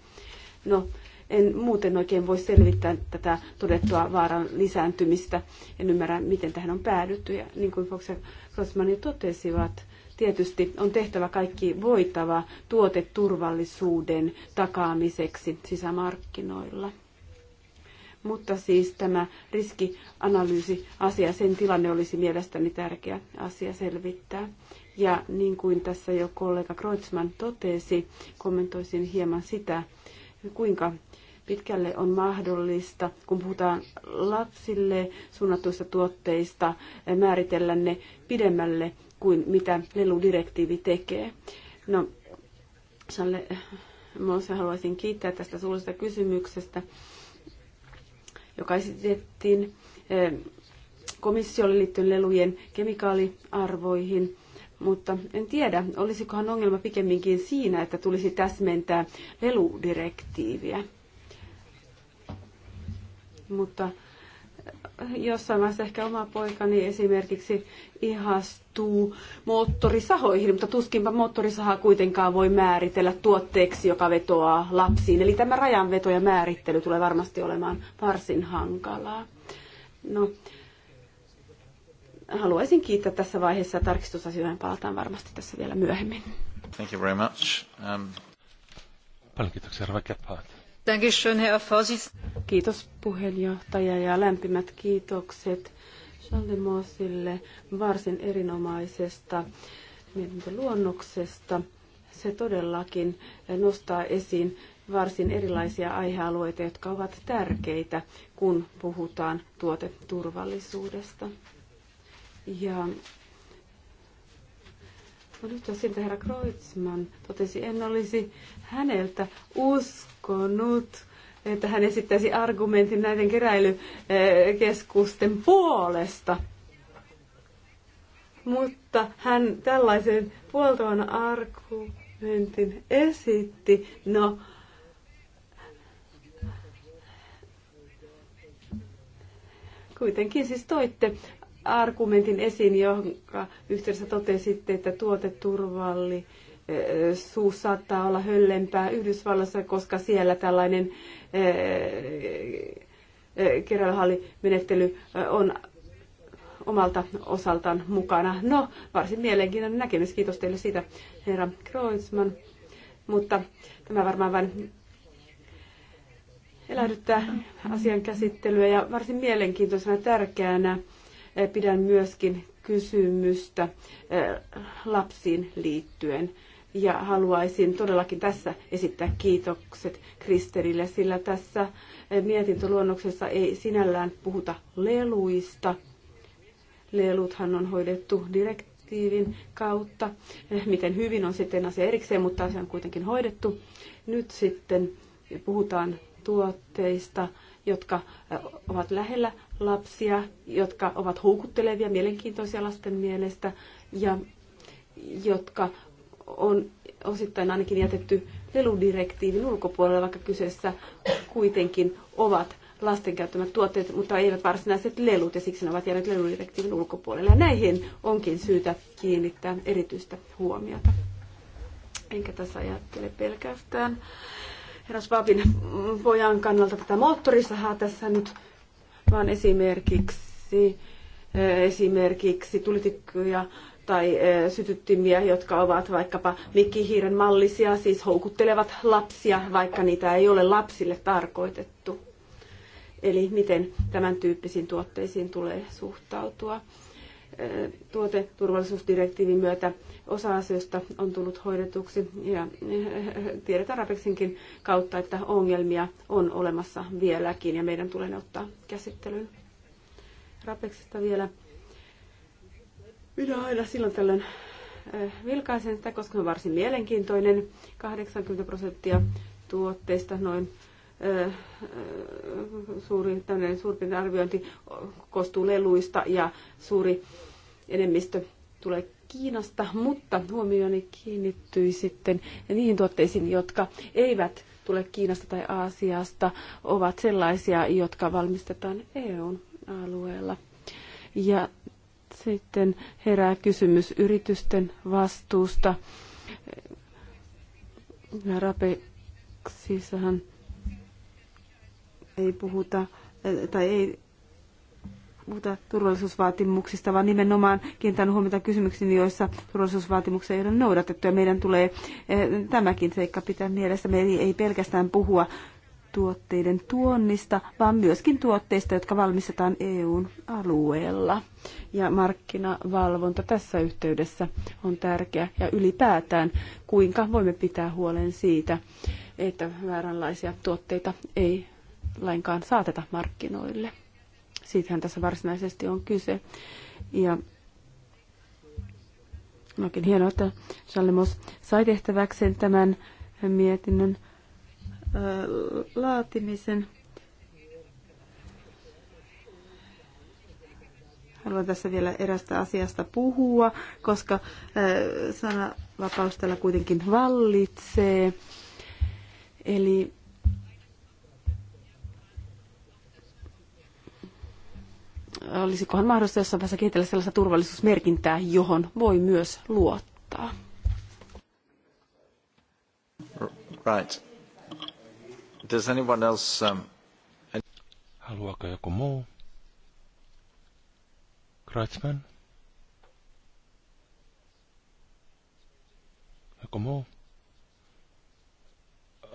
No, en muuten oikein voi selvittää tätä todettua vaaran lisääntymistä. En ymmärrä, miten tähän on päädytty. Ja niin kuin Fox ja Grossman totesivat, tietysti on tehtävä kaikki voitava tuoteturvallisuuden takaamiseksi sisämarkkinoilla. Mutta siis tämä riskianalyysi asia, sen tilanne olisi mielestäni tärkeä asia selvittää. Ja niin kuin tässä jo kollega Kreutzmann totesi, kommentoisin hieman sitä, kuinka pitkälle on mahdollista, kun puhutaan lapsille suunnattuista tuotteista, eh, määritellä ne pidemmälle kuin mitä leludirektiivi tekee. No, Salle eh, minä haluaisin kiittää tästä suullisesta kysymyksestä, joka esitettiin eh, komissiolle liittyen lelujen kemikaaliarvoihin. Mutta en tiedä, olisikohan ongelma pikemminkin siinä, että tulisi täsmentää leludirektiiviä mutta jossain vaiheessa ehkä oma poikani esimerkiksi ihastuu moottorisahoihin, mutta tuskinpa moottorisaha kuitenkaan voi määritellä tuotteeksi, joka vetoaa lapsiin. Eli tämä rajanveto ja määrittely tulee varmasti olemaan varsin hankalaa. No, haluaisin kiittää tässä vaiheessa tarkistusasioihin. Palataan varmasti tässä vielä myöhemmin. Thank you very much. Um... Paljon kiitoksia, Rava Kiitos puheenjohtaja ja lämpimät kiitokset Charlemosille varsin erinomaisesta mietintöluonnoksesta. Se todellakin nostaa esiin varsin erilaisia aihealueita, jotka ovat tärkeitä, kun puhutaan tuoteturvallisuudesta. Ja on yhtä siltä herra Kreutzmann totesi, en olisi häneltä uskonut, että hän esittäisi argumentin näiden keräilykeskusten puolesta. Mutta hän tällaisen puoltavan argumentin esitti. No, kuitenkin siis toitte argumentin esiin, jonka yhteydessä totesitte, että tuoteturvalli eh, suus saattaa olla höllempää Yhdysvalloissa, koska siellä tällainen eh, eh, keräilhallimenettely on omalta osaltaan mukana. No, varsin mielenkiintoinen näkemys. Kiitos teille siitä, herra Kreutzmann. Mutta tämä varmaan vain elähdyttää asian käsittelyä ja varsin mielenkiintoisena tärkeänä Eh, pidän myöskin kysymystä eh, lapsiin liittyen. Ja haluaisin todellakin tässä esittää kiitokset Kristerille, sillä tässä eh, mietintöluonnoksessa ei sinällään puhuta leluista. Leluthan on hoidettu direktiivin kautta. Miten hyvin on sitten asia erikseen, mutta asia on kuitenkin hoidettu. Nyt sitten puhutaan tuotteista, jotka ovat lähellä lapsia, jotka ovat houkuttelevia, mielenkiintoisia lasten mielestä ja jotka on osittain ainakin jätetty leludirektiivin ulkopuolelle, vaikka kyseessä kuitenkin ovat lasten käyttämät tuotteet, mutta eivät varsinaiset lelut, ja siksi ne ovat jääneet leludirektiivin ulkopuolelle. Ja näihin onkin syytä kiinnittää erityistä huomiota. Enkä tässä ajattele pelkästään herra Svabin pojan kannalta tätä moottorisahaa tässä nyt vaan esimerkiksi, eh, esimerkiksi tulitikkuja tai eh, sytyttimiä, jotka ovat vaikkapa mikkihiiren mallisia, siis houkuttelevat lapsia, vaikka niitä ei ole lapsille tarkoitettu. Eli miten tämän tyyppisiin tuotteisiin tulee suhtautua tuoteturvallisuusdirektiivin myötä osa asioista on tullut hoidetuksi ja eh, tiedetään Rapexinkin kautta, että ongelmia on olemassa vieläkin ja meidän tulee ne ottaa käsittelyyn. Rapexista vielä. Minä aina silloin tällöin eh, vilkaisen sitä, koska on varsin mielenkiintoinen. 80 prosenttia tuotteista noin eh, suuri tämmöinen suurpinta-arviointi koostuu leluista ja suuri enemmistö tulee Kiinasta, mutta huomioni kiinnittyi sitten niihin tuotteisiin, jotka eivät tule Kiinasta tai Aasiasta, ovat sellaisia, jotka valmistetaan EUn alueella. Ja sitten herää kysymys yritysten vastuusta. Rapeksissahan ei puhuta, tai ei puhuta turvallisuusvaatimuksista, vaan nimenomaan kiinnitän huomiota kysymyksiin, joissa turvallisuusvaatimuksia ei ole noudatettu. Ja meidän tulee eh, tämäkin seikka pitää mielessä. Me ei pelkästään puhua tuotteiden tuonnista, vaan myöskin tuotteista, jotka valmistetaan EUn alueella. Ja markkinavalvonta tässä yhteydessä on tärkeä ja ylipäätään, kuinka voimme pitää huolen siitä, että vääränlaisia tuotteita ei lainkaan saateta markkinoille. Siitähän tässä varsinaisesti on kyse. Ja onkin hienoa, että Chalemos sai tehtäväkseen tämän mietinnön äh, laatimisen. Haluan tässä vielä erästä asiasta puhua, koska äh, sana täällä kuitenkin vallitsee. Eli olisikohan mahdollista jossain vaiheessa kehitellä sellaista turvallisuusmerkintää, johon voi myös luottaa? Right. Does anyone else, um, any... Haluaako joku muu? Kreitzmann? Joku muu?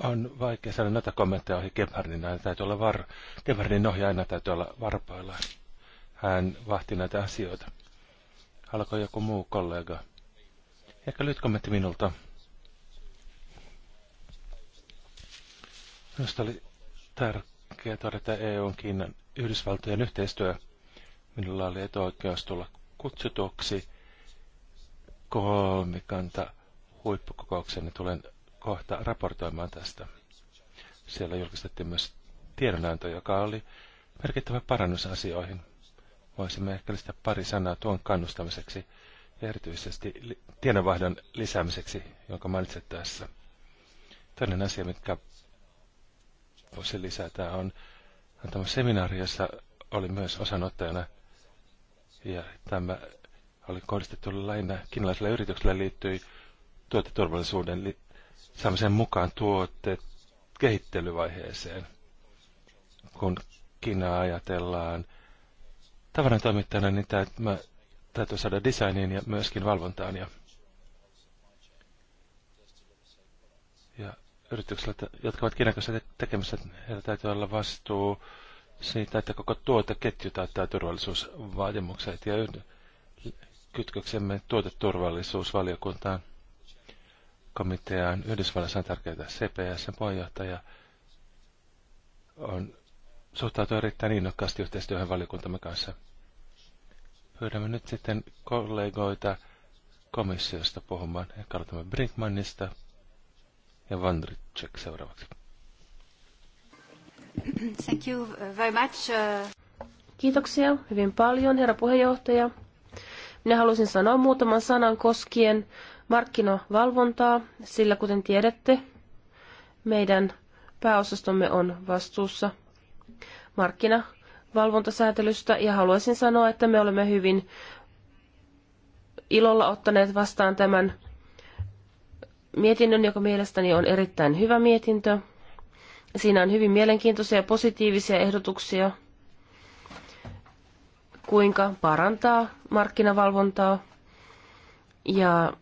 On vaikea saada näitä kommentteja ohi Gebhardin, täytyy olla var... Gebhardin näitä täytyy olla varpailla hän vahti näitä asioita. Alkoi joku muu kollega. Ehkä lyhyt kommentti minulta. Minusta oli tärkeää todeta EUn Kiinan Yhdysvaltojen yhteistyö. Minulla oli etuoikeus tulla kutsutuksi kolmikanta huippukokoukseen ja niin tulen kohta raportoimaan tästä. Siellä julkistettiin myös tiedonanto, joka oli merkittävä parannus asioihin. Voisimme ehkä lisätä pari sanaa tuon kannustamiseksi ja erityisesti tiedonvaihdon lisäämiseksi, jonka mainitsit tässä. Toinen asia, mitkä voisi lisätä, on, on tämä seminaari, jossa oli myös osanottajana. Ja tämä oli kohdistettu lähinnä kiinalaiselle yritykselle liittyi tuoteturvallisuuden li- saamiseen mukaan tuotteet kehittelyvaiheeseen. Kun Kiinaa ajatellaan tavaran niin tämä täytyy saada designiin ja myöskin valvontaan. Ja, ja yrityksillä, jotka ovat kirjankossa tekemässä, heillä täytyy olla vastuu siitä, että koko tuoteketju täyttää turvallisuusvaatimukset ja kytköksemme tuoteturvallisuusvaliokuntaan komiteaan Yhdysvalloissa on tärkeää. cps puheenjohtaja on suhtautuu erittäin innokkaasti yhteistyöhön valiokuntamme kanssa. Pyydämme nyt sitten kollegoita komissiosta puhumaan. Aloitamme Brinkmannista ja Vandricek seuraavaksi. Thank you very much. Uh, Kiitoksia hyvin paljon, herra puheenjohtaja. Minä haluaisin sanoa muutaman sanan koskien markkinavalvontaa, sillä kuten tiedätte, meidän pääosastomme on vastuussa markkinavalvontasäätelystä ja haluaisin sanoa, että me olemme hyvin ilolla ottaneet vastaan tämän mietinnön, joka mielestäni on erittäin hyvä mietintö. Siinä on hyvin mielenkiintoisia ja positiivisia ehdotuksia, kuinka parantaa markkinavalvontaa ja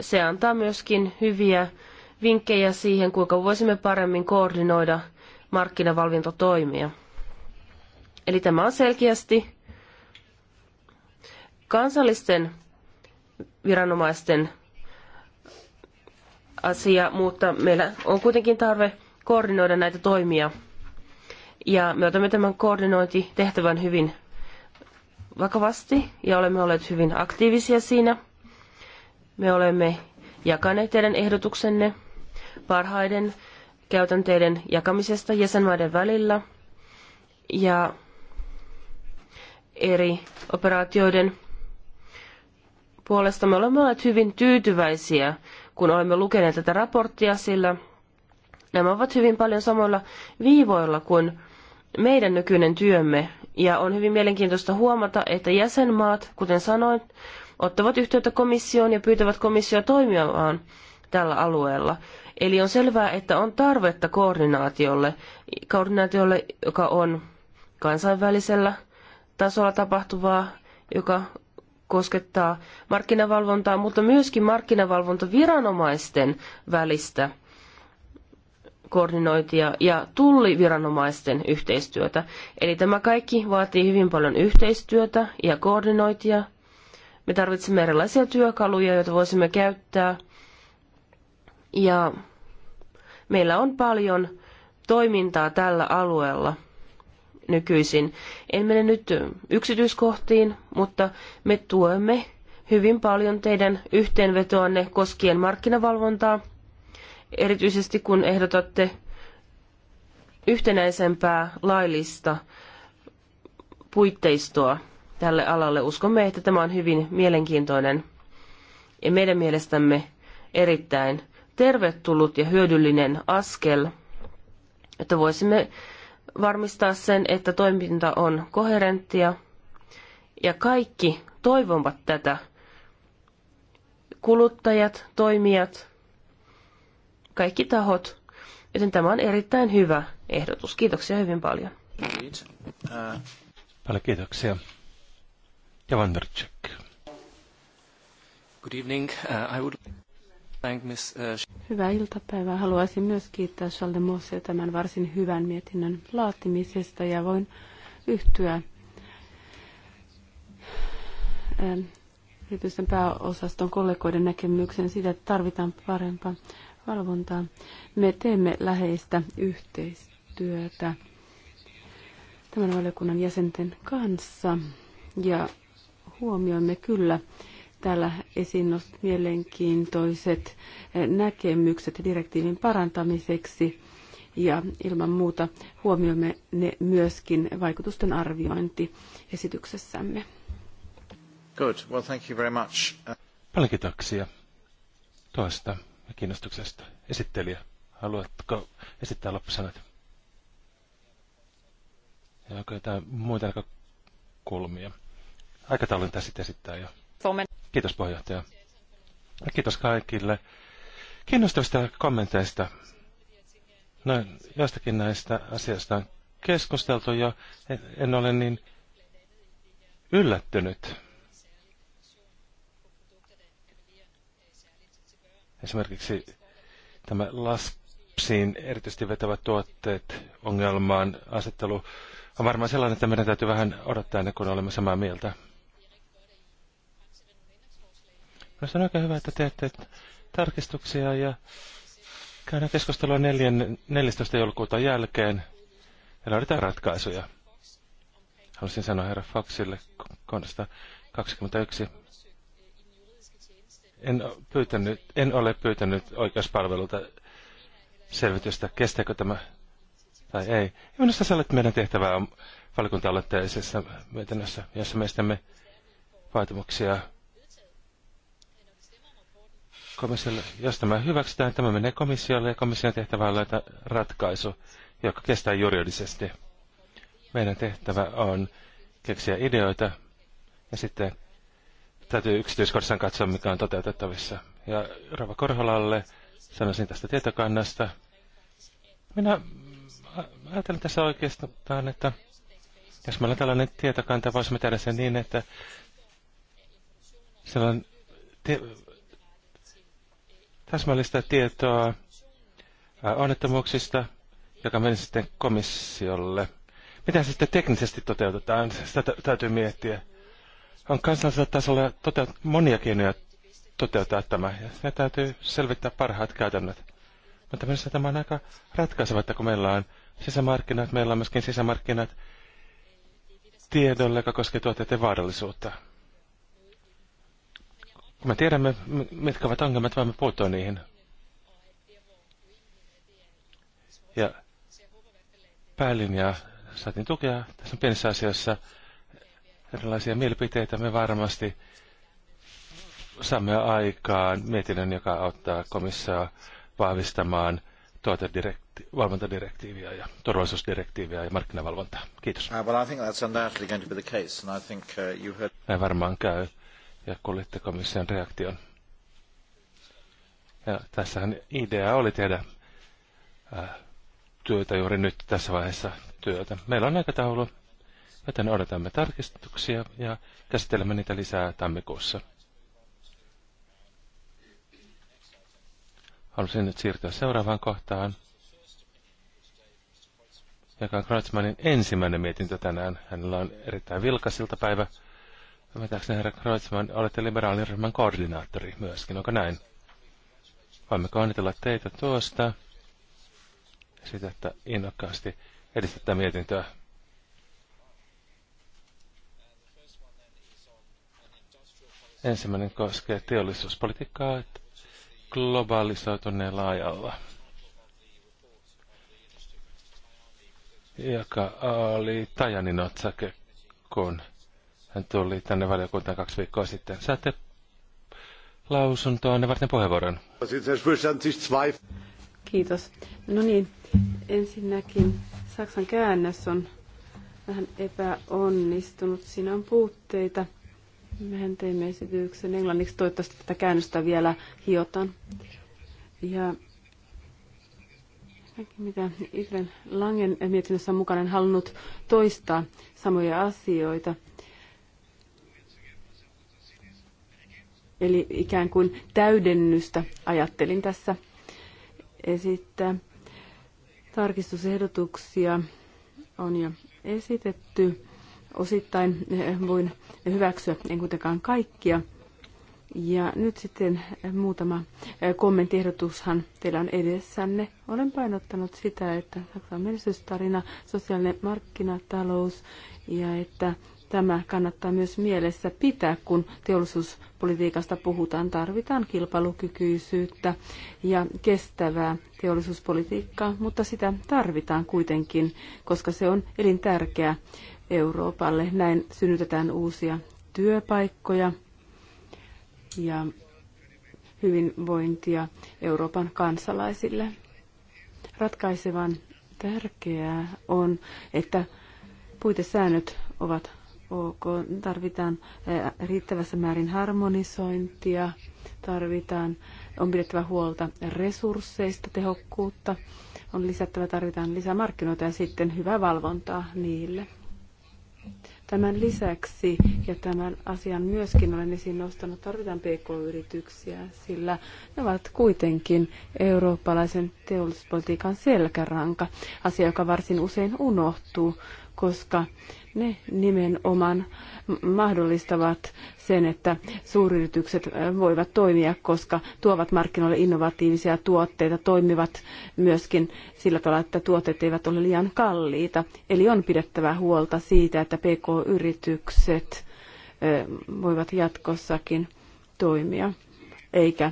se antaa myöskin hyviä vinkkejä siihen, kuinka voisimme paremmin koordinoida – markkinavalvontatoimia. Eli tämä on selkeästi kansallisten viranomaisten asia, mutta meillä on kuitenkin tarve koordinoida näitä toimia. Ja me otamme tämän koordinointitehtävän hyvin vakavasti ja olemme olleet hyvin aktiivisia siinä. Me olemme jakaneet teidän ehdotuksenne parhaiden käytänteiden jakamisesta jäsenmaiden välillä ja eri operaatioiden puolesta. Me olemme olleet hyvin tyytyväisiä, kun olemme lukeneet tätä raporttia, sillä nämä ovat hyvin paljon samoilla viivoilla kuin meidän nykyinen työmme. Ja on hyvin mielenkiintoista huomata, että jäsenmaat, kuten sanoin, ottavat yhteyttä komissioon ja pyytävät komissiota toimimaan tällä alueella. Eli on selvää, että on tarvetta koordinaatiolle, koordinaatiolle, joka on kansainvälisellä tasolla tapahtuvaa, joka koskettaa markkinavalvontaa, mutta myöskin markkinavalvontaviranomaisten välistä koordinointia ja tulliviranomaisten yhteistyötä. Eli tämä kaikki vaatii hyvin paljon yhteistyötä ja koordinointia. Me tarvitsemme erilaisia työkaluja, joita voisimme käyttää ja meillä on paljon toimintaa tällä alueella nykyisin. En mene nyt yksityiskohtiin, mutta me tuemme hyvin paljon teidän yhteenvetoanne koskien markkinavalvontaa, erityisesti kun ehdotatte yhtenäisempää laillista puitteistoa tälle alalle. Uskomme, että tämä on hyvin mielenkiintoinen ja meidän mielestämme erittäin tervetullut ja hyödyllinen askel, että voisimme varmistaa sen, että toiminta on koherenttia ja kaikki toivovat tätä. Kuluttajat, toimijat, kaikki tahot. Joten tämä on erittäin hyvä ehdotus. Kiitoksia hyvin paljon. Paljon kiitoksia. Ja Good evening. Uh, I would... Uh, Hyvää iltapäivää. Haluaisin myös kiittää Charles Mosse tämän varsin hyvän mietinnön laatimisesta ja voin yhtyä yritysten ähm, pääosaston kollegoiden näkemykseen siitä, että tarvitaan parempaa valvontaa. Me teemme läheistä yhteistyötä tämän valiokunnan jäsenten kanssa ja huomioimme kyllä täällä esiin nostit mielenkiintoiset eh, näkemykset direktiivin parantamiseksi ja ilman muuta huomioimme ne myöskin vaikutusten arviointi esityksessämme. Good. Well, thank you very much. Paljon kiitoksia tuosta kiinnostuksesta. Esittelijä, haluatko esittää loppusanat? Ja onko jotain muita näkökulmia? Aikataulun tässä esittää jo. Kiitos puheenjohtaja. Kiitos kaikille kiinnostavista kommenteista. No, jostakin näistä asioista on keskusteltu ja en, en ole niin yllättynyt. Esimerkiksi tämä lapsiin erityisesti vetävät tuotteet ongelmaan asettelu on varmaan sellainen, että meidän täytyy vähän odottaa ennen kuin olemme samaa mieltä. Minusta on aika hyvä, että teette tarkistuksia ja käydään keskustelua neljän 14. joulukuuta jälkeen ja laaditaan ratkaisuja. Haluaisin sanoa herra Foxille kohdasta 21. En, pyytänyt, en ole pyytänyt oikeuspalvelulta selvitystä, kestääkö tämä tai ei. Ja minusta sä olet meidän tehtävää valikunta-aloitteisessa mietinnössä, jossa me vaatimuksia komissiolle, jos tämä hyväksytään, tämä menee komissiolle ja komission tehtävä on löytää ratkaisu, joka kestää juridisesti. Meidän tehtävä on keksiä ideoita ja sitten täytyy yksityiskohdassaan katsoa, mikä on toteutettavissa. Ja Rova Korholalle sanoisin tästä tietokannasta. Minä ajattelen tässä oikeastaan, että jos meillä on tällainen tietokanta, voisimme tehdä sen niin, että siellä on täsmällistä tietoa äh, onnettomuuksista, joka menisi sitten komissiolle. Mitä se sitten teknisesti toteutetaan? Sitä täytyy miettiä. On kansallisella tasolla toteut- monia keinoja toteuttaa tämä. Ja ne täytyy selvittää parhaat käytännöt. Mutta minusta tämä on aika ratkaiseva, että kun meillä on sisämarkkinat, meillä on myöskin sisämarkkinat tiedolle, joka koskee tuotteiden vaarallisuutta. Me tiedämme, mitkä ovat ongelmat, vaan me puuttua niihin. Ja päälinjaa saatiin tukea. Tässä on pienissä asioissa erilaisia mielipiteitä. Me varmasti saamme aikaan mietinnön, joka auttaa komissaa vahvistamaan tuotevalvontadirektiiviä ja turvallisuusdirektiiviä ja markkinavalvontaa. Kiitos. Uh, uh, Näin varmaan käy ja kuulitte reaktion. Ja tässähän idea oli tehdä ää, äh, työtä juuri nyt tässä vaiheessa työtä. Meillä on aikataulu, joten odotamme tarkistuksia ja käsittelemme niitä lisää tammikuussa. Haluaisin nyt siirtyä seuraavaan kohtaan, joka on Kreutzmannin ensimmäinen mietintö tänään. Hänellä on erittäin vilkas iltapäivä. päivä Ymmärtääkseni herra Kreutzmann, olette liberaalin ryhmän koordinaattori myöskin, onko näin? Voimme onnitella teitä tuosta, sitä että innokkaasti edistettä mietintöä. Ensimmäinen koskee teollisuuspolitiikkaa globaalisoituneen laajalla, joka oli Tajanin otsake, kun hän tuli tänne valiokuntaan kaksi viikkoa sitten. Saatte lausuntoa ne varten puheenvuoron. Kiitos. No niin, ensinnäkin Saksan käännös on vähän epäonnistunut. Siinä on puutteita. Mehän teimme esityksen englanniksi. Toivottavasti tätä käännöstä vielä hiotan. Ja mitä Itren Langen mietinnössä on mukana, en halunnut toistaa samoja asioita – Eli ikään kuin täydennystä ajattelin tässä esittää. Tarkistusehdotuksia on jo esitetty. Osittain eh, voin hyväksyä, en kuitenkaan kaikkia. Ja nyt sitten muutama eh, kommenttiehdotushan teillä on edessänne. Olen painottanut sitä, että Saksan menestystarina, sosiaalinen markkinatalous ja että Tämä kannattaa myös mielessä pitää, kun teollisuuspolitiikasta puhutaan. Tarvitaan kilpailukykyisyyttä ja kestävää teollisuuspolitiikkaa, mutta sitä tarvitaan kuitenkin, koska se on elintärkeää Euroopalle. Näin synnytetään uusia työpaikkoja ja hyvinvointia Euroopan kansalaisille. Ratkaisevan tärkeää on, että puitesäännöt ovat ok, tarvitaan eh, riittävässä määrin harmonisointia, tarvitaan, on pidettävä huolta resursseista, tehokkuutta, on lisättävä, tarvitaan lisää markkinoita ja sitten hyvää valvontaa niille. Tämän lisäksi ja tämän asian myöskin olen esiin nostanut, tarvitaan pk-yrityksiä, sillä ne ovat kuitenkin eurooppalaisen teollisuuspolitiikan selkäranka, asia, joka varsin usein unohtuu, koska ne nimenomaan mahdollistavat sen, että suuryritykset voivat toimia, koska tuovat markkinoille innovatiivisia tuotteita, toimivat myöskin sillä tavalla, että tuotteet eivät ole liian kalliita. Eli on pidettävä huolta siitä, että PK-yritykset voivat jatkossakin toimia, eikä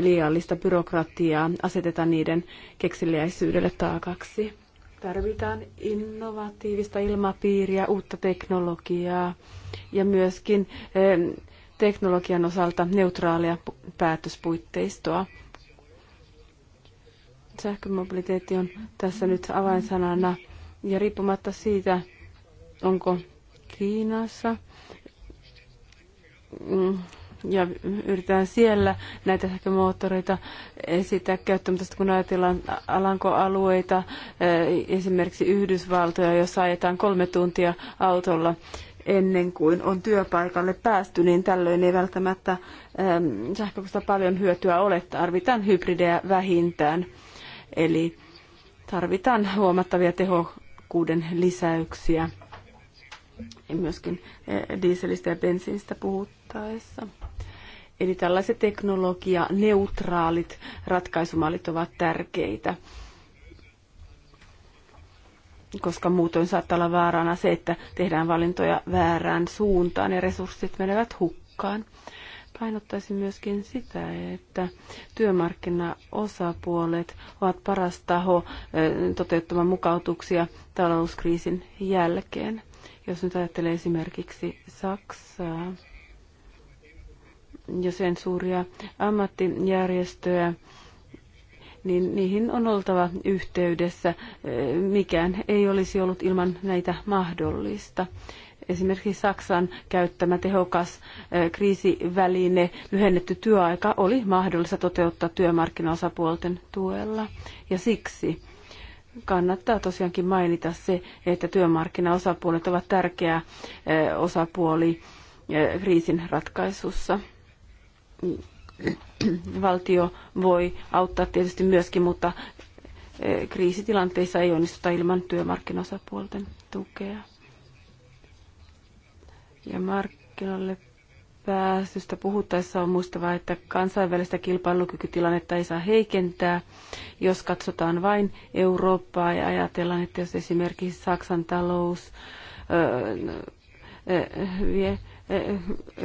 liiallista byrokratiaa aseteta niiden kekseliäisyydelle taakaksi. Tarvitaan innovatiivista ilmapiiriä, uutta teknologiaa ja myöskin teknologian osalta neutraalia päätöspuitteistoa. Sähkömobiliteetti on tässä nyt avainsanana ja riippumatta siitä, onko Kiinassa mm, ja yritetään siellä näitä sähkömoottoreita esittää käyttämättä, kun ajatellaan alankoalueita, eh, esimerkiksi Yhdysvaltoja, jossa ajetaan kolme tuntia autolla ennen kuin on työpaikalle päästy, niin tällöin ei välttämättä eh, sähkökosta paljon hyötyä ole. Tarvitaan hybridejä vähintään, eli tarvitaan huomattavia tehokkuuden lisäyksiä myöskin eh, dieselistä ja bensiinistä puhuttaessa. Eli tällaiset teknologia neutraalit ratkaisumallit ovat tärkeitä, koska muutoin saattaa olla vaarana se, että tehdään valintoja väärään suuntaan ja resurssit menevät hukkaan. Painottaisin myöskin sitä, että työmarkkinaosapuolet ovat paras taho toteuttamaan mukautuksia talouskriisin jälkeen. Jos nyt ajattelee esimerkiksi Saksaa, ja sen suuria ammattijärjestöjä, niin niihin on oltava yhteydessä. Mikään ei olisi ollut ilman näitä mahdollista. Esimerkiksi Saksan käyttämä tehokas kriisiväline, lyhennetty työaika, oli mahdollista toteuttaa työmarkkinaosapuolten tuella. Ja siksi kannattaa tosiaankin mainita se, että työmarkkinaosapuolet ovat tärkeä osapuoli kriisin ratkaisussa valtio voi auttaa tietysti myöskin, mutta e, kriisitilanteissa ei onnistuta ilman työmarkkinosapuolten tukea. Ja markkinoille pääsystä puhuttaessa on muistava, että kansainvälistä kilpailukykytilannetta ei saa heikentää. Jos katsotaan vain Eurooppaa ja ajatellaan, että jos esimerkiksi Saksan talous vie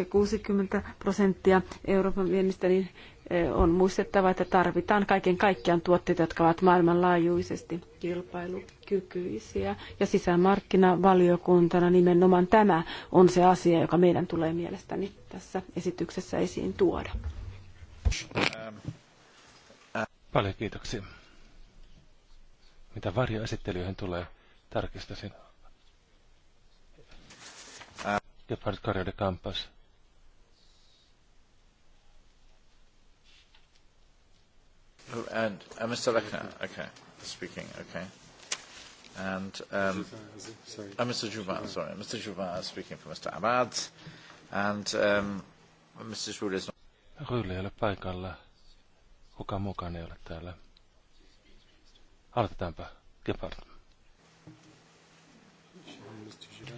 60 prosenttia Euroopan viennistä, niin e, on muistettava, että tarvitaan kaiken kaikkiaan tuotteita, jotka ovat maailmanlaajuisesti kilpailukykyisiä. Ja sisämarkkinavaliokuntana nimenomaan tämä on se asia, joka meidän tulee mielestäni tässä esityksessä esiin tuoda. Paljon kiitoksia. Mitä varjoesittelyihin tulee, tarkistasin Gepard Carrera Campas. Oh, and uh, Mr. Lechner, okay, speaking, okay. And um, Uh, Mr. Jouvin, sorry, Mr. Jouvin is speaking for Mr. Abad, and um, Mr. Rulli is not... Rulli ei ole paikalla. Kuka mukaan ei ole täällä. Aloitetaanpa. Gepard.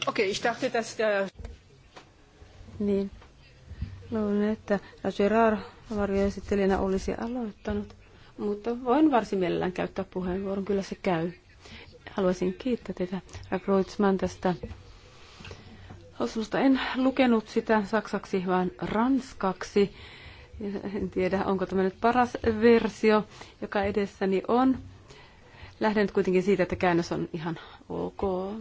Okay, ich dachte, dass der... Äh, niin luulen, että Gerard varjoesittelijänä olisi aloittanut, mutta voin varsin mielellään käyttää puheenvuoron, kyllä se käy. Haluaisin kiittää teitä, Kreutzmann, tästä osuusta. En lukenut sitä saksaksi, vaan ranskaksi. En tiedä, onko tämä nyt paras versio, joka edessäni on. Lähden nyt kuitenkin siitä, että käännös on ihan ok.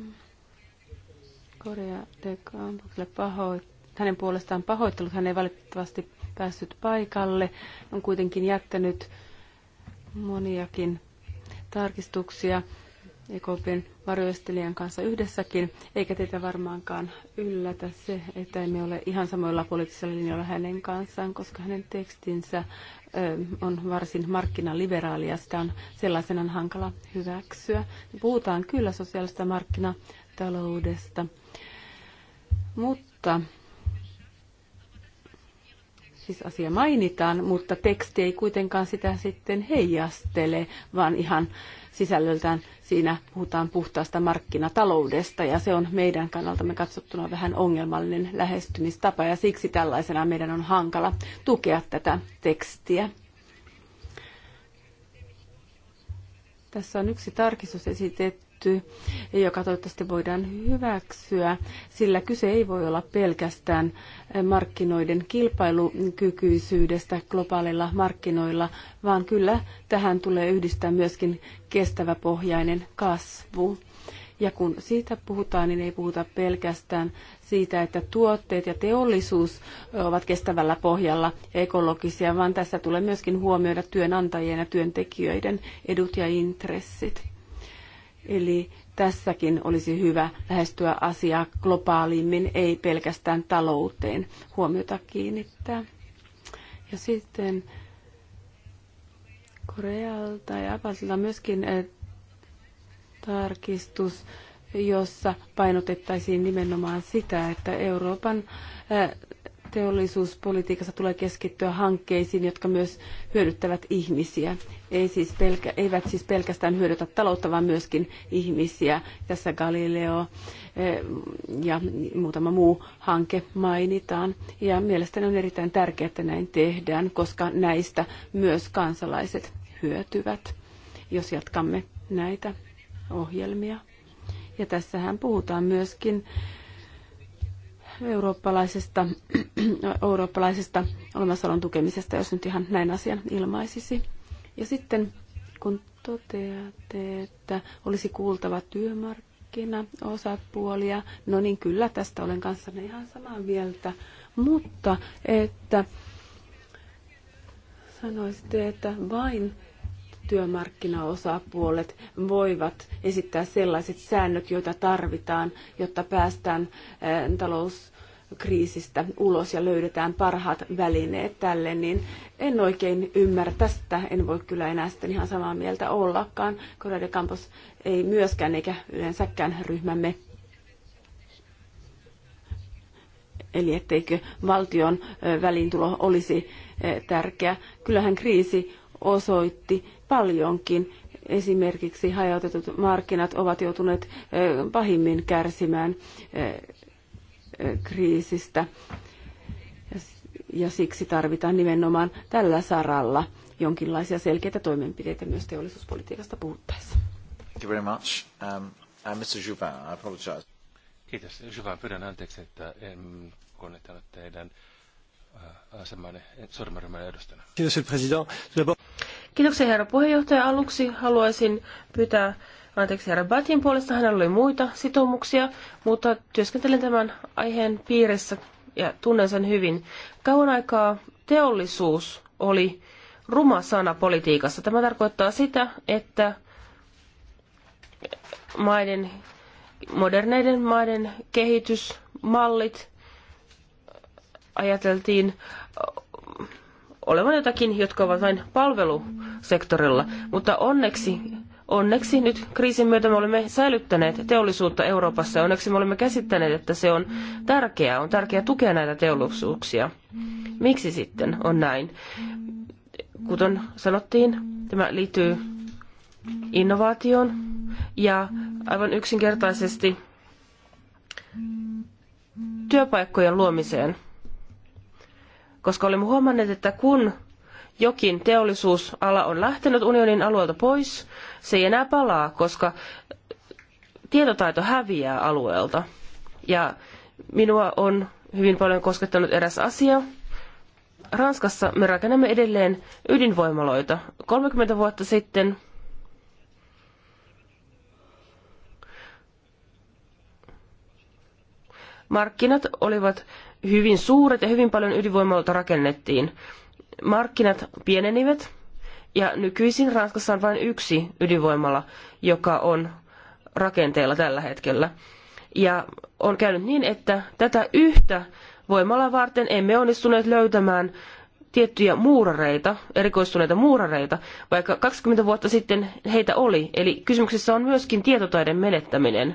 Korea de Campukselle pahoittaa hänen puolestaan pahoittelut. Hän ei valitettavasti päässyt paikalle. On kuitenkin jättänyt moniakin tarkistuksia EKPn varjoistelijan kanssa yhdessäkin, eikä teitä varmaankaan yllätä se, että emme ole ihan samoilla poliittisilla linjoilla hänen kanssaan, koska hänen tekstinsä on varsin markkinaliberaalia. sitä on sellaisena hankala hyväksyä. Puhutaan kyllä sosiaalista markkinataloudesta, mutta siis asia mainitaan, mutta teksti ei kuitenkaan sitä sitten heijastele, vaan ihan sisällöltään siinä puhutaan puhtaasta markkinataloudesta ja se on meidän kannaltamme katsottuna vähän ongelmallinen lähestymistapa ja siksi tällaisena meidän on hankala tukea tätä tekstiä. Tässä on yksi tarkistus esitetty esitetty, joka toivottavasti voidaan hyväksyä, sillä kyse ei voi olla pelkästään markkinoiden kilpailukykyisyydestä globaaleilla markkinoilla, vaan kyllä tähän tulee yhdistää myöskin kestäväpohjainen kasvu. Ja kun siitä puhutaan, niin ei puhuta pelkästään siitä, että tuotteet ja teollisuus ovat kestävällä pohjalla ja ekologisia, vaan tässä tulee myöskin huomioida työnantajien ja työntekijöiden edut ja intressit. Eli tässäkin olisi hyvä lähestyä asiaa globaalimmin, ei pelkästään talouteen huomiota kiinnittää. Ja sitten Korealta ja Apasilta myöskin eh, tarkistus, jossa painotettaisiin nimenomaan sitä, että Euroopan eh, teollisuuspolitiikassa tulee keskittyä hankkeisiin, jotka myös hyödyttävät ihmisiä. Ei siis pelkä, eivät siis pelkästään hyödytä taloutta, vaan myöskin ihmisiä. Tässä Galileo eh, ja muutama muu hanke mainitaan. Ja mielestäni on erittäin tärkeää, että näin tehdään, koska näistä myös kansalaiset hyötyvät, jos jatkamme näitä ohjelmia. Ja tässähän puhutaan myöskin eurooppalaisesta, eurooppalaisesta olemassaolon tukemisesta, jos nyt ihan näin asian ilmaisisi. Ja sitten kun toteatte, että olisi kuultava työmarkkina osapuolia, no niin kyllä tästä olen kanssanne ihan samaa mieltä, mutta että sanoisitte, että vain työmarkkinaosapuolet voivat esittää sellaiset säännöt, joita tarvitaan, jotta päästään eh, talouskriisistä ulos ja löydetään parhaat välineet tälle, niin en oikein ymmärrä tästä. En voi kyllä enää sitten ihan samaa mieltä ollakaan. Korea de Campos ei myöskään eikä yleensäkään ryhmämme eli etteikö valtion eh, väliintulo olisi eh, tärkeä. Kyllähän kriisi osoitti paljonkin. Esimerkiksi hajautetut markkinat ovat joutuneet pahimmin kärsimään kriisistä ja siksi tarvitaan nimenomaan tällä saralla jonkinlaisia selkeitä toimenpiteitä myös teollisuuspolitiikasta puhuttaessa. Thank you very much. Um, Mr. Juvin, I apologize. Kiitos. Juvin, pyydän anteeksi, että en teidän Eh, Kiitos, Kiitoksia herra puheenjohtaja. Aluksi haluaisin pyytää anteeksi herra Batin puolesta. Hänellä oli muita sitoumuksia, mutta työskentelen tämän aiheen piirissä ja tunnen sen hyvin. Kauan aikaa teollisuus oli ruma sana politiikassa. Tämä tarkoittaa sitä, että maiden, moderneiden maiden kehitysmallit ajateltiin olevan jotakin, jotka ovat vain palvelusektorilla. Mutta onneksi, onneksi nyt kriisin myötä me olemme säilyttäneet teollisuutta Euroopassa. Onneksi me olemme käsittäneet, että se on tärkeää. On tärkeää tukea näitä teollisuuksia. Miksi sitten on näin? Kuten sanottiin, tämä liittyy innovaatioon ja aivan yksinkertaisesti työpaikkojen luomiseen – koska olemme huomanneet, että kun jokin teollisuusala on lähtenyt unionin alueelta pois, se ei enää palaa, koska tietotaito häviää alueelta. Ja minua on hyvin paljon koskettanut eräs asia. Ranskassa me rakennamme edelleen ydinvoimaloita. 30 vuotta sitten markkinat olivat hyvin suuret ja hyvin paljon ydinvoimaloita rakennettiin. Markkinat pienenivät ja nykyisin Ranskassa on vain yksi ydinvoimala, joka on rakenteella tällä hetkellä. Ja on käynyt niin, että tätä yhtä voimalaa varten emme onnistuneet löytämään tiettyjä muurareita, erikoistuneita muurareita, vaikka 20 vuotta sitten heitä oli. Eli kysymyksessä on myöskin tietotaiden menettäminen.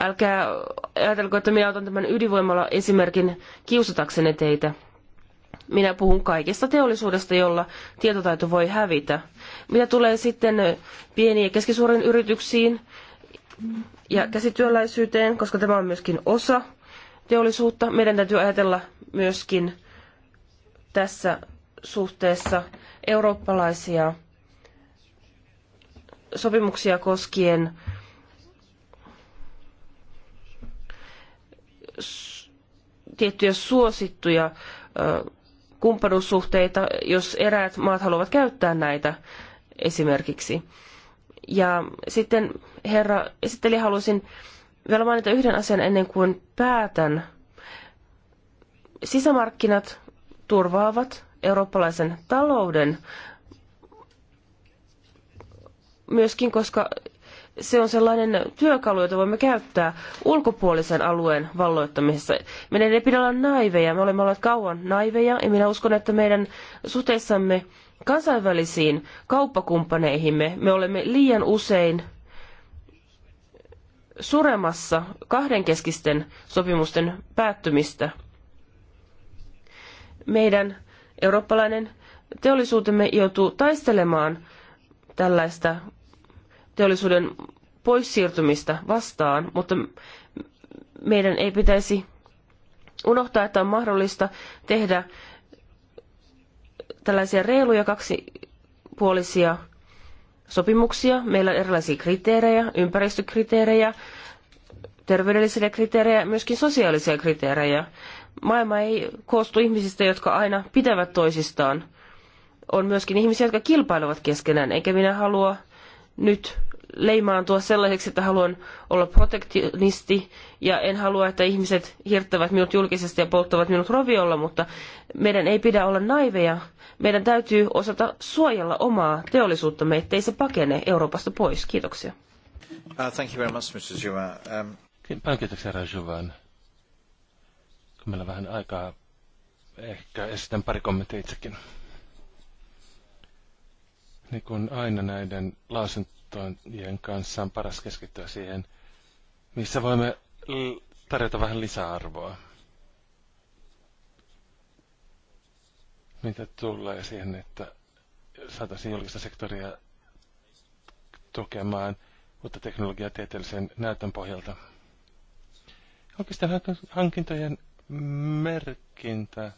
Älkää ajatelko, että minä otan tämän ydinvoimalla esimerkin kiusatakseni teitä. Minä puhun kaikesta teollisuudesta, jolla tietotaito voi hävitä. Mitä tulee sitten pieniin ja keskisuuriin yrityksiin ja käsityöläisyyteen, koska tämä on myöskin osa teollisuutta, meidän täytyy ajatella myöskin tässä suhteessa eurooppalaisia sopimuksia koskien tiettyjä suosittuja kumppanuussuhteita, jos eräät maat haluavat käyttää näitä esimerkiksi. Ja sitten herra esitteli, halusin vielä mainita yhden asian ennen kuin päätän. Sisämarkkinat turvaavat eurooppalaisen talouden myöskin, koska se on sellainen työkalu, jota voimme käyttää ulkopuolisen alueen valloittamisessa. Meidän ei pidä olla naiveja, me olemme olleet kauan naiveja ja minä uskon, että meidän suhteessamme kansainvälisiin kauppakumppaneihimme me olemme liian usein suremassa kahdenkeskisten sopimusten päättymistä. Meidän eurooppalainen teollisuutemme joutuu taistelemaan tällaista teollisuuden poissiirtymistä vastaan, mutta meidän ei pitäisi unohtaa, että on mahdollista tehdä tällaisia reiluja kaksipuolisia sopimuksia. Meillä on erilaisia kriteerejä, ympäristökriteerejä, terveydellisiä kriteerejä, myöskin sosiaalisia kriteerejä. Maailma ei koostu ihmisistä, jotka aina pitävät toisistaan. On myöskin ihmisiä, jotka kilpailevat keskenään, enkä minä halua nyt leimaantua sellaiseksi, että haluan olla protektionisti ja en halua, että ihmiset hirttävät minut julkisesti ja polttavat minut roviolla, mutta meidän ei pidä olla naiveja. Meidän täytyy osata suojella omaa teollisuuttamme, ettei se pakene Euroopasta pois. Kiitoksia. Uh, thank you very much, Mr. Juva. Um... kiitoksia, herra Juvan. Kun meillä on vähän aikaa, ehkä esitän pari kommenttia itsekin. Niin kuin aina näiden lausuntojen kanssa on paras keskittyä siihen, missä voimme tarjota vähän lisäarvoa. Mitä tulee siihen, että saataisiin julkista sektoria tukemaan uutta teknologiaa tieteellisen näytön pohjalta. Oikeastaan hankintojen merkintä, äh,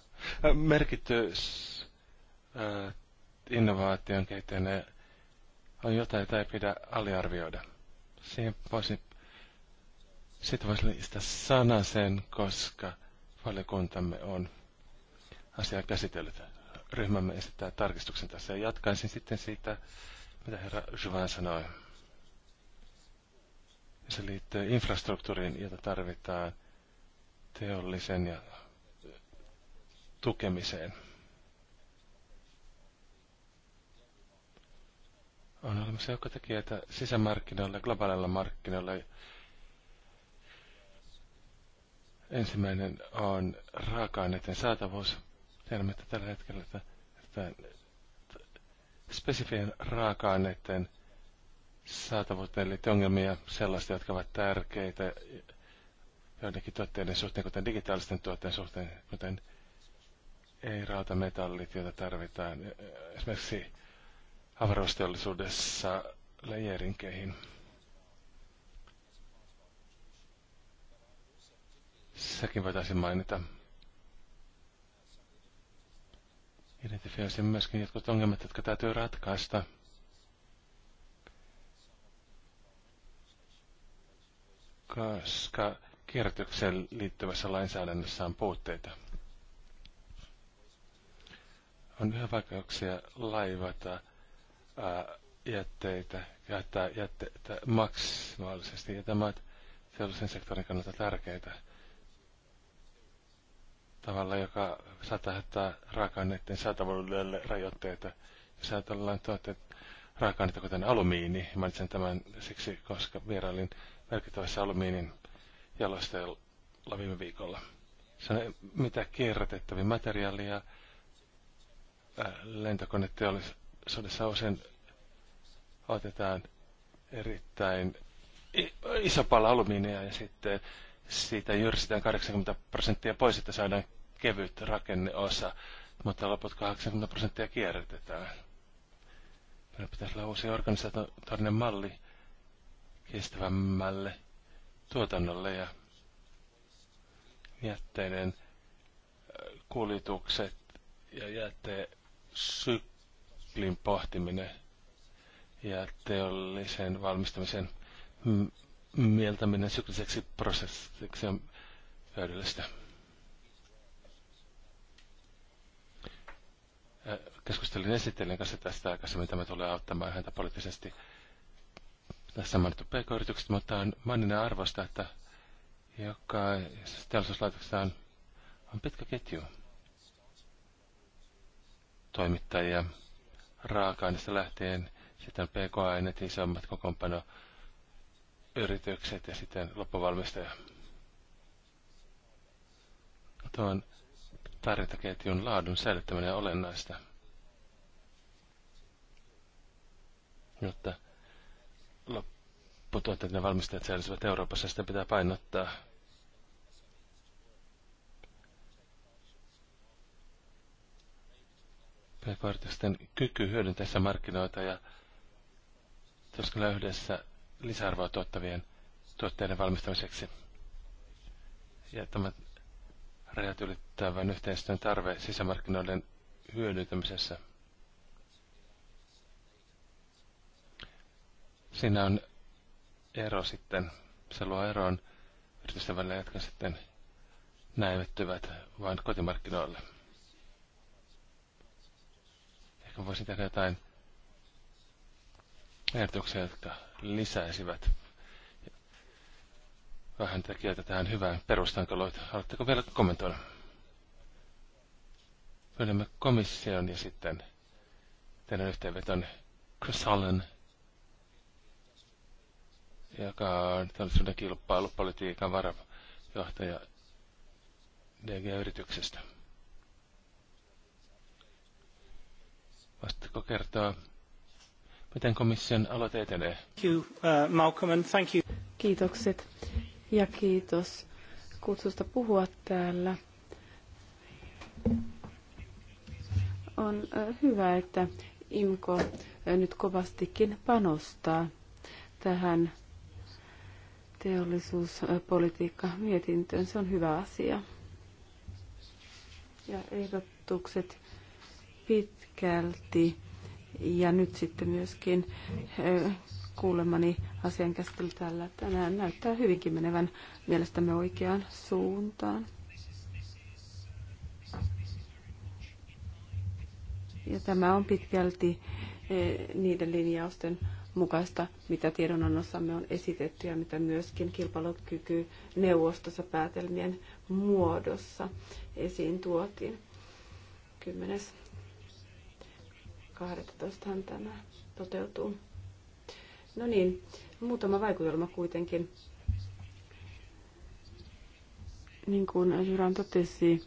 merkitys äh, innovaation kehittäminen on jotain, jota ei pidä aliarvioida. Siihen voisin, sitten voisi lisätä sana sen, koska valiokuntamme on asiaa käsitellyt. Ryhmämme esittää tarkistuksen tässä ja jatkaisin sitten siitä, mitä herra Juvan sanoi. Se liittyy infrastruktuuriin, jota tarvitaan teollisen ja tukemiseen. On olemassa tekijä, tekijöitä sisämarkkinoilla, globaaleilla markkinoilla. Ensimmäinen on raaka-aineiden saatavuus. Tiedämme, että tällä hetkellä että, että spesifien raaka-aineiden saatavuuteen liittyy ongelmia sellaista, jotka ovat tärkeitä joidenkin tuotteiden suhteen, kuten digitaalisten tuotteiden suhteen, kuten ei-rautametallit, joita tarvitaan. Esimerkiksi avaruusteollisuudessa leijerinkeihin. Sekin voitaisiin mainita. Identifioisin myöskin jotkut ongelmat, jotka täytyy ratkaista. Koska kierrätykseen liittyvässä lainsäädännössä on puutteita. On yhä vaikeuksia laivata jätteitä, jättää jätteitä maksimaalisesti. Ja tämä on sellaisen sektorin kannalta tärkeitä tavalla, joka saattaa raaka-aineiden saatavuudelle rajoitteita. Jos ajatellaan tuotteet raaka-aineita, kuten alumiini, mainitsen tämän siksi, koska vierailin merkittävässä alumiinin jalosteella viime viikolla. Se on mitä kierrätettäviä materiaalia lentokoneteollisuus sodessa usein otetaan erittäin iso pala alumiinia ja sitten siitä jyrsitään 80 prosenttia pois, että saadaan kevyt rakenneosa, mutta loput 80 prosenttia kierrätetään. Meillä pitäisi olla uusi organisatorinen malli kestävämmälle tuotannolle ja jätteiden kuljetukset ja jätteen syk- disiplin pohtiminen ja teollisen valmistamisen mieltäminen sykliseksi prosessiksi on hyödyllistä. Keskustelin esittelijän kanssa tästä aikaisemmin. Tämä tulee auttamaan häntä poliittisesti. Tässä on mainittu pk-yritykset, mutta on maininen arvosta, että joka teollisuuslaitoksessa on, on pitkä ketju toimittajia, raaka-aineista lähtien, sitten pk-aineet, isommat kokoonpano, yritykset ja sitten loppuvalmistaja. Tuon tarjontaketjun laadun säilyttäminen on olennaista, jotta lopputuotteiden valmistajat säilyisivät Euroopassa, sitä pitää painottaa. pk kyky hyödyntäessä markkinoita ja kyllä yhdessä lisäarvoa tuottavien tuotteiden valmistamiseksi. Ja tämä rajat ylittävän yhteistyön tarve sisämarkkinoiden hyödyntämisessä. Siinä on ero sitten, se luo eroon yritysten välillä, jotka sitten näivettyvät vain kotimarkkinoille. Ehkä voisin tehdä jotain ehdotuksia, jotka lisäisivät vähän tekijöitä tähän hyvään perustankaloita. Haluatteko vielä kommentoida? Pyydämme komission ja sitten teidän yhteenveton Chris Allen, joka on teollisuuden kilpailupolitiikan varajohtaja DG-yrityksestä. Voisitteko kertoa, miten komission aloite etenee? Uh, Kiitokset ja kiitos kutsusta puhua täällä. On äh, hyvä, että IMKO äh, nyt kovastikin panostaa tähän teollisuuspolitiikka mietintöön. Se on hyvä asia. Ja ehdotukset, pitkälti ja nyt sitten myöskin kuulemani asian käsittely täällä tänään näyttää hyvinkin menevän mielestämme oikeaan suuntaan. Ja tämä on pitkälti niiden linjausten mukaista, mitä tiedonannossamme on esitetty ja mitä myöskin kilpailukyky neuvostossa päätelmien muodossa esiin tuotiin. 10. 12 tämä toteutuu. No niin, muutama vaikutelma kuitenkin. Niin kuin Juran totesi,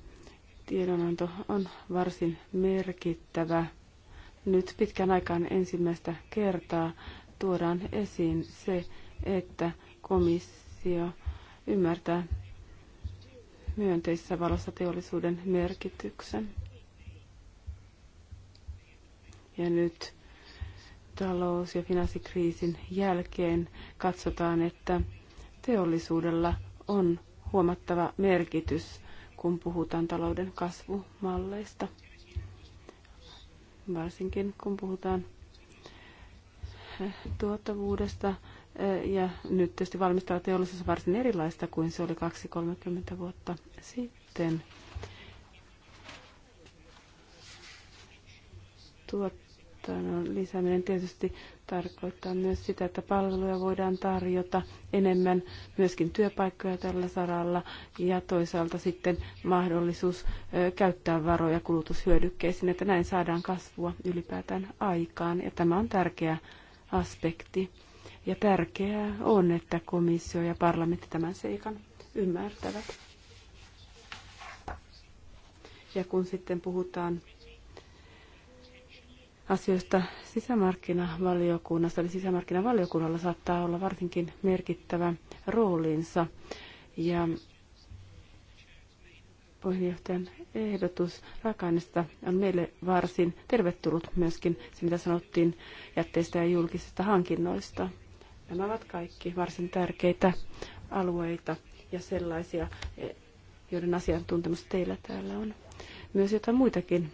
tiedonanto on varsin merkittävä. Nyt pitkän aikaan ensimmäistä kertaa tuodaan esiin se, että komissio ymmärtää myönteisessä valossa teollisuuden merkityksen. Ja nyt talous- ja finanssikriisin jälkeen katsotaan, että teollisuudella on huomattava merkitys, kun puhutaan talouden kasvumalleista. Varsinkin kun puhutaan eh, tuottavuudesta. Eh, ja nyt tietysti valmistava teollisuus on varsin erilaista kuin se oli 2-30 vuotta sitten. Tuot täytäntöönpanon lisääminen tietysti tarkoittaa myös sitä, että palveluja voidaan tarjota enemmän, myöskin työpaikkoja tällä saralla ja toisaalta sitten mahdollisuus käyttää varoja kulutushyödykkeisiin, että näin saadaan kasvua ylipäätään aikaan ja tämä on tärkeä aspekti. Ja tärkeää on, että komissio ja parlamentti tämän seikan ymmärtävät. Ja kun sitten puhutaan asioista sisämarkkinavaliokunnassa, eli sisämarkkinavaliokunnalla saattaa olla varsinkin merkittävä roolinsa. Ja puheenjohtajan ehdotus raaka on meille varsin tervetullut myöskin se, mitä sanottiin jätteistä ja julkisista hankinnoista. Nämä ovat kaikki varsin tärkeitä alueita ja sellaisia, joiden asiantuntemus teillä täällä on. Myös jotain muitakin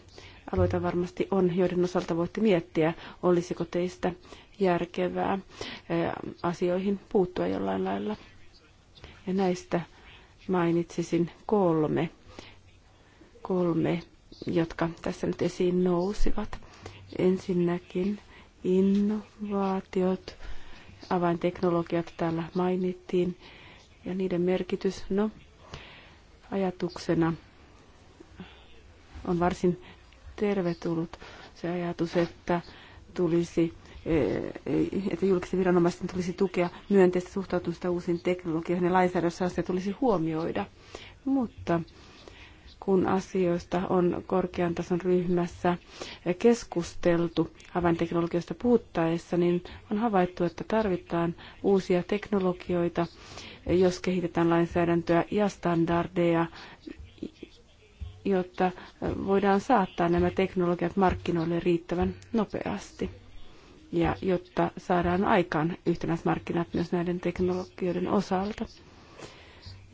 aloita varmasti on, joiden osalta voitte miettiä, olisiko teistä järkevää asioihin puuttua jollain lailla. Ja näistä mainitsisin kolme, kolme jotka tässä nyt esiin nousivat. Ensinnäkin innovaatiot, avainteknologiat täällä mainittiin ja niiden merkitys. No, ajatuksena on varsin tervetullut se ajatus, että tulisi e, e, että julkisten viranomaisten tulisi tukea myönteistä suhtautumista uusiin teknologioihin ja lainsäädännössä asia tulisi huomioida. Mutta kun asioista on korkean tason ryhmässä keskusteltu avainteknologioista puhuttaessa, niin on havaittu, että tarvitaan uusia teknologioita, jos kehitetään lainsäädäntöä ja standardeja jotta voidaan saattaa nämä teknologiat markkinoille riittävän nopeasti ja jotta saadaan aikaan yhtenäiset markkinat myös näiden teknologioiden osalta.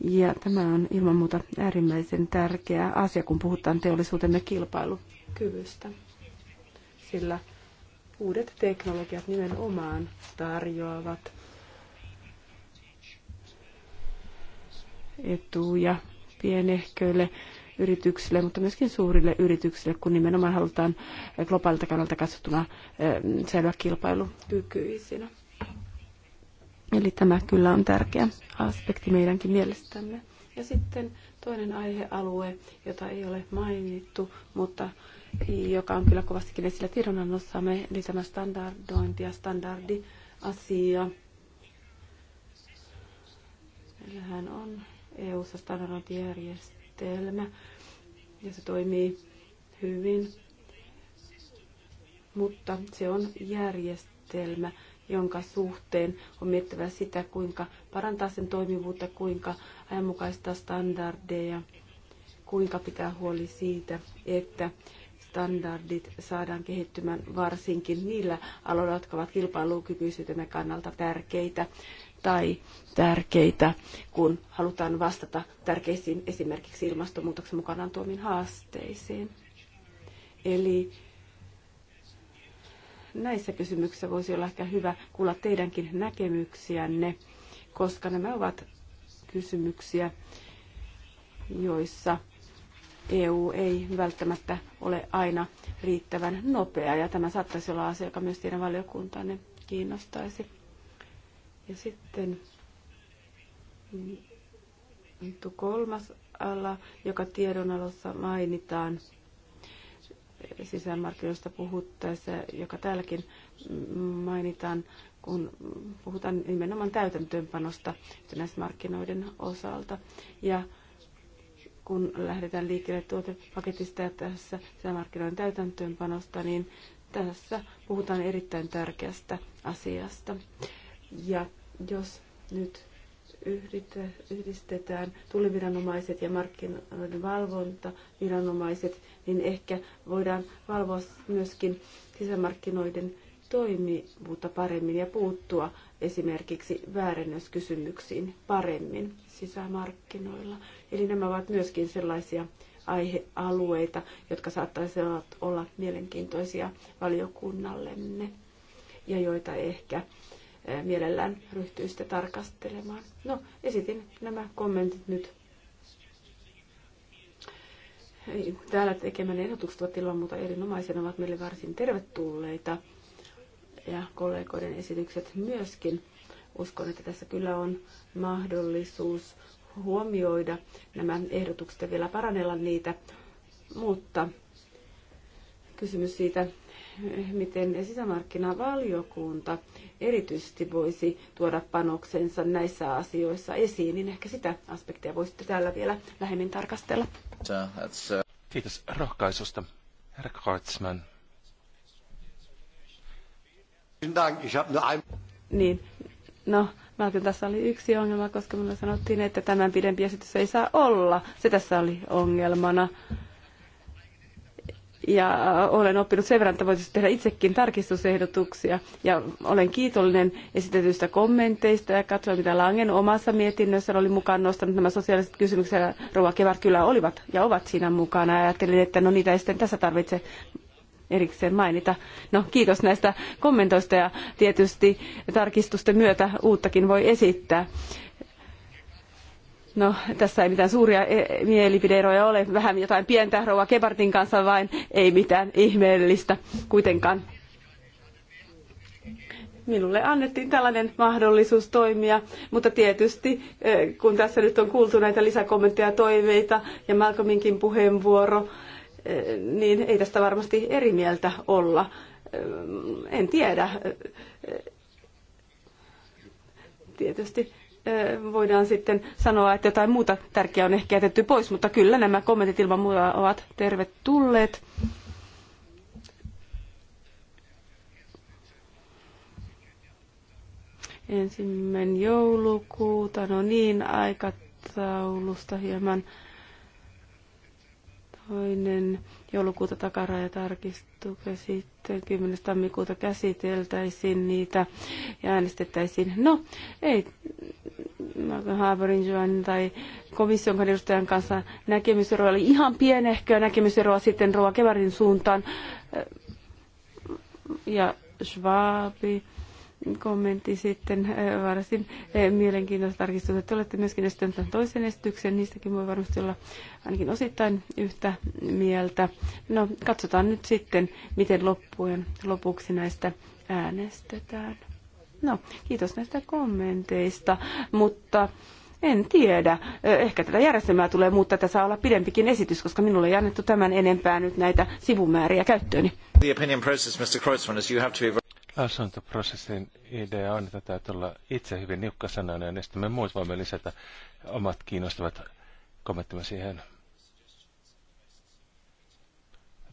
Ja tämä on ilman muuta äärimmäisen tärkeä asia, kun puhutaan teollisuutemme kilpailukyvystä, sillä uudet teknologiat nimenomaan tarjoavat etuja pienehköille yrityksille, mutta myöskin suurille yrityksille, kun nimenomaan halutaan globaalilta kannalta katsottuna säilyä kilpailukykyisinä. Eli tämä kyllä on tärkeä aspekti meidänkin mielestämme. Ja sitten toinen aihealue, jota ei ole mainittu, mutta joka on kyllä kovastikin esillä tiedonannossamme, eli tämä standardointi ja standardiasia. Meillähän on EU-ssa standardointijärjestelmä järjestelmä ja se toimii hyvin, mutta se on järjestelmä, jonka suhteen on miettivä sitä, kuinka parantaa sen toimivuutta, kuinka ajanmukaistaa standardeja, kuinka pitää huoli siitä, että standardit saadaan kehittymään varsinkin niillä aloilla, jotka ovat kilpailukykyisyytemme kannalta tärkeitä tai tärkeitä, kun halutaan vastata tärkeisiin esimerkiksi ilmastonmuutoksen mukanaan tuomiin haasteisiin. Eli näissä kysymyksissä voisi olla ehkä hyvä kuulla teidänkin näkemyksiänne, koska nämä ovat kysymyksiä, joissa EU ei välttämättä ole aina riittävän nopea, ja tämä saattaisi olla asia, joka myös teidän valiokuntanne kiinnostaisi. Ja sitten kolmas ala, joka tiedonalossa mainitaan sisämarkkinoista puhuttaessa, joka täälläkin mainitaan, kun puhutaan nimenomaan täytäntöönpanosta markkinoiden osalta. Ja kun lähdetään liikkeelle tuotepaketista ja tässä sisämarkkinoiden täytäntöönpanosta, niin tässä puhutaan erittäin tärkeästä asiasta. Ja jos nyt yhdistetään tulliviranomaiset ja markkinoiden valvontaviranomaiset, niin ehkä voidaan valvoa myöskin sisämarkkinoiden toimivuutta paremmin ja puuttua esimerkiksi väärennöskysymyksiin paremmin sisämarkkinoilla. Eli nämä ovat myöskin sellaisia aihealueita, jotka saattaisivat olla mielenkiintoisia valiokunnallemme ja joita ehkä Eh, mielellään ryhtyy sitä tarkastelemaan. No, esitin nämä kommentit nyt. Täällä tekemän ehdotukset ovat ilman muuta erinomaisen, ovat meille varsin tervetulleita ja kollegoiden esitykset myöskin. Uskon, että tässä kyllä on mahdollisuus huomioida nämä ehdotukset ja vielä parannella niitä, mutta kysymys siitä, miten sisämarkkinavaliokunta erityisesti voisi tuoda panoksensa näissä asioissa esiin, niin ehkä sitä aspektia voisitte täällä vielä lähemmin tarkastella. Kiitos rohkaisusta, herra Kreutzmann. Niin, no, mä ajattelin, tässä oli yksi ongelma, koska minulle sanottiin, että tämän pidempi esitys ei saa olla. Se tässä oli ongelmana ja äh, olen oppinut sen verran, että voisin tehdä itsekin tarkistusehdotuksia. Ja olen kiitollinen esitetyistä kommenteista ja katsoin, mitä Langen omassa mietinnössä oli mukaan nostanut nämä sosiaaliset kysymykset. Ja Rova Kevät kyllä olivat ja ovat siinä mukana. Ja ajattelin, että no niitä ei sitten tässä tarvitse erikseen mainita. No kiitos näistä kommentoista ja tietysti tarkistusten myötä uuttakin voi esittää. No, tässä ei mitään suuria e, mielipideeroja ole, vähän jotain pientä rouva Kebartin kanssa vain, ei mitään ihmeellistä kuitenkaan. Minulle annettiin tällainen mahdollisuus toimia, mutta tietysti e, kun tässä nyt on kuultu näitä lisäkommentteja ja toiveita ja Malcolminkin puheenvuoro, e, niin ei tästä varmasti eri mieltä olla. En tiedä. Tietysti voidaan sitten sanoa, että jotain muuta tärkeää on ehkä jätetty pois, mutta kyllä nämä kommentit ilman muuta ovat tervetulleet. Ensimmäinen joulukuuta, no niin, aikataulusta hieman Toinen joulukuuta takaraja ja sitten 10. tammikuuta käsiteltäisiin niitä ja äänestettäisiin. No, ei Haaberin Joan tai komission edustajan kanssa näkemyseroa oli ihan pienehköä näkemyseroa sitten Roa Kevarin suuntaan. Ja Schwabi kommentti sitten äh, varsin äh, mielenkiintoista tarkistusta. Te olette myöskin esittäneet tämän toisen esityksen, niistäkin voi varmasti olla ainakin osittain yhtä mieltä. No, katsotaan nyt sitten, miten loppujen lopuksi näistä äänestetään. No, kiitos näistä kommenteista, mutta en tiedä. Äh, ehkä tätä järjestelmää tulee muuttaa. Tässä olla pidempikin esitys, koska minulle ei annettu tämän enempää nyt näitä sivumääriä käyttööni. The opinion process, Mr. Kreutzmann, is you have to be asuntoprosessin idea on, että täytyy olla itse hyvin niukkasanainen, ja niin sitten me muut voimme lisätä omat kiinnostavat kommenttimme siihen.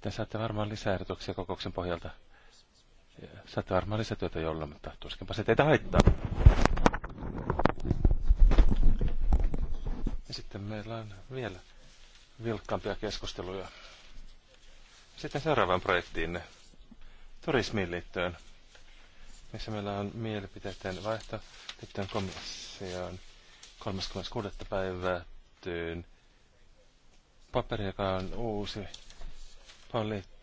Te saatte varmaan lisäehdotuksia kokouksen pohjalta. Saatte varmaan lisätyötä jollain, mutta tuskinpa se teitä haittaa. Ja sitten meillä on vielä vilkkaampia keskusteluja. Sitten seuraavaan projektiin turismiin liittyen missä meillä on mielipiteiden vaihto liittyen komissioon 36. päivättyyn paperi, joka on uusi poliittinen,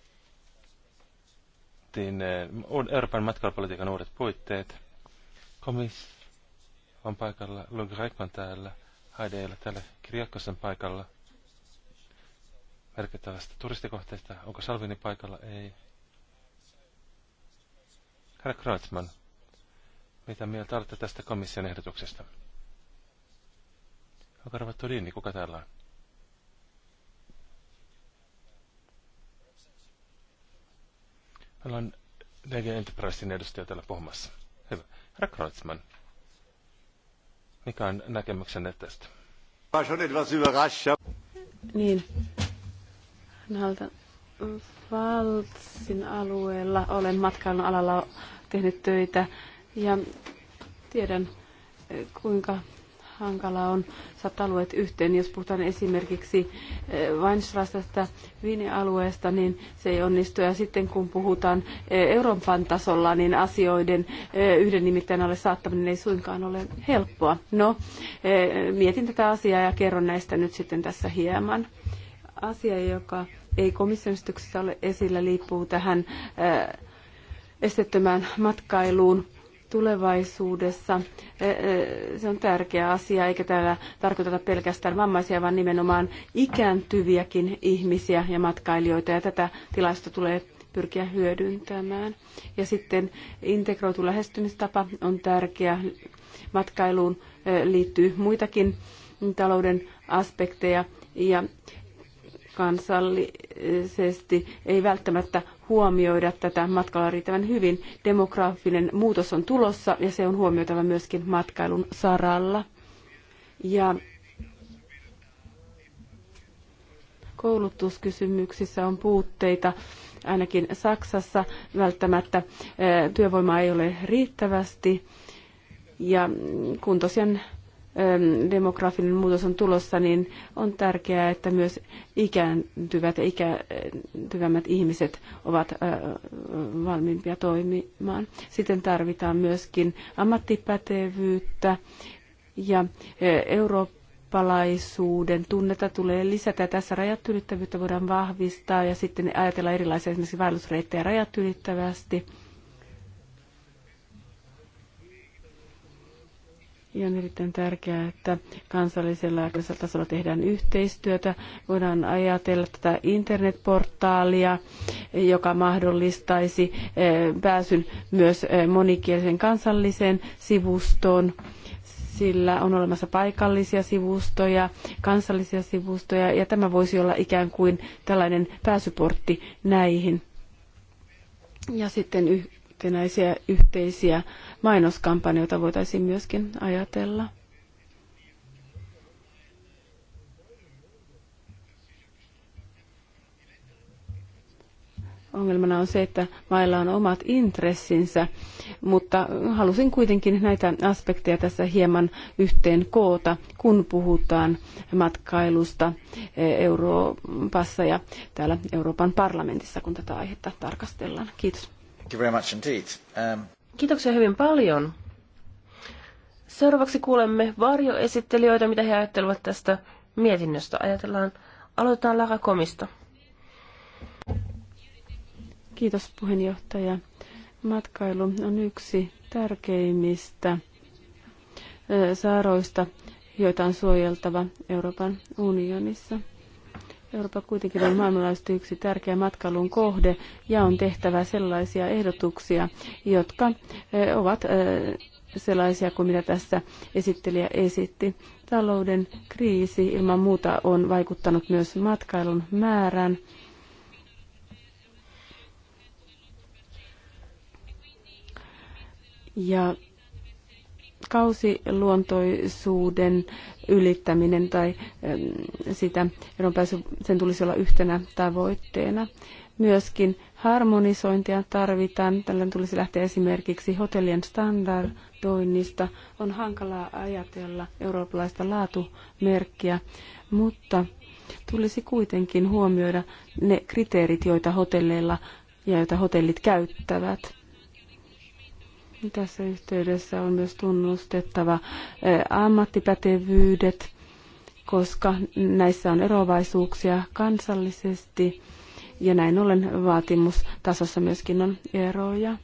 Euroopan matkailupolitiikan uudet puitteet. Komis on paikalla, Lug on täällä, Haideilla täällä, Kirjakkosen paikalla. Merkittävästä turistikohteesta, onko Salvini paikalla? Ei. Herra Kreutzmann, mitä mieltä olette tästä komission ehdotuksesta? Onko arvattu Linni, kuka täällä on? Meillä on DG Enterprisein edustaja täällä puhumassa. Hyvä. Herra Kreutzmann, mikä on näkemyksenne tästä? Niin, on Valtsin alueella olen matkailun alalla tehnyt töitä ja tiedän eh, kuinka hankala on saattaa alueet yhteen. Jos puhutaan esimerkiksi eh, Weinstraßasta viinialueesta, niin se ei onnistu. Ja sitten kun puhutaan eh, Euroopan tasolla, niin asioiden yhden nimittäin alle saattaminen ei suinkaan ole helppoa. No, mietin tätä asiaa ja kerron näistä nyt sitten tässä hieman. Asia, joka ei komission esityksessä ole esillä, liippuu tähän äh, estettömään matkailuun tulevaisuudessa. Äh, äh, se on tärkeä asia, eikä täällä tarkoiteta pelkästään vammaisia, vaan nimenomaan ikääntyviäkin ihmisiä ja matkailijoita, ja tätä tilaisuutta tulee pyrkiä hyödyntämään. Ja sitten integroitu lähestymistapa on tärkeä. Matkailuun liittyy muitakin talouden aspekteja, ja kansallisesti ei välttämättä huomioida tätä matkalla riittävän hyvin. Demograafinen muutos on tulossa ja se on huomioitava myöskin matkailun saralla. Ja koulutuskysymyksissä on puutteita. Ainakin Saksassa välttämättä työvoimaa ei ole riittävästi. Ja kun tosiaan demografinen muutos on tulossa, niin on tärkeää, että myös ikääntyvät ja ikääntyvämmät ihmiset ovat valmiimpia toimimaan. Sitten tarvitaan myöskin ammattipätevyyttä ja palaisuuden tunnetta tulee lisätä. Tässä rajat ylittävyyttä voidaan vahvistaa ja sitten ajatella erilaisia esimerkiksi vaellusreittejä rajat ylittävästi – Ja on erittäin tärkeää, että kansallisella ja kansallisella tasolla tehdään yhteistyötä. Voidaan ajatella tätä internetportaalia, joka mahdollistaisi eh, pääsyn myös eh, monikielisen kansalliseen sivustoon sillä on olemassa paikallisia sivustoja, kansallisia sivustoja, ja tämä voisi olla ikään kuin tällainen pääsyportti näihin. Ja sitten yhtenäisiä yhteisiä mainoskampanjoita voitaisiin myöskin ajatella. Ongelmana on se, että mailla on omat intressinsä, mutta halusin kuitenkin näitä aspekteja tässä hieman yhteen koota, kun puhutaan matkailusta Euroopassa ja täällä Euroopan parlamentissa, kun tätä aihetta tarkastellaan. Kiitos. Thank you very much indeed. Um... Kiitoksia hyvin paljon. Seuraavaksi kuulemme varjoesittelijöitä, mitä he ajattelevat tästä mietinnöstä. Ajatellaan, aloitetaan Lara Komista. Kiitos puheenjohtaja. Matkailu on yksi tärkeimmistä saaroista, joita on suojeltava Euroopan unionissa – Eurooppa kuitenkin on maailmanlaajuisesti yksi tärkeä matkailun kohde ja on tehtävä sellaisia ehdotuksia, jotka ovat sellaisia kuin mitä tässä esittelijä esitti. Talouden kriisi ilman muuta on vaikuttanut myös matkailun määrään. Ja kausiluontoisuuden ylittäminen tai sitä eronpääsy, sen tulisi olla yhtenä tavoitteena. Myöskin harmonisointia tarvitaan. Tällä tulisi lähteä esimerkiksi hotellien standardoinnista. On hankalaa ajatella eurooppalaista laatumerkkiä, mutta tulisi kuitenkin huomioida ne kriteerit, joita hotelleilla ja joita hotellit käyttävät tässä yhteydessä on myös tunnustettava eh, ammattipätevyydet, koska näissä on erovaisuuksia kansallisesti ja näin ollen vaatimustasossa myöskin on eroja.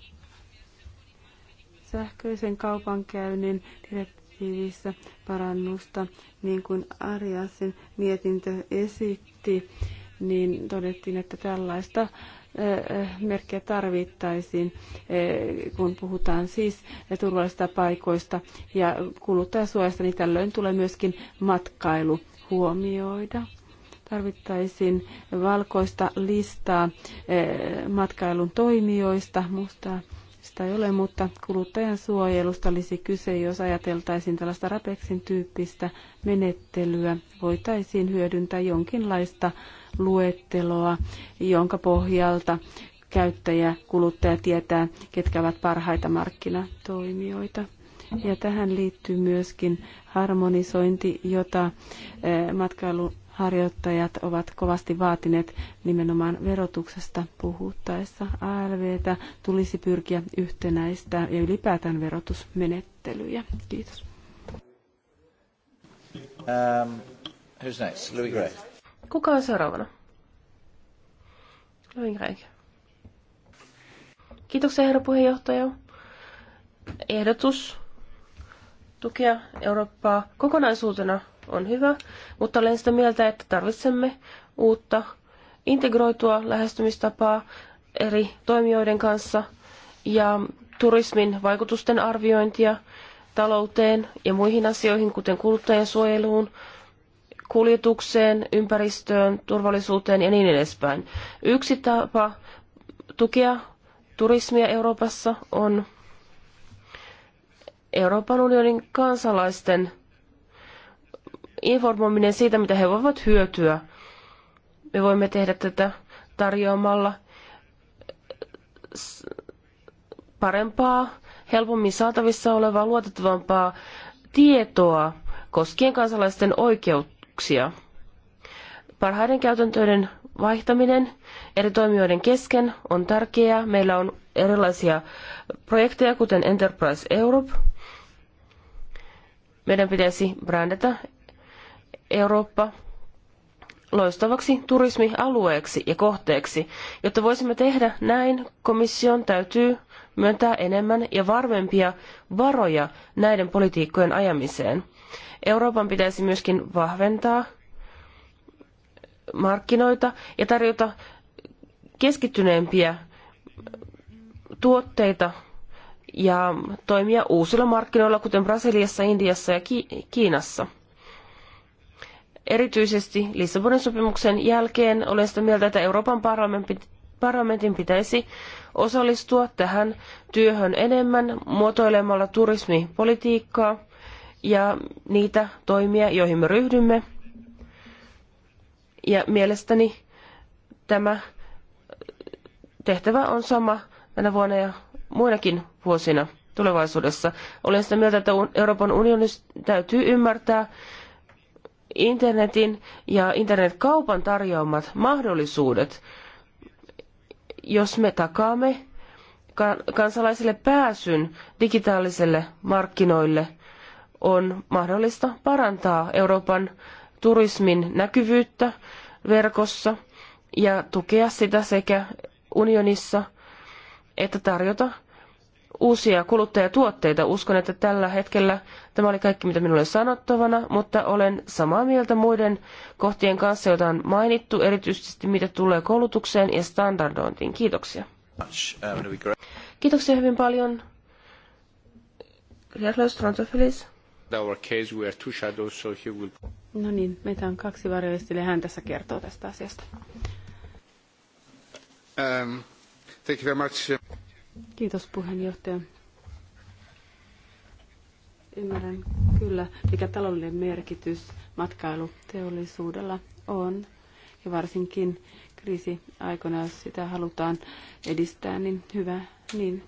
Sähköisen kaupankäynnin direktiivissä parannusta, niin kuin Ariasin mietintö esitti, niin todettiin, että tällaista merkkejä tarvittaisiin, kun puhutaan siis turvallisista paikoista ja kuluttajasuojasta, niin tällöin tulee myöskin matkailu huomioida. Tarvittaisiin valkoista listaa matkailun toimijoista, musta sitä ei ole, mutta kuluttajan suojelusta olisi kyse, jos ajateltaisiin tällaista rapeksin tyyppistä menettelyä. Voitaisiin hyödyntää jonkinlaista luetteloa, jonka pohjalta käyttäjä, kuluttaja tietää, ketkä ovat parhaita markkinatoimijoita. Ja tähän liittyy myöskin harmonisointi, jota eh, matkailuharjoittajat ovat kovasti vaatineet nimenomaan verotuksesta puhuttaessa. ALVtä tulisi pyrkiä yhtenäistä ja ylipäätään verotusmenettelyjä. Kiitos. Um, who's next? Louis Gray. Kuka on seuraavana? reikä. Kiitoksia, herra puheenjohtaja. Ehdotus tukea Eurooppaa kokonaisuutena on hyvä, mutta olen sitä mieltä, että tarvitsemme uutta integroitua lähestymistapaa eri toimijoiden kanssa ja turismin vaikutusten arviointia talouteen ja muihin asioihin, kuten kuluttajansuojeluun suojeluun kuljetukseen, ympäristöön, turvallisuuteen ja niin edespäin. Yksi tapa tukea turismia Euroopassa on Euroopan unionin kansalaisten informoiminen siitä, mitä he voivat hyötyä. Me voimme tehdä tätä tarjoamalla parempaa, helpommin saatavissa olevaa, luotettavampaa tietoa koskien kansalaisten oikeutta mahdollisuuksia. Parhaiden käytäntöiden vaihtaminen eri toimijoiden kesken on tärkeää. Meillä on erilaisia projekteja, kuten Enterprise Europe. Meidän pitäisi brändätä Eurooppa loistavaksi turismialueeksi ja kohteeksi. Jotta voisimme tehdä näin, komission täytyy myöntää enemmän ja varmempia varoja näiden politiikkojen ajamiseen. Euroopan pitäisi myöskin vahventaa markkinoita ja tarjota keskittyneempiä tuotteita ja toimia uusilla markkinoilla, kuten Brasiliassa, Indiassa ja Kiinassa. Erityisesti Lissabonin sopimuksen jälkeen olen sitä mieltä, että Euroopan parlamentin pitäisi osallistua tähän työhön enemmän muotoilemalla turismipolitiikkaa – ja niitä toimia, joihin me ryhdymme. Ja mielestäni tämä tehtävä on sama tänä vuonna ja muinakin vuosina tulevaisuudessa. Olen sitä mieltä, että Euroopan unionissa täytyy ymmärtää internetin ja internetkaupan tarjoamat mahdollisuudet, jos me takaamme kansalaisille pääsyn digitaaliselle markkinoille – on mahdollista parantaa Euroopan turismin näkyvyyttä verkossa ja tukea sitä sekä unionissa että tarjota uusia kuluttajatuotteita. Uskon, että tällä hetkellä tämä oli kaikki, mitä minulle sanottavana, mutta olen samaa mieltä muiden kohtien kanssa, joita on mainittu, erityisesti mitä tulee koulutukseen ja standardointiin. Kiitoksia. Kiitoksia hyvin paljon. Gracias, our case, we are two shadows, so he will... No niin, meitä on kaksi varjoistelijaa. Hän tässä kertoo tästä asiasta. Um, thank you very much. Kiitos puheenjohtaja. Ymmärrän kyllä, mikä taloudellinen merkitys matkailuteollisuudella on. Ja varsinkin kriisiaikoina, jos sitä halutaan edistää, niin hyvä niin.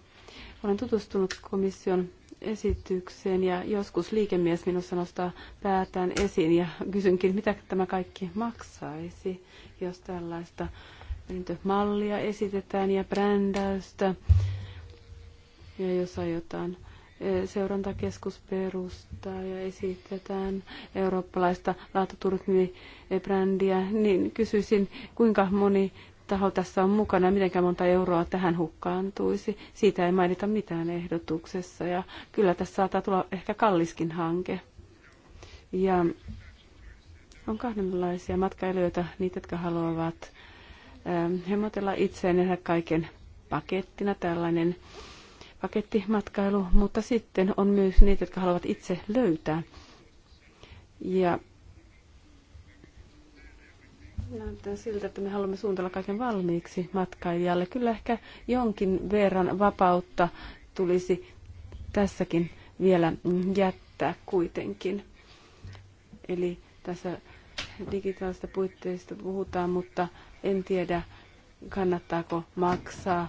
Olen tutustunut komission esitykseen ja joskus liikemies minussa nostaa päätään esiin ja kysynkin, mitä tämä kaikki maksaisi, jos tällaista mallia esitetään ja brändäystä ja jos aiotaan e, seurantakeskus perustaa ja esitetään eurooppalaista laatuturkmi-brändiä, niin kysyisin, kuinka moni taho tässä on mukana, miten monta euroa tähän hukkaantuisi. Siitä ei mainita mitään ehdotuksessa ja kyllä tässä saattaa tulla ehkä kalliskin hanke. Ja on kahdenlaisia matkailijoita, niitä, jotka haluavat ähm, hemotella itseään ja kaiken pakettina tällainen pakettimatkailu, mutta sitten on myös niitä, jotka haluavat itse löytää. Ja Näyttää siltä, että me haluamme suuntella kaiken valmiiksi matkailijalle. Kyllä ehkä jonkin verran vapautta tulisi tässäkin vielä jättää kuitenkin. Eli tässä digitaalista puitteista puhutaan, mutta en tiedä, kannattaako maksaa,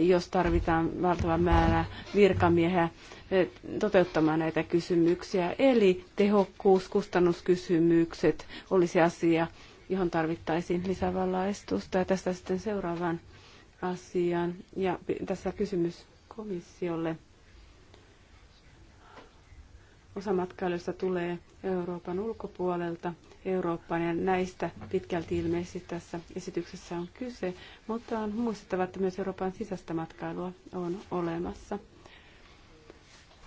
jos tarvitaan valtava määrä virkamiehiä eh, toteuttamaan näitä kysymyksiä. Eli tehokkuus, kustannuskysymykset olisi asia, johon tarvittaisiin lisävalaistusta. Ja tästä sitten seuraavaan asiaan. Ja tässä kysymys komissiolle. Osa matkailusta tulee Euroopan ulkopuolelta Eurooppaan ja näistä pitkälti ilmeisesti tässä esityksessä on kyse, mutta on muistettava, että myös Euroopan sisäistä matkailua on olemassa.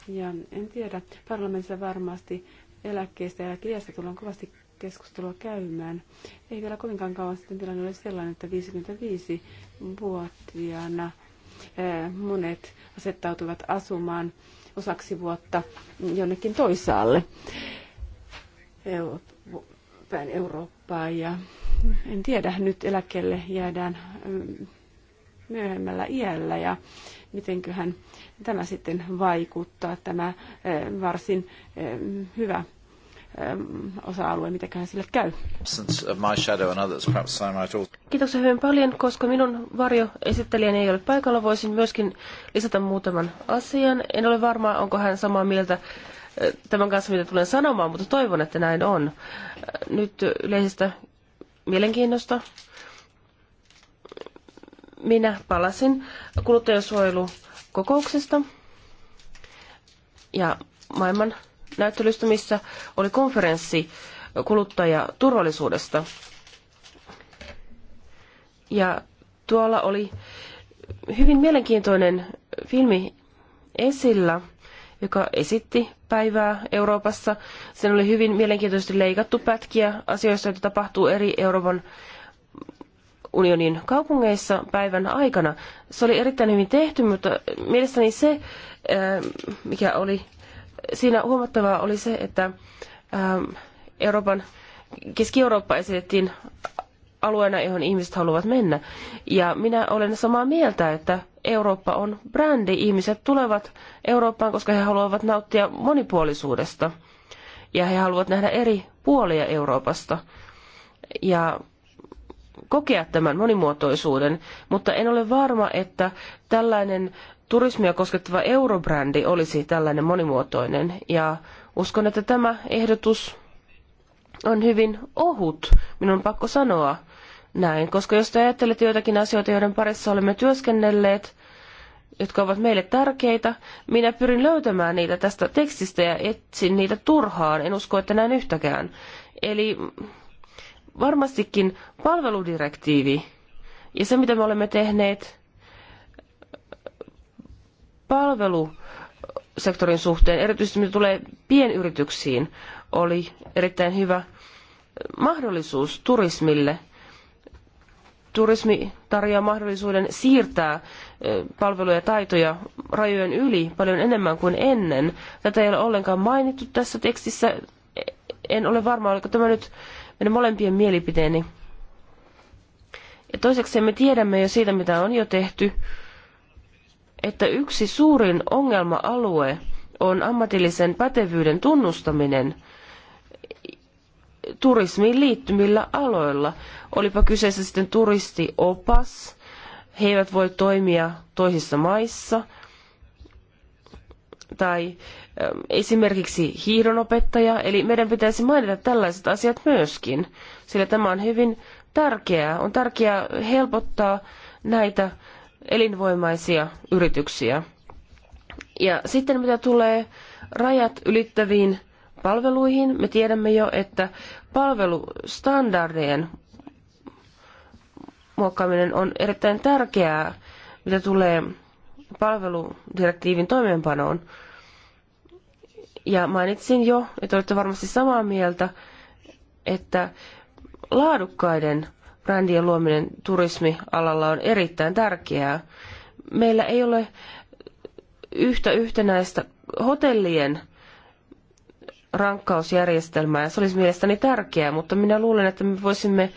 Ja en tiedä, parlamentissa varmasti eläkkeistä ja eläkeiästä tullaan kovasti keskustelua käymään. Ei vielä kovinkaan kauan sitten tilanne oli sellainen, että 55-vuotiaana eh, monet asettautuvat asumaan osaksi vuotta jonnekin toisaalle päin Eurooppaa. Ja en tiedä, nyt eläkkeelle jäädään eh, myöhemmällä iällä ja mitenköhän tämä sitten vaikuttaa, tämä eh, varsin hyvä osa-alue, mitäköhän sille käy. Kiitoksia hyvin paljon, koska minun varjo esittelijäni ei ole paikalla. Voisin myöskin lisätä muutaman asian. En ole varma, onko hän samaa mieltä tämän kanssa, mitä tulen sanomaan, mutta toivon, että näin on. Nyt yleisestä mielenkiinnosta. Minä palasin kuluttajansuojelukokouksesta ja maailman näyttelystä, missä oli konferenssi kuluttajaturvallisuudesta. Ja tuolla oli hyvin mielenkiintoinen filmi esillä, joka esitti päivää Euroopassa. Sen oli hyvin mielenkiintoisesti leikattu pätkiä asioista, joita tapahtuu eri Euroopan unionin kaupungeissa päivän aikana. Se oli erittäin hyvin tehty, mutta mielestäni se, mikä oli siinä huomattavaa oli se, että ähm, Euroopan, Keski-Eurooppa esitettiin alueena, johon ihmiset haluavat mennä. Ja minä olen samaa mieltä, että Eurooppa on brändi. Ihmiset tulevat Eurooppaan, koska he haluavat nauttia monipuolisuudesta. Ja he haluavat nähdä eri puolia Euroopasta. Ja kokea tämän monimuotoisuuden, mutta en ole varma, että tällainen turismia koskettava eurobrändi olisi tällainen monimuotoinen. Ja uskon, että tämä ehdotus on hyvin ohut, minun on pakko sanoa näin, koska jos te ajattelette joitakin asioita, joiden parissa olemme työskennelleet, jotka ovat meille tärkeitä, minä pyrin löytämään niitä tästä tekstistä ja etsin niitä turhaan, en usko, että näin yhtäkään. Eli varmastikin palveludirektiivi ja se, mitä me olemme tehneet palvelusektorin suhteen, erityisesti mitä tulee pienyrityksiin, oli erittäin hyvä mahdollisuus turismille. Turismi tarjoaa mahdollisuuden siirtää palveluja ja taitoja rajojen yli paljon enemmän kuin ennen. Tätä ei ole ollenkaan mainittu tässä tekstissä. En ole varma, oliko tämä nyt meidän molempien mielipiteeni. Ja toiseksi me tiedämme jo siitä, mitä on jo tehty että yksi suurin ongelma-alue on ammatillisen pätevyyden tunnustaminen turismiin liittyvillä aloilla. Olipa kyseessä sitten turistiopas, he eivät voi toimia toisissa maissa, tai ähm, esimerkiksi hiihdonopettaja, eli meidän pitäisi mainita tällaiset asiat myöskin, sillä tämä on hyvin tärkeää. On tärkeää helpottaa näitä elinvoimaisia yrityksiä. Ja sitten mitä tulee rajat ylittäviin palveluihin, me tiedämme jo, että palvelustandardien muokkaaminen on erittäin tärkeää, mitä tulee palveludirektiivin toimeenpanoon. Ja mainitsin jo, että olette varmasti samaa mieltä, että laadukkaiden brändien luominen turismialalla on erittäin tärkeää. Meillä ei ole yhtä yhtenäistä hotellien rankkausjärjestelmää. Se olisi mielestäni tärkeää, mutta minä luulen, että me voisimme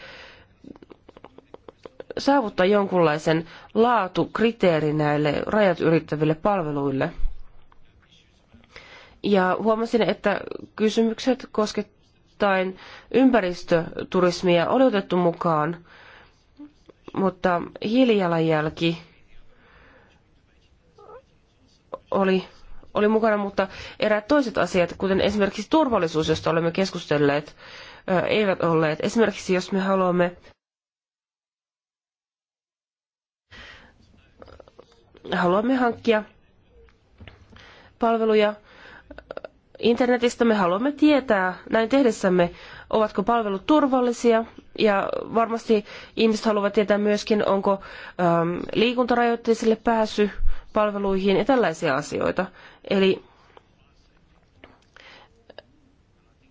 saavuttaa jonkunlaisen laatukriteeri näille rajat ylittäville palveluille. Ja huomasin, että kysymykset koskettavat jotain ympäristöturismia oli otettu mukaan, mutta hiilijalanjälki oli, oli mukana, mutta eräät toiset asiat, kuten esimerkiksi turvallisuus, josta olemme keskustelleet, eivät olleet. Esimerkiksi jos me haluamme haluamme hankkia palveluja internetistä. Me haluamme tietää näin tehdessämme, ovatko palvelut turvallisia ja varmasti ihmiset haluavat tietää myöskin, onko äm, liikuntarajoitteisille pääsy palveluihin ja tällaisia asioita. Eli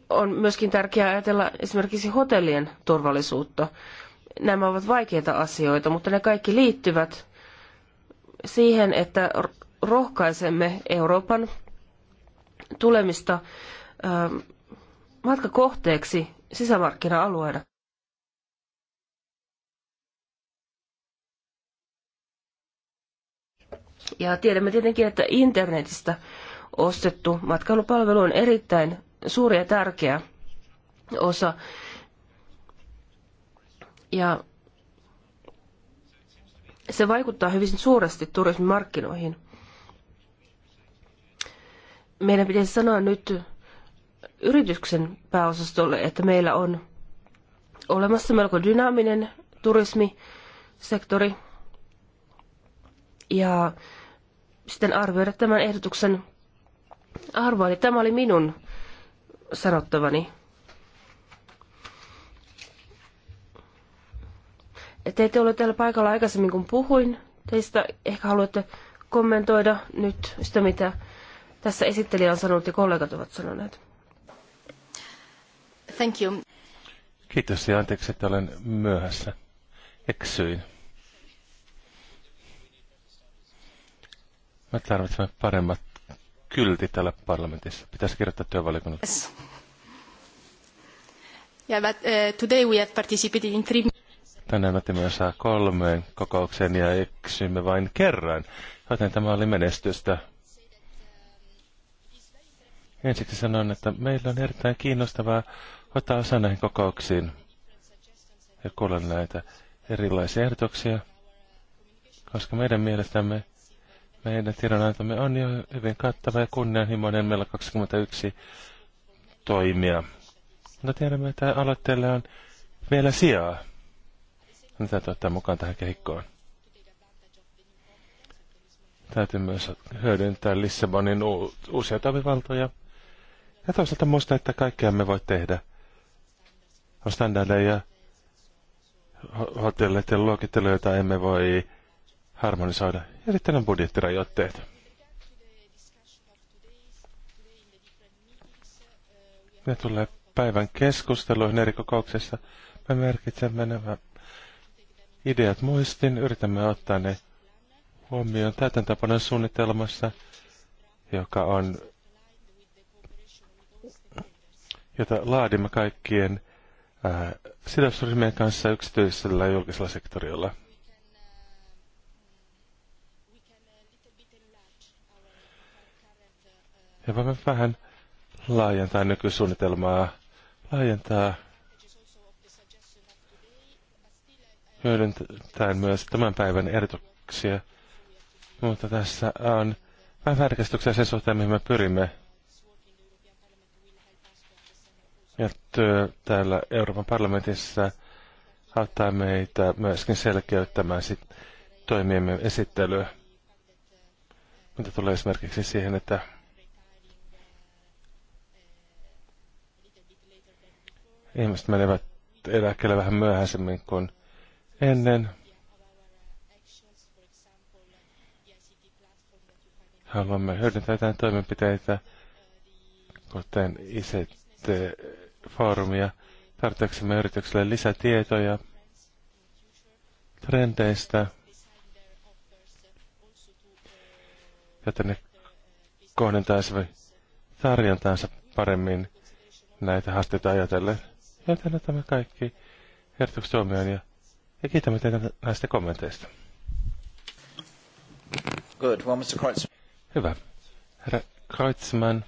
on myöskin tärkeää ajatella esimerkiksi hotellien turvallisuutta. Nämä ovat vaikeita asioita, mutta ne kaikki liittyvät siihen, että rohkaisemme Euroopan tulemista matkakohteeksi sisämarkkina-alueena. Ja tiedämme tietenkin, että internetistä ostettu matkailupalvelu on erittäin suuri ja tärkeä osa. Ja se vaikuttaa hyvin suuresti turismimarkkinoihin meidän pitäisi sanoa nyt yrityksen pääosastolle, että meillä on olemassa melko dynaaminen turismisektori ja sitten arvioida tämän ehdotuksen arvoa. Eli niin tämä oli minun sanottavani. Te ette ole täällä paikalla aikaisemmin, kun puhuin teistä. Ehkä haluatte kommentoida nyt sitä, mitä tässä esittelijä on sanonut ja kollegat ovat sanoneet. Thank you. Kiitos ja anteeksi, että olen myöhässä. Eksyin. Me tarvitsemme paremmat kyltit tällä parlamentissa. Pitäisi kirjoittaa työvaliokunnalle. Yes. Yeah, but, uh, today we have participated in three... Tänään teimme osaa kolmeen kokoukseen ja eksymme vain kerran, joten tämä oli menestystä. Ensiksi sanon, että meillä on erittäin kiinnostavaa ottaa osa näihin kokouksiin ja kuulla näitä erilaisia ehdotuksia, koska meidän mielestämme meidän tiedonantomme on jo hyvin kattava ja kunnianhimoinen. Meillä on 21 toimia. Mutta tiedämme, että aloitteelle on vielä sijaa. Ne ottaa mukaan tähän kehikkoon. Täytyy myös hyödyntää Lissabonin uusia toimivaltoja. Ja toisaalta muista, että kaikkea me voi tehdä. On standardeja, ja luokitteluja, joita emme voi harmonisoida. Ja sitten on budjettirajoitteet. Me tulee päivän keskusteluihin eri kokouksissa. Me merkitsemme nämä ideat muistin, yritämme ottaa ne huomioon täytäntöpanon suunnitelmassa, joka on jota laadimme kaikkien ää, sidosryhmien kanssa yksityisellä ja julkisella sektorilla. Ja voimme vähän laajentaa nykysuunnitelmaa, laajentaa hyödyntäen myös tämän päivän erityksiä. Mutta tässä on vähän värkästyksiä sen suhteen, mihin me pyrimme. Ja työ täällä Euroopan parlamentissa auttaa meitä myöskin selkeyttämään sit toimiemme esittelyä. Mitä tulee esimerkiksi siihen, että ihmiset menevät eläkkeelle vähän myöhäisemmin kuin ennen. Haluamme hyödyntää jotain toimenpiteitä, kuten ICT foorumia tarjotaksemme yrityksille lisätietoja trendeistä, jotta ne kohdentaisivat tarjontaansa paremmin näitä haasteita ajatellen. Joten tämä kaikki ehdotukset Suomioon ja, ja kiitämme teitä näistä kommenteista. Good. Well, Mr. Hyvä. Herra Kreutzmann.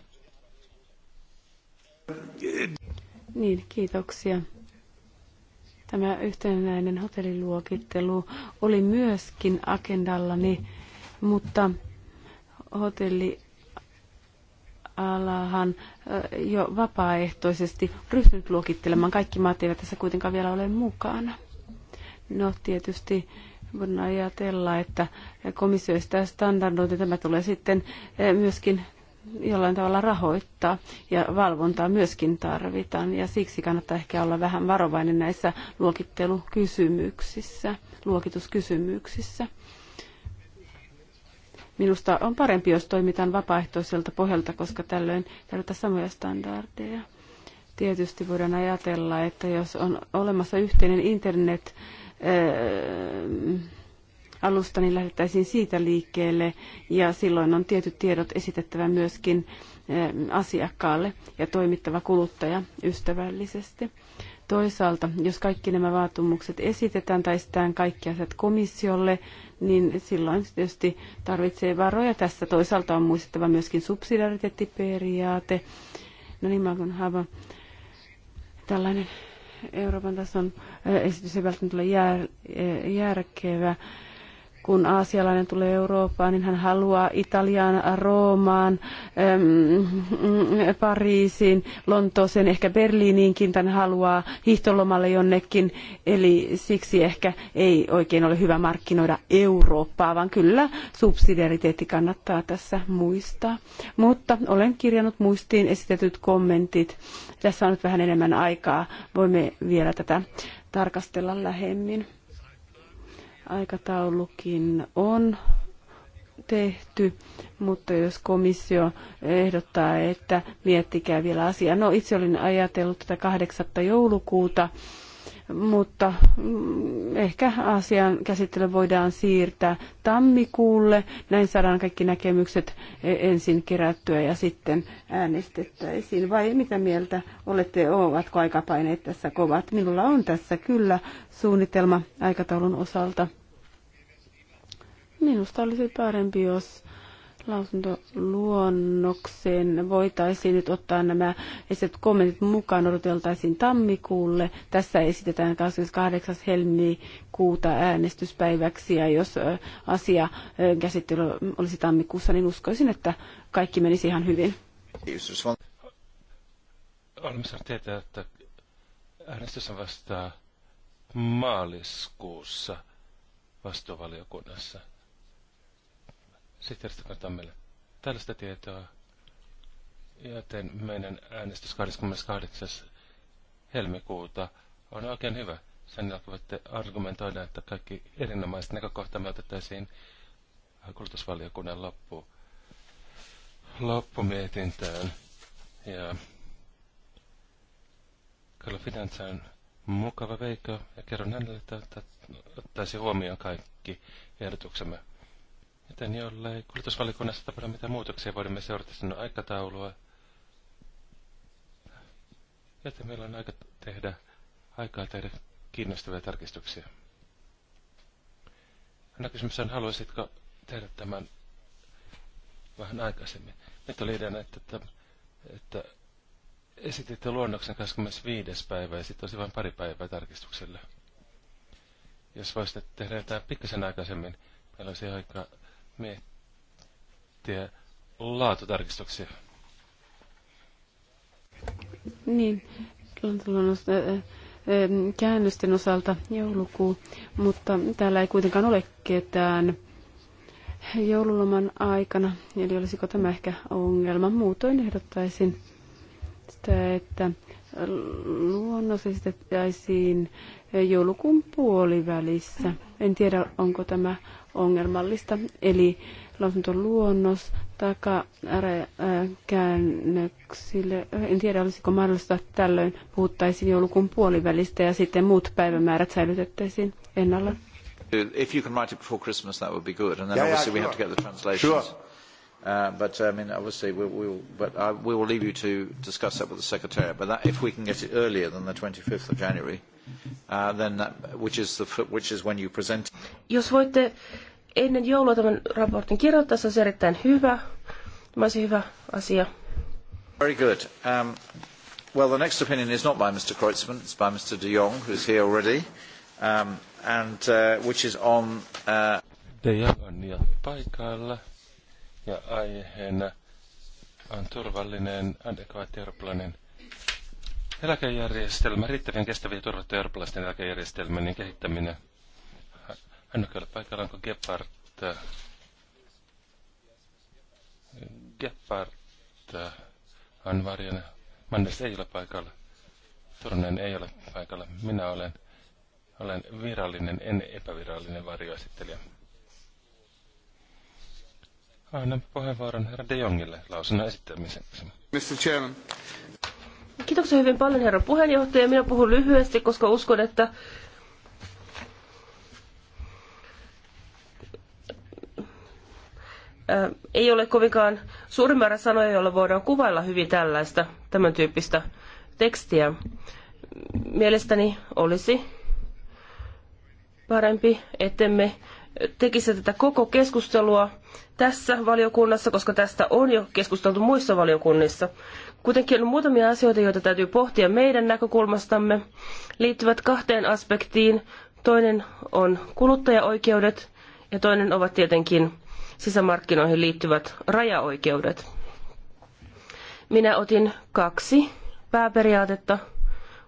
Niin, kiitoksia. Tämä yhtenäinen hotelliluokittelu oli myöskin agendallani, mutta hotelli alahan jo vapaaehtoisesti ryhtynyt luokittelemaan. Kaikki maat eivät tässä kuitenkaan vielä ole mukana. No tietysti voidaan ajatella, että komissio estää standardointi. Tämä tulee sitten myöskin jollain tavalla rahoittaa ja valvontaa myöskin tarvitaan ja siksi kannattaa ehkä olla vähän varovainen näissä luokittelukysymyksissä, luokituskysymyksissä. Minusta on parempi, jos toimitaan vapaaehtoiselta pohjalta, koska tällöin tarvitaan samoja standardeja. Tietysti voidaan ajatella, että jos on olemassa yhteinen internet, eh, alusta, niin lähdettäisiin siitä liikkeelle ja silloin on tietyt tiedot esitettävä myöskin eh, asiakkaalle ja toimittava kuluttaja ystävällisesti. Toisaalta, jos kaikki nämä vaatimukset esitetään tai esitetään kaikki asiat komissiolle, niin silloin tietysti tarvitsee varoja tässä. Toisaalta on muistettava myöskin subsidiariteettiperiaate. No niin, mä kun tällainen Euroopan tason eh, esitys ei välttämättä ole jär, eh, järkevä kun aasialainen tulee Eurooppaan, niin hän haluaa Italiaan, Roomaan, äm, Pariisiin, Lontooseen, ehkä Berliiniinkin, tämän haluaa hiihtolomalle jonnekin. Eli siksi ehkä ei oikein ole hyvä markkinoida Eurooppaa, vaan kyllä subsidiariteetti kannattaa tässä muistaa. Mutta olen kirjannut muistiin esitetyt kommentit. Tässä on nyt vähän enemmän aikaa. Voimme vielä tätä tarkastella lähemmin. Aikataulukin on tehty, mutta jos komissio ehdottaa, että miettikää vielä asiaa. No itse olin ajatellut tätä 8. joulukuuta mutta mm, ehkä asian käsittely voidaan siirtää tammikuulle. Näin saadaan kaikki näkemykset e, ensin kerättyä ja sitten äänestettäisiin. Vai mitä mieltä olette, ovatko aikapaineet tässä kovat? Minulla on tässä kyllä suunnitelma aikataulun osalta. Minusta olisi parempi, jos lausuntoluonnokseen voitaisiin nyt ottaa nämä esitetyt kommentit mukaan, odoteltaisiin tammikuulle. Tässä esitetään 28. helmikuuta äänestyspäiväksi ja jos asia käsittely olisi tammikuussa, niin uskoisin, että kaikki menisi ihan hyvin. Olemme saaneet tietää, että äänestys on vasta maaliskuussa vastuuvaliokunnassa. Sihteeristä kantaa meille tällaista tietoa, joten meidän äänestys 28. helmikuuta on oikein hyvä. Sen jälkeen voitte argumentoida, että kaikki erinomaiset näkökohtamme otettaisiin kulutusvaliokunnan loppu, loppumietintään. Ja Kyllä Fidanza on mukava veikko ja kerron hänelle, että ottaisi huomioon kaikki ehdotuksemme. Miten jollei kuljetusvalikunnassa tapahdu mitä muutoksia, voimme seurata sinun aikataulua. Että meillä on aika tehdä, aikaa tehdä kiinnostavia tarkistuksia. Anna kysymys on, haluaisitko tehdä tämän vähän aikaisemmin? Nyt oli idea, että, että, että esititte luonnoksen 25. päivä ja sitten olisi vain pari päivää tarkistukselle. Jos voisitte tehdä jotain pikkasen aikaisemmin, meillä olisi aika miettiä laatutarkistuksia. Niin, käännösten osalta joulukuu, mutta täällä ei kuitenkaan ole ketään joululoman aikana, eli olisiko tämä ehkä ongelma. Muutoin ehdottaisin sitä, että luonnos esitettäisiin joulukuun puolivälissä. En tiedä, onko tämä ongelmallista. Eli lausuntoluonnos takakäännöksille. En tiedä, olisiko mahdollista, että tällöin puhuttaisiin joulukuun puolivälistä ja sitten muut päivämäärät säilytettäisiin ennalla. If you can write it before Christmas, that would be good. And then yeah, obviously yeah, sure. we have to get the translations. Sure. Uh, but uh, I mean, obviously, we, we, will, but I, uh, we will leave you to discuss that with the Secretariat. But that, if we can get it earlier than the 25th of January, uh, then that, which, is the, which is when you present. Jos voitte ennen joulua tämän raportin kirjoittaa, se olisi erittäin hyvä. Tämä olisi hyvä asia. Very good. Um, well, the next opinion is not by Mr. Kreutzmann, it's by Mr. de Jong, who's here already, um, and uh, which is on... Uh... De Jong on jo paikalla ja aiheena on turvallinen, adekvaatti eurooppalainen eläkejärjestelmä, riittävän kestäviä turvattu eurooppalaisten eläkejärjestelmän kehittäminen. Hän on kyllä paikalla, onko Gepard? Gepard on varjona. Mannes ei ole paikalla. Turunen ei ole paikalla. Minä olen, olen virallinen, en epävirallinen varjoesittelijä. Annan puheenvuoron herra De Jongille lausunnon esittämisen. Mr. Chairman. Kiitoksia hyvin paljon herra puheenjohtaja. Minä puhun lyhyesti, koska uskon, että ei ole kovinkaan suuri määrä sanoja, joilla voidaan kuvailla hyvin tällaista, tämän tyyppistä tekstiä. Mielestäni olisi parempi, ettemme tekisi tätä koko keskustelua tässä valiokunnassa, koska tästä on jo keskusteltu muissa valiokunnissa. Kuitenkin on muutamia asioita, joita täytyy pohtia meidän näkökulmastamme, liittyvät kahteen aspektiin. Toinen on kuluttajaoikeudet ja toinen ovat tietenkin sisämarkkinoihin liittyvät rajaoikeudet. Minä otin kaksi pääperiaatetta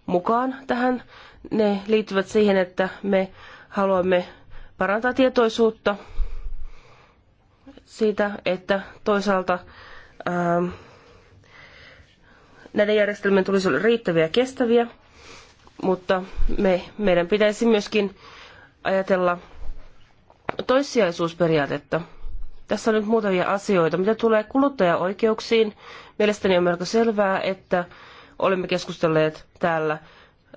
mukaan tähän. Ne liittyvät siihen, että me haluamme parantaa tietoisuutta siitä, että toisaalta ää, ähm, näiden järjestelmien tulisi olla riittäviä ja kestäviä, mutta me, meidän pitäisi myöskin ajatella toissijaisuusperiaatetta. Tässä on nyt muutamia asioita. Mitä tulee kuluttajaoikeuksiin, mielestäni on melko selvää, että olemme keskustelleet täällä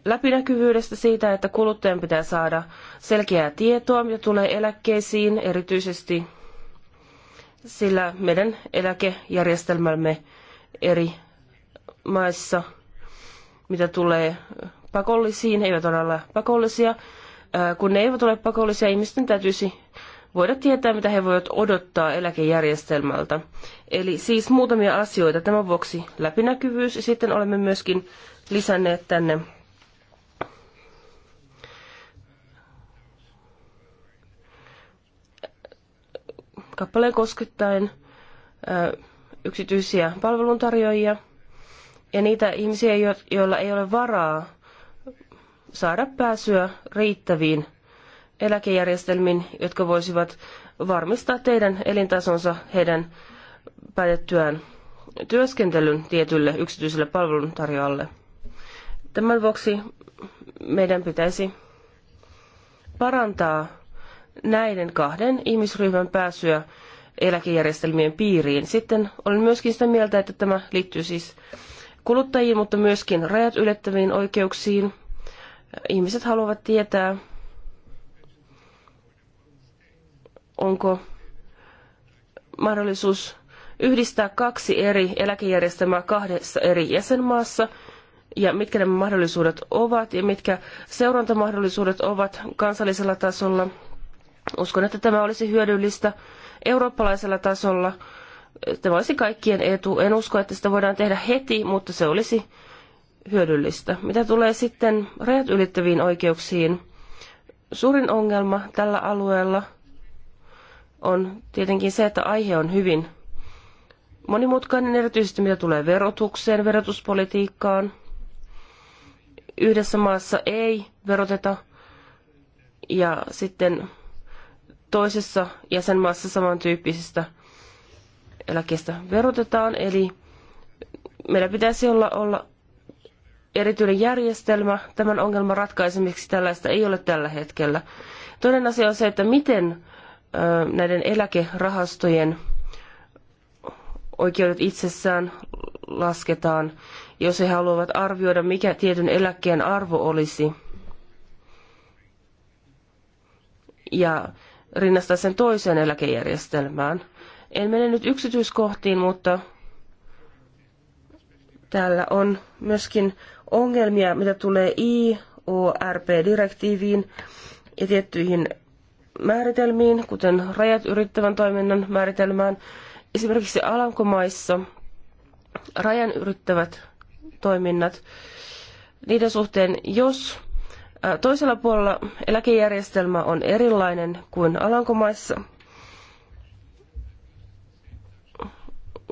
läpinäkyvyydestä siitä, että kuluttajan pitää saada selkeää tietoa, mitä tulee eläkkeisiin, erityisesti sillä meidän eläkejärjestelmämme eri maissa, mitä tulee pakollisiin, eivät ole pakollisia. Kun ne eivät ole pakollisia, ihmisten täytyisi voida tietää, mitä he voivat odottaa eläkejärjestelmältä. Eli siis muutamia asioita tämän vuoksi läpinäkyvyys ja sitten olemme myöskin lisänneet tänne kappaleen koskettaen yksityisiä palveluntarjoajia ja niitä ihmisiä, joilla ei ole varaa saada pääsyä riittäviin eläkejärjestelmiin, jotka voisivat varmistaa teidän elintasonsa heidän päätettyään työskentelyn tietylle yksityiselle palveluntarjoajalle. Tämän vuoksi meidän pitäisi parantaa näiden kahden ihmisryhmän pääsyä eläkejärjestelmien piiriin. Sitten olen myöskin sitä mieltä, että tämä liittyy siis kuluttajiin, mutta myöskin rajat ylittäviin oikeuksiin. Ihmiset haluavat tietää, onko mahdollisuus yhdistää kaksi eri eläkejärjestelmää kahdessa eri jäsenmaassa ja mitkä nämä mahdollisuudet ovat ja mitkä seurantamahdollisuudet ovat kansallisella tasolla – Uskon, että tämä olisi hyödyllistä eurooppalaisella tasolla. Tämä olisi kaikkien etu. En usko, että sitä voidaan tehdä heti, mutta se olisi hyödyllistä. Mitä tulee sitten rajat ylittäviin oikeuksiin, suurin ongelma tällä alueella on tietenkin se, että aihe on hyvin monimutkainen, erityisesti mitä tulee verotukseen, verotuspolitiikkaan. Yhdessä maassa ei veroteta ja sitten toisessa jäsenmaassa samantyyppisestä eläkkeestä verotetaan. Eli meillä pitäisi olla, olla erityinen järjestelmä tämän ongelman ratkaisemiseksi. Tällaista ei ole tällä hetkellä. Toinen asia on se, että miten näiden eläkerahastojen oikeudet itsessään lasketaan, jos he haluavat arvioida, mikä tietyn eläkkeen arvo olisi. Ja rinnastaa sen toiseen eläkejärjestelmään. En mene nyt yksityiskohtiin, mutta täällä on myöskin ongelmia, mitä tulee IORP-direktiiviin ja tiettyihin määritelmiin, kuten rajat ylittävän toiminnan määritelmään. Esimerkiksi Alankomaissa rajan ylittävät toiminnat, niiden suhteen, jos Toisella puolella eläkejärjestelmä on erilainen kuin Alankomaissa.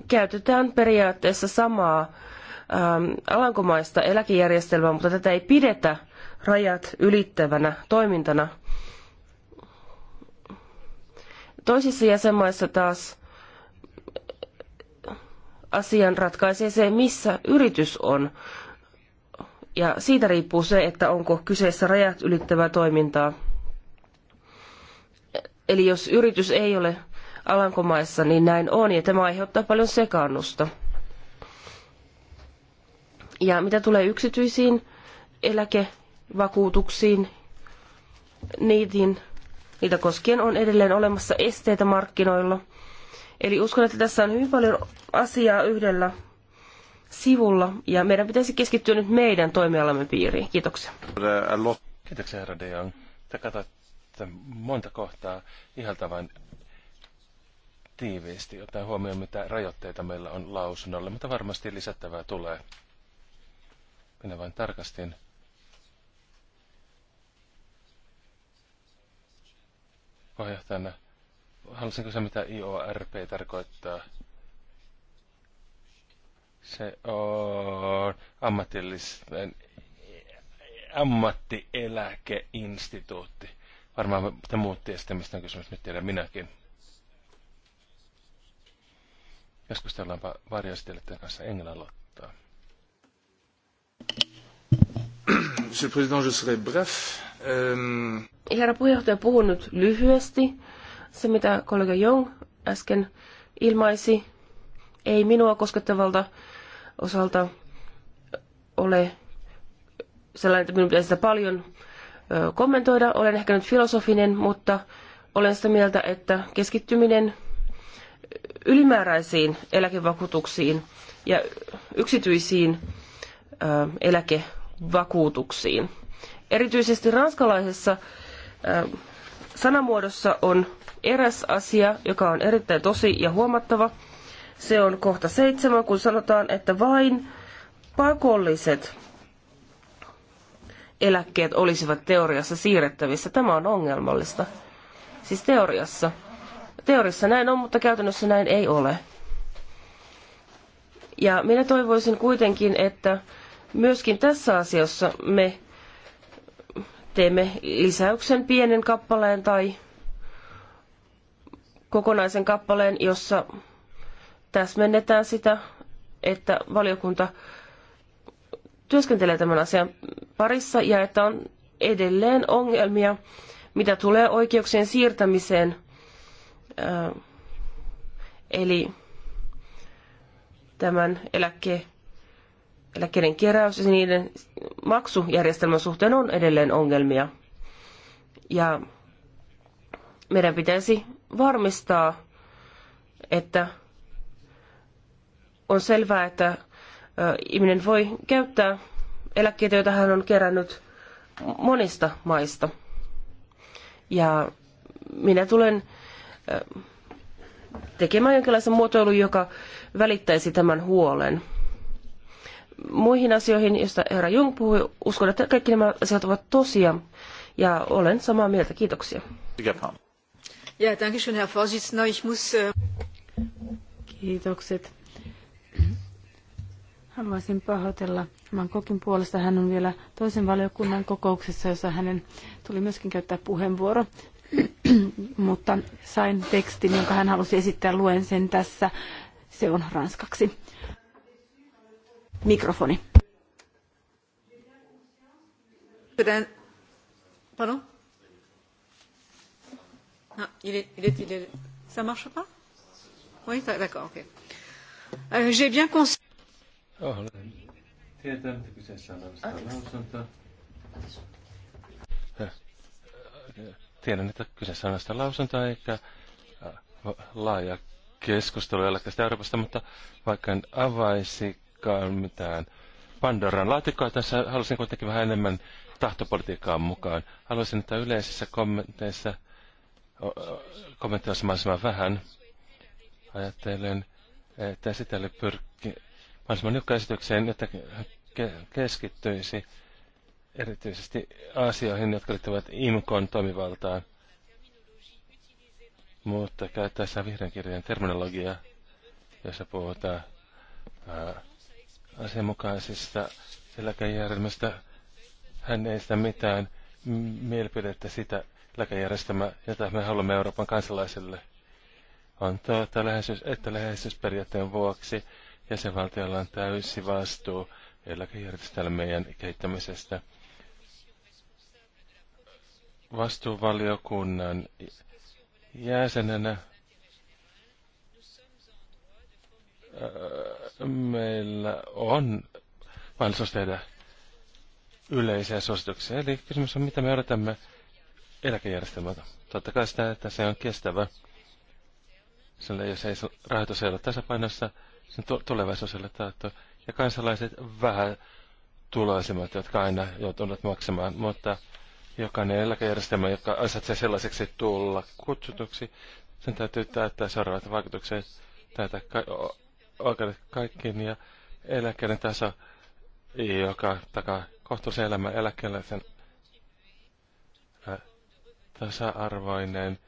Käytetään periaatteessa samaa ähm, alankomaista eläkejärjestelmää, mutta tätä ei pidetä rajat ylittävänä toimintana. Toisissa jäsenmaissa taas asian ratkaisee se, missä yritys on. Ja siitä riippuu se, että onko kyseessä rajat ylittävää toimintaa. Eli jos yritys ei ole Alankomaissa, niin näin on, ja tämä aiheuttaa paljon sekaannusta. Ja mitä tulee yksityisiin eläkevakuutuksiin, niitin, niitä koskien on edelleen olemassa esteitä markkinoilla. Eli uskon, että tässä on hyvin paljon asiaa yhdellä sivulla ja meidän pitäisi keskittyä nyt meidän toimialamme piiriin. Kiitoksia. Kiitoksia herra Dion. Te katsotte monta kohtaa ihaltavan tiiviisti, ottaen huomioon mitä rajoitteita meillä on lausunnolle, mutta varmasti lisättävää tulee. Minä vain tarkastin. Pohjohtajana, haluaisinko kysyä mitä IORP tarkoittaa. Se on ammatillinen ammattieläkeinstituutti. Varmaan te muut tiedätte, mistä on kysymys. Nyt tiedän minäkin. Keskustellaanpa varjoistelijoiden kanssa. Engel Monsieur le Président, je serai bref. Ähm... Herra puheenjohtaja, puhun nyt lyhyesti. Se, mitä kollega Jong äsken ilmaisi, ei minua koskettavalta osalta ole sellainen, että minun pitäisi sitä paljon kommentoida. Olen ehkä nyt filosofinen, mutta olen sitä mieltä, että keskittyminen ylimääräisiin eläkevakuutuksiin ja yksityisiin eläkevakuutuksiin. Erityisesti ranskalaisessa sanamuodossa on eräs asia, joka on erittäin tosi ja huomattava – se on kohta seitsemän, kun sanotaan, että vain pakolliset eläkkeet olisivat teoriassa siirrettävissä. Tämä on ongelmallista. Siis teoriassa. Teoriassa näin on, mutta käytännössä näin ei ole. Ja minä toivoisin kuitenkin, että myöskin tässä asiassa me teemme lisäyksen pienen kappaleen tai kokonaisen kappaleen, jossa täsmennetään sitä, että valiokunta työskentelee tämän asian parissa ja että on edelleen ongelmia, mitä tulee oikeuksien siirtämiseen. eli tämän eläkkeen eläkkeiden keräys ja niiden maksujärjestelmän suhteen on edelleen ongelmia. Ja meidän pitäisi varmistaa, että on selvää, että ihminen voi käyttää eläkkeitä, joita hän on kerännyt monista maista. Ja minä tulen tekemään jonkinlaisen muotoilun, joka välittäisi tämän huolen. Muihin asioihin, joista herra Jung puhui, uskon, että kaikki nämä asiat ovat tosia ja olen samaa mieltä. Kiitoksia. Ja, danke schön, Herr Vorsitzender. Ich muss, Kiitokset Haluaisin pahoitella tämän kokin puolesta. Hän on vielä toisen valiokunnan kokouksessa, jossa hänen tuli myöskin käyttää puheenvuoro. Mutta sain tekstin, jonka hän halusi esittää. Luen sen tässä. Se on ranskaksi. Mikrofoni. Pardon Non, ah, il est, il est, il est... Ça marche pas Oui, d'accord, ok. Euh, J'ai bien conscience Tietää, mitä kyseessä on lausunto. Tiedän, että kyseessä on sitä lausuntoa eikä äh, laaja keskustelu eläkkeestä Euroopasta, mutta vaikka en avaisikaan mitään Pandoran laatikkoa, tässä halusin kuitenkin vähän enemmän tahtopolitiikkaan mukaan. Haluaisin, että yleisissä kommenteissa kommentoisi mahdollisimman vähän. Ajattelen, että sitä oli mahdollisimman nykkäesitykseen, että keskittyisi erityisesti asioihin, jotka liittyvät IMKon toimivaltaan. Mutta käyttäessään vihreän kirjan terminologiaa, jossa puhutaan ää, asianmukaisista eläkejärjestelmistä, Hän ei sitä mitään mielipidettä sitä eläkejärjestelmää, jota me haluamme Euroopan kansalaisille. On tuota läheisyys, että läheisyysperiaatteen vuoksi jäsenvaltiolla on täysi vastuu eläkejärjestelmien kehittämisestä. Vastuuvaliokunnan jäsenenä äh, meillä on mahdollisuus tehdä yleisiä suosituksia. Eli kysymys on, mitä me odotamme eläkejärjestelmältä. Totta kai sitä, että se on kestävä. Sillä jos ei rahoitus ei ole tasapainossa, sen tulevaisuus oli taattu. Ja kansalaiset vähän tuloisimmat, jotka aina joutuneet maksamaan, mutta jokainen eläkejärjestelmä, joka ansaitsee sellaiseksi tulla kutsutuksi, sen täytyy täyttää seuraavat vaikutukset, tätä ka- oikeudet kaikkiin ja eläkkeiden taso, joka takaa kohtuullisen elämän eläkeläisen tasa-arvoinen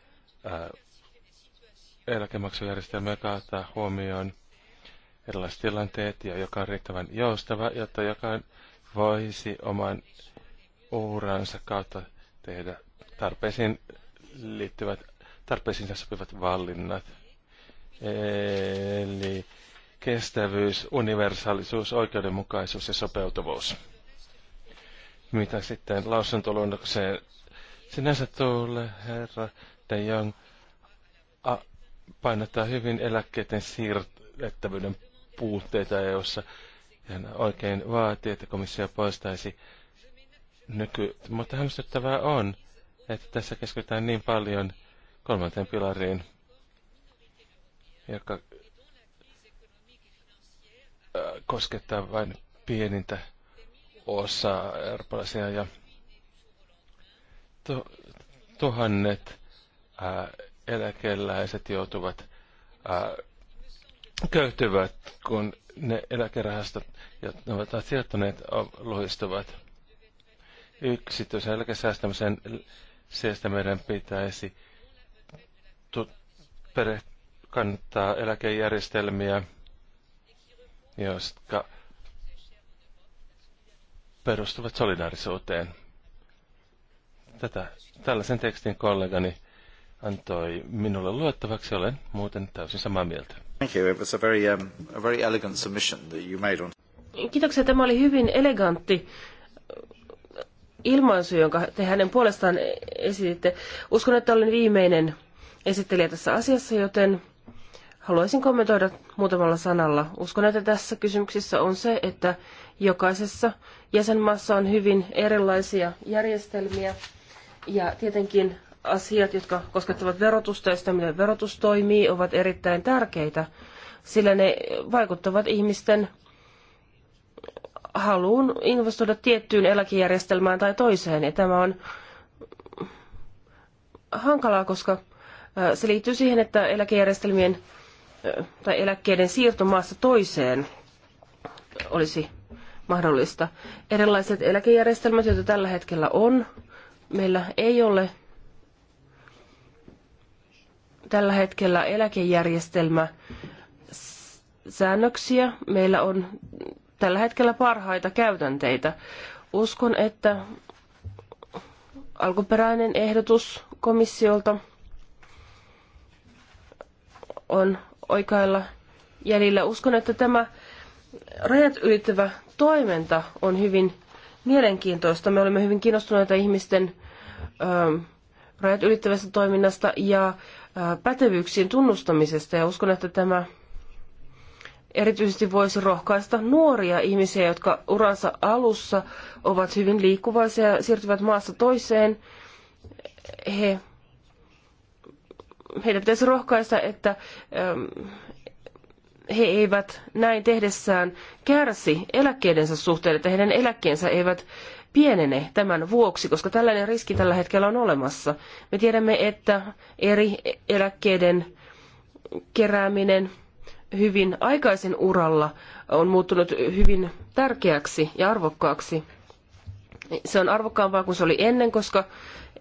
eläkemaksujärjestelmä, joka ottaa huomioon erilaiset tilanteet ja joka on riittävän joustava, jotta joka voisi oman uuransa kautta tehdä tarpeisiin liittyvät, tarpeisiin sopivat valinnat. Eli kestävyys, universaalisuus, oikeudenmukaisuus ja sopeutuvuus. Mitä sitten lausuntoluonnokseen sinänsä tulee, herra De Jong, painottaa hyvin eläkkeiden siirrettävyyden puutteita joissa Hän oikein vaatii että komissio poistaisi nyky... Mutta hämmästyttävää on, että tässä keskitytään niin paljon kolmanteen pilariin, joka äh, koskettaa vain pienintä osaa eurooppalaisia ja tu tuhannet ää, äh, eläkeläiset joutuvat ää, äh, köyhtyvät, kun ne eläkerahastot, jotka ne ovat sijoittaneet, luhistuvat. Yksityisen eläkesäästämisen sijasta meidän pitäisi kannattaa eläkejärjestelmiä, jotka perustuvat solidaarisuuteen. Tätä, tällaisen tekstin kollegani antoi minulle luettavaksi, olen muuten täysin samaa mieltä. Thank you. It was a very, um, a very elegant submission that you made on... Kiitoksia. Tämä oli hyvin elegantti ilmaisu, jonka te hänen puolestaan esititte. Uskon, että olen viimeinen esittelijä tässä asiassa, joten haluaisin kommentoida muutamalla sanalla. Uskon, että tässä kysymyksessä on se, että jokaisessa jäsenmaassa on hyvin erilaisia järjestelmiä ja tietenkin asiat, jotka koskettavat verotusta ja sitä, miten verotus toimii, ovat erittäin tärkeitä, sillä ne vaikuttavat ihmisten haluun investoida tiettyyn eläkejärjestelmään tai toiseen. Ja tämä on hankalaa, koska se liittyy siihen, että eläkejärjestelmien tai eläkkeiden siirto maasta toiseen olisi mahdollista. Erilaiset eläkejärjestelmät, joita tällä hetkellä on, meillä ei ole tällä hetkellä eläkejärjestelmä säännöksiä. Meillä on tällä hetkellä parhaita käytänteitä. Uskon, että alkuperäinen ehdotus komissiolta on oikailla jäljellä. Uskon, että tämä rajat ylittävä toiminta on hyvin mielenkiintoista. Me olemme hyvin kiinnostuneita ihmisten ö, rajat ylittävästä toiminnasta ja pätevyyksien tunnustamisesta ja uskon, että tämä erityisesti voisi rohkaista nuoria ihmisiä, jotka uransa alussa ovat hyvin liikkuvaisia ja siirtyvät maassa toiseen. He, heitä pitäisi rohkaista, että ähm, he eivät näin tehdessään kärsi eläkkeidensä suhteen, että heidän eläkkeensä eivät pienene tämän vuoksi, koska tällainen riski tällä hetkellä on olemassa. Me tiedämme, että eri eläkkeiden kerääminen hyvin aikaisen uralla on muuttunut hyvin tärkeäksi ja arvokkaaksi. Se on arvokkaampaa kuin se oli ennen, koska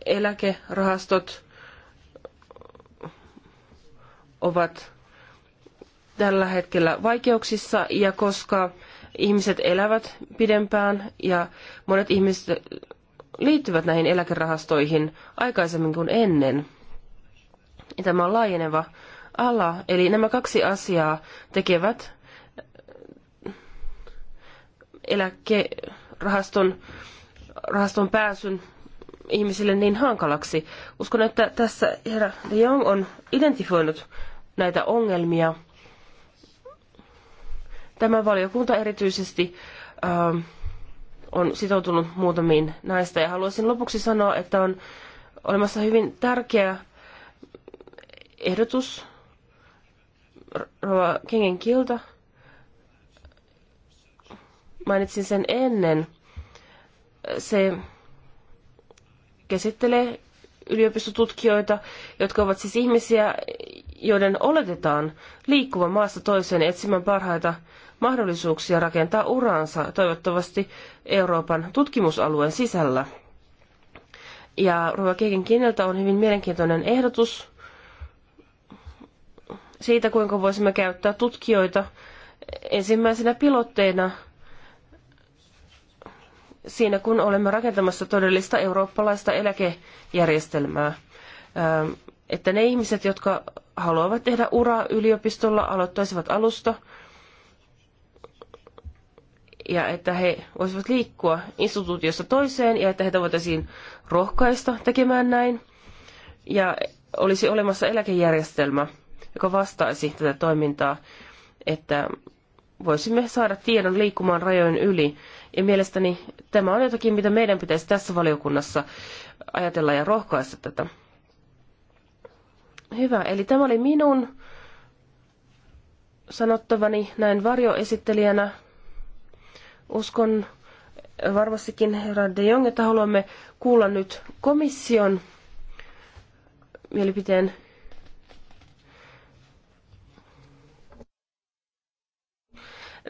eläkerahastot ovat tällä hetkellä vaikeuksissa ja koska ihmiset elävät pidempään ja monet ihmiset liittyvät näihin eläkerahastoihin aikaisemmin kuin ennen. Tämä on laajeneva ala, eli nämä kaksi asiaa tekevät eläkerahaston rahaston pääsyn ihmisille niin hankalaksi. Uskon, että tässä herra De Jong on identifioinut näitä ongelmia – Tämä valiokunta erityisesti äh, on sitoutunut muutamiin näistä. Ja haluaisin lopuksi sanoa, että on olemassa hyvin tärkeä ehdotus Rova Kengen kilta. Mainitsin sen ennen. Se käsittelee yliopistotutkijoita, jotka ovat siis ihmisiä, joiden oletetaan liikkuvan maasta toiseen etsimään parhaita mahdollisuuksia rakentaa uransa, toivottavasti Euroopan tutkimusalueen sisällä. Ja Ruva Kiekenkinneltä on hyvin mielenkiintoinen ehdotus siitä, kuinka voisimme käyttää tutkijoita ensimmäisenä pilotteina siinä, kun olemme rakentamassa todellista eurooppalaista eläkejärjestelmää. Ähm, että ne ihmiset, jotka haluavat tehdä uraa yliopistolla, aloittaisivat alusta – ja että he voisivat liikkua instituutiossa toiseen ja että heitä voitaisiin rohkaista tekemään näin. Ja olisi olemassa eläkejärjestelmä, joka vastaisi tätä toimintaa, että voisimme saada tiedon liikkumaan rajojen yli. Ja mielestäni tämä on jotakin, mitä meidän pitäisi tässä valiokunnassa ajatella ja rohkaista tätä. Hyvä, eli tämä oli minun sanottavani näin varjoesittelijänä. Uskon varmastikin herra de Jong, että haluamme kuulla nyt komission mielipiteen.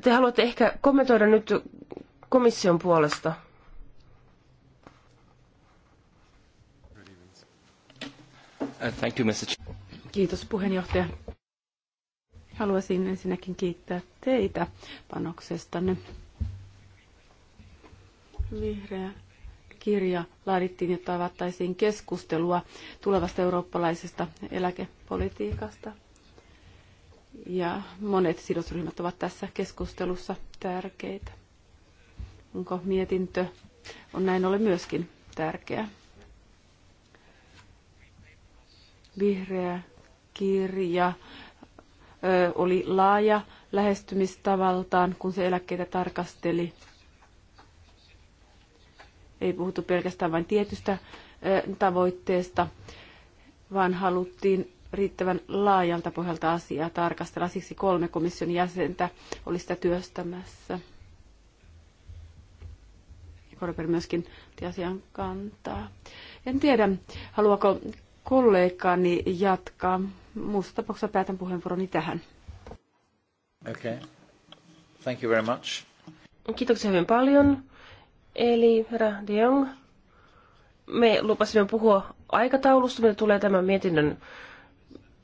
Te haluatte ehkä kommentoida nyt komission puolesta. Uh, thank you, Mr. Kiitos puheenjohtaja. Haluaisin ensinnäkin kiittää teitä panoksestanne Vihreä kirja laadittiin, jotta avattaisiin keskustelua tulevasta eurooppalaisesta eläkepolitiikasta. Ja monet sidosryhmät ovat tässä keskustelussa tärkeitä. Onko mietintö on näin ollen myöskin tärkeä. Vihreä kirja ö, oli laaja lähestymistavaltaan, kun se eläkkeitä tarkasteli – ei puhuttu pelkästään vain tietystä tavoitteesta, vaan haluttiin riittävän laajalta pohjalta asiaa tarkastella. Siksi kolme komission jäsentä oli sitä työstämässä. Korper myöskin asian kantaa. En tiedä, haluaako kollegani jatkaa. Muussa tapauksessa päätän puheenvuoroni tähän. Okay. Thank you very much. Kiitoksia hyvin paljon. Eli herra me lupasimme puhua aikataulusta, mitä tulee tämän mietinnön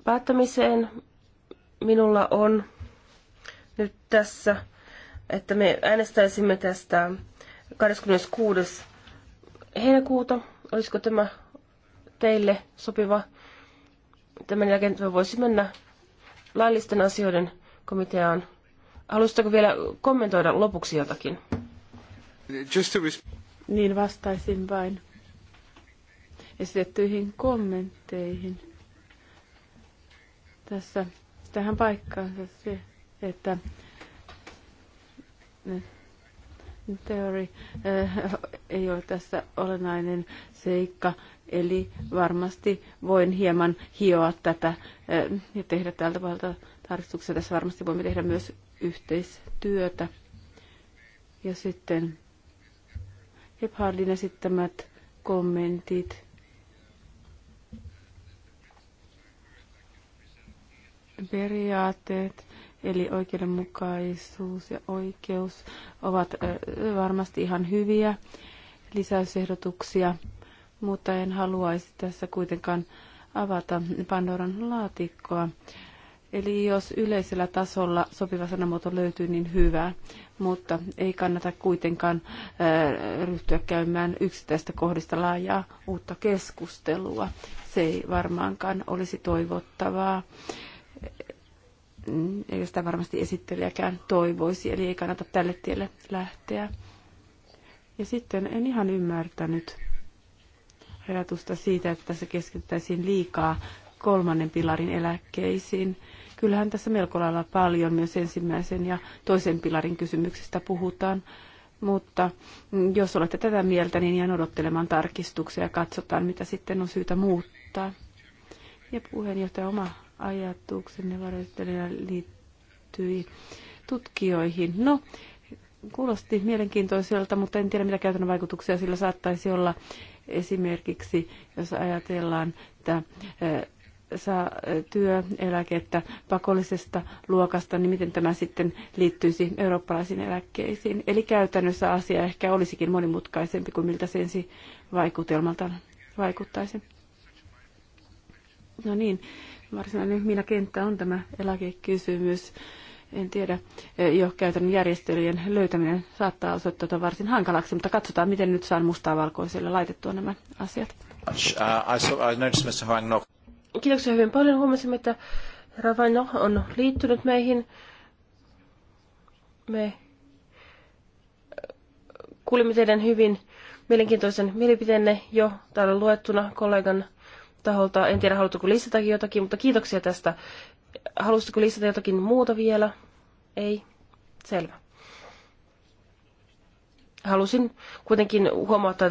päättämiseen. Minulla on nyt tässä, että me äänestäisimme tästä 26. heinäkuuta. Olisiko tämä teille sopiva? Tämän jälkeen me voisi mennä laillisten asioiden komiteaan. Haluaisitko vielä kommentoida lopuksi jotakin? Just to... Niin vastaisin vain esitettyihin kommentteihin. Tässä tähän paikkaansa se, että teori eh, ei ole tässä olennainen seikka, eli varmasti voin hieman hioa tätä eh, ja tehdä tältä puolelta tarkistuksia. Tässä varmasti voimme tehdä myös yhteistyötä. Ja sitten Gebhardin esittämät kommentit. Periaatteet, eli oikeudenmukaisuus ja oikeus, ovat varmasti ihan hyviä lisäysehdotuksia, mutta en haluaisi tässä kuitenkaan avata Pandoran laatikkoa Eli jos yleisellä tasolla sopiva sanamuoto löytyy, niin hyvä, mutta ei kannata kuitenkaan äh, ryhtyä käymään yksittäistä kohdista laajaa uutta keskustelua. Se ei varmaankaan olisi toivottavaa mm, ei sitä varmasti esittelijäkään toivoisi, eli ei kannata tälle tielle lähteä. Ja sitten en ihan ymmärtänyt ajatusta siitä, että tässä keskittäisiin liikaa kolmannen pilarin eläkkeisiin kyllähän tässä melko lailla paljon myös ensimmäisen ja toisen pilarin kysymyksistä puhutaan. Mutta jos olette tätä mieltä, niin jään odottelemaan tarkistuksia ja katsotaan, mitä sitten on syytä muuttaa. Ja puheenjohtaja oma ajatuksenne varoittelijana liittyi tutkijoihin. No, kuulosti mielenkiintoiselta, mutta en tiedä mitä käytännön vaikutuksia sillä saattaisi olla. Esimerkiksi jos ajatellaan, että saa työeläkettä pakollisesta luokasta, niin miten tämä sitten liittyisi eurooppalaisiin eläkkeisiin. Eli käytännössä asia ehkä olisikin monimutkaisempi kuin miltä se ensi vaikutelmalta vaikuttaisi. No niin, varsinainen minä kenttä on tämä eläkekysymys. En tiedä, jo käytännön järjestelyjen löytäminen saattaa osoittautua varsin hankalaksi, mutta katsotaan, miten nyt saan mustaa valkoiselle laitettua nämä asiat. Uh, Kiitoksia hyvin paljon. Huomasimme, että Ravaino on liittynyt meihin. Me kuulimme teidän hyvin mielenkiintoisen mielipiteenne jo täällä luettuna kollegan taholta. En tiedä, haluatteko lisätä jotakin, mutta kiitoksia tästä. Haluaisitko lisätä jotakin muuta vielä? Ei? Selvä. Halusin kuitenkin huomauttaa, että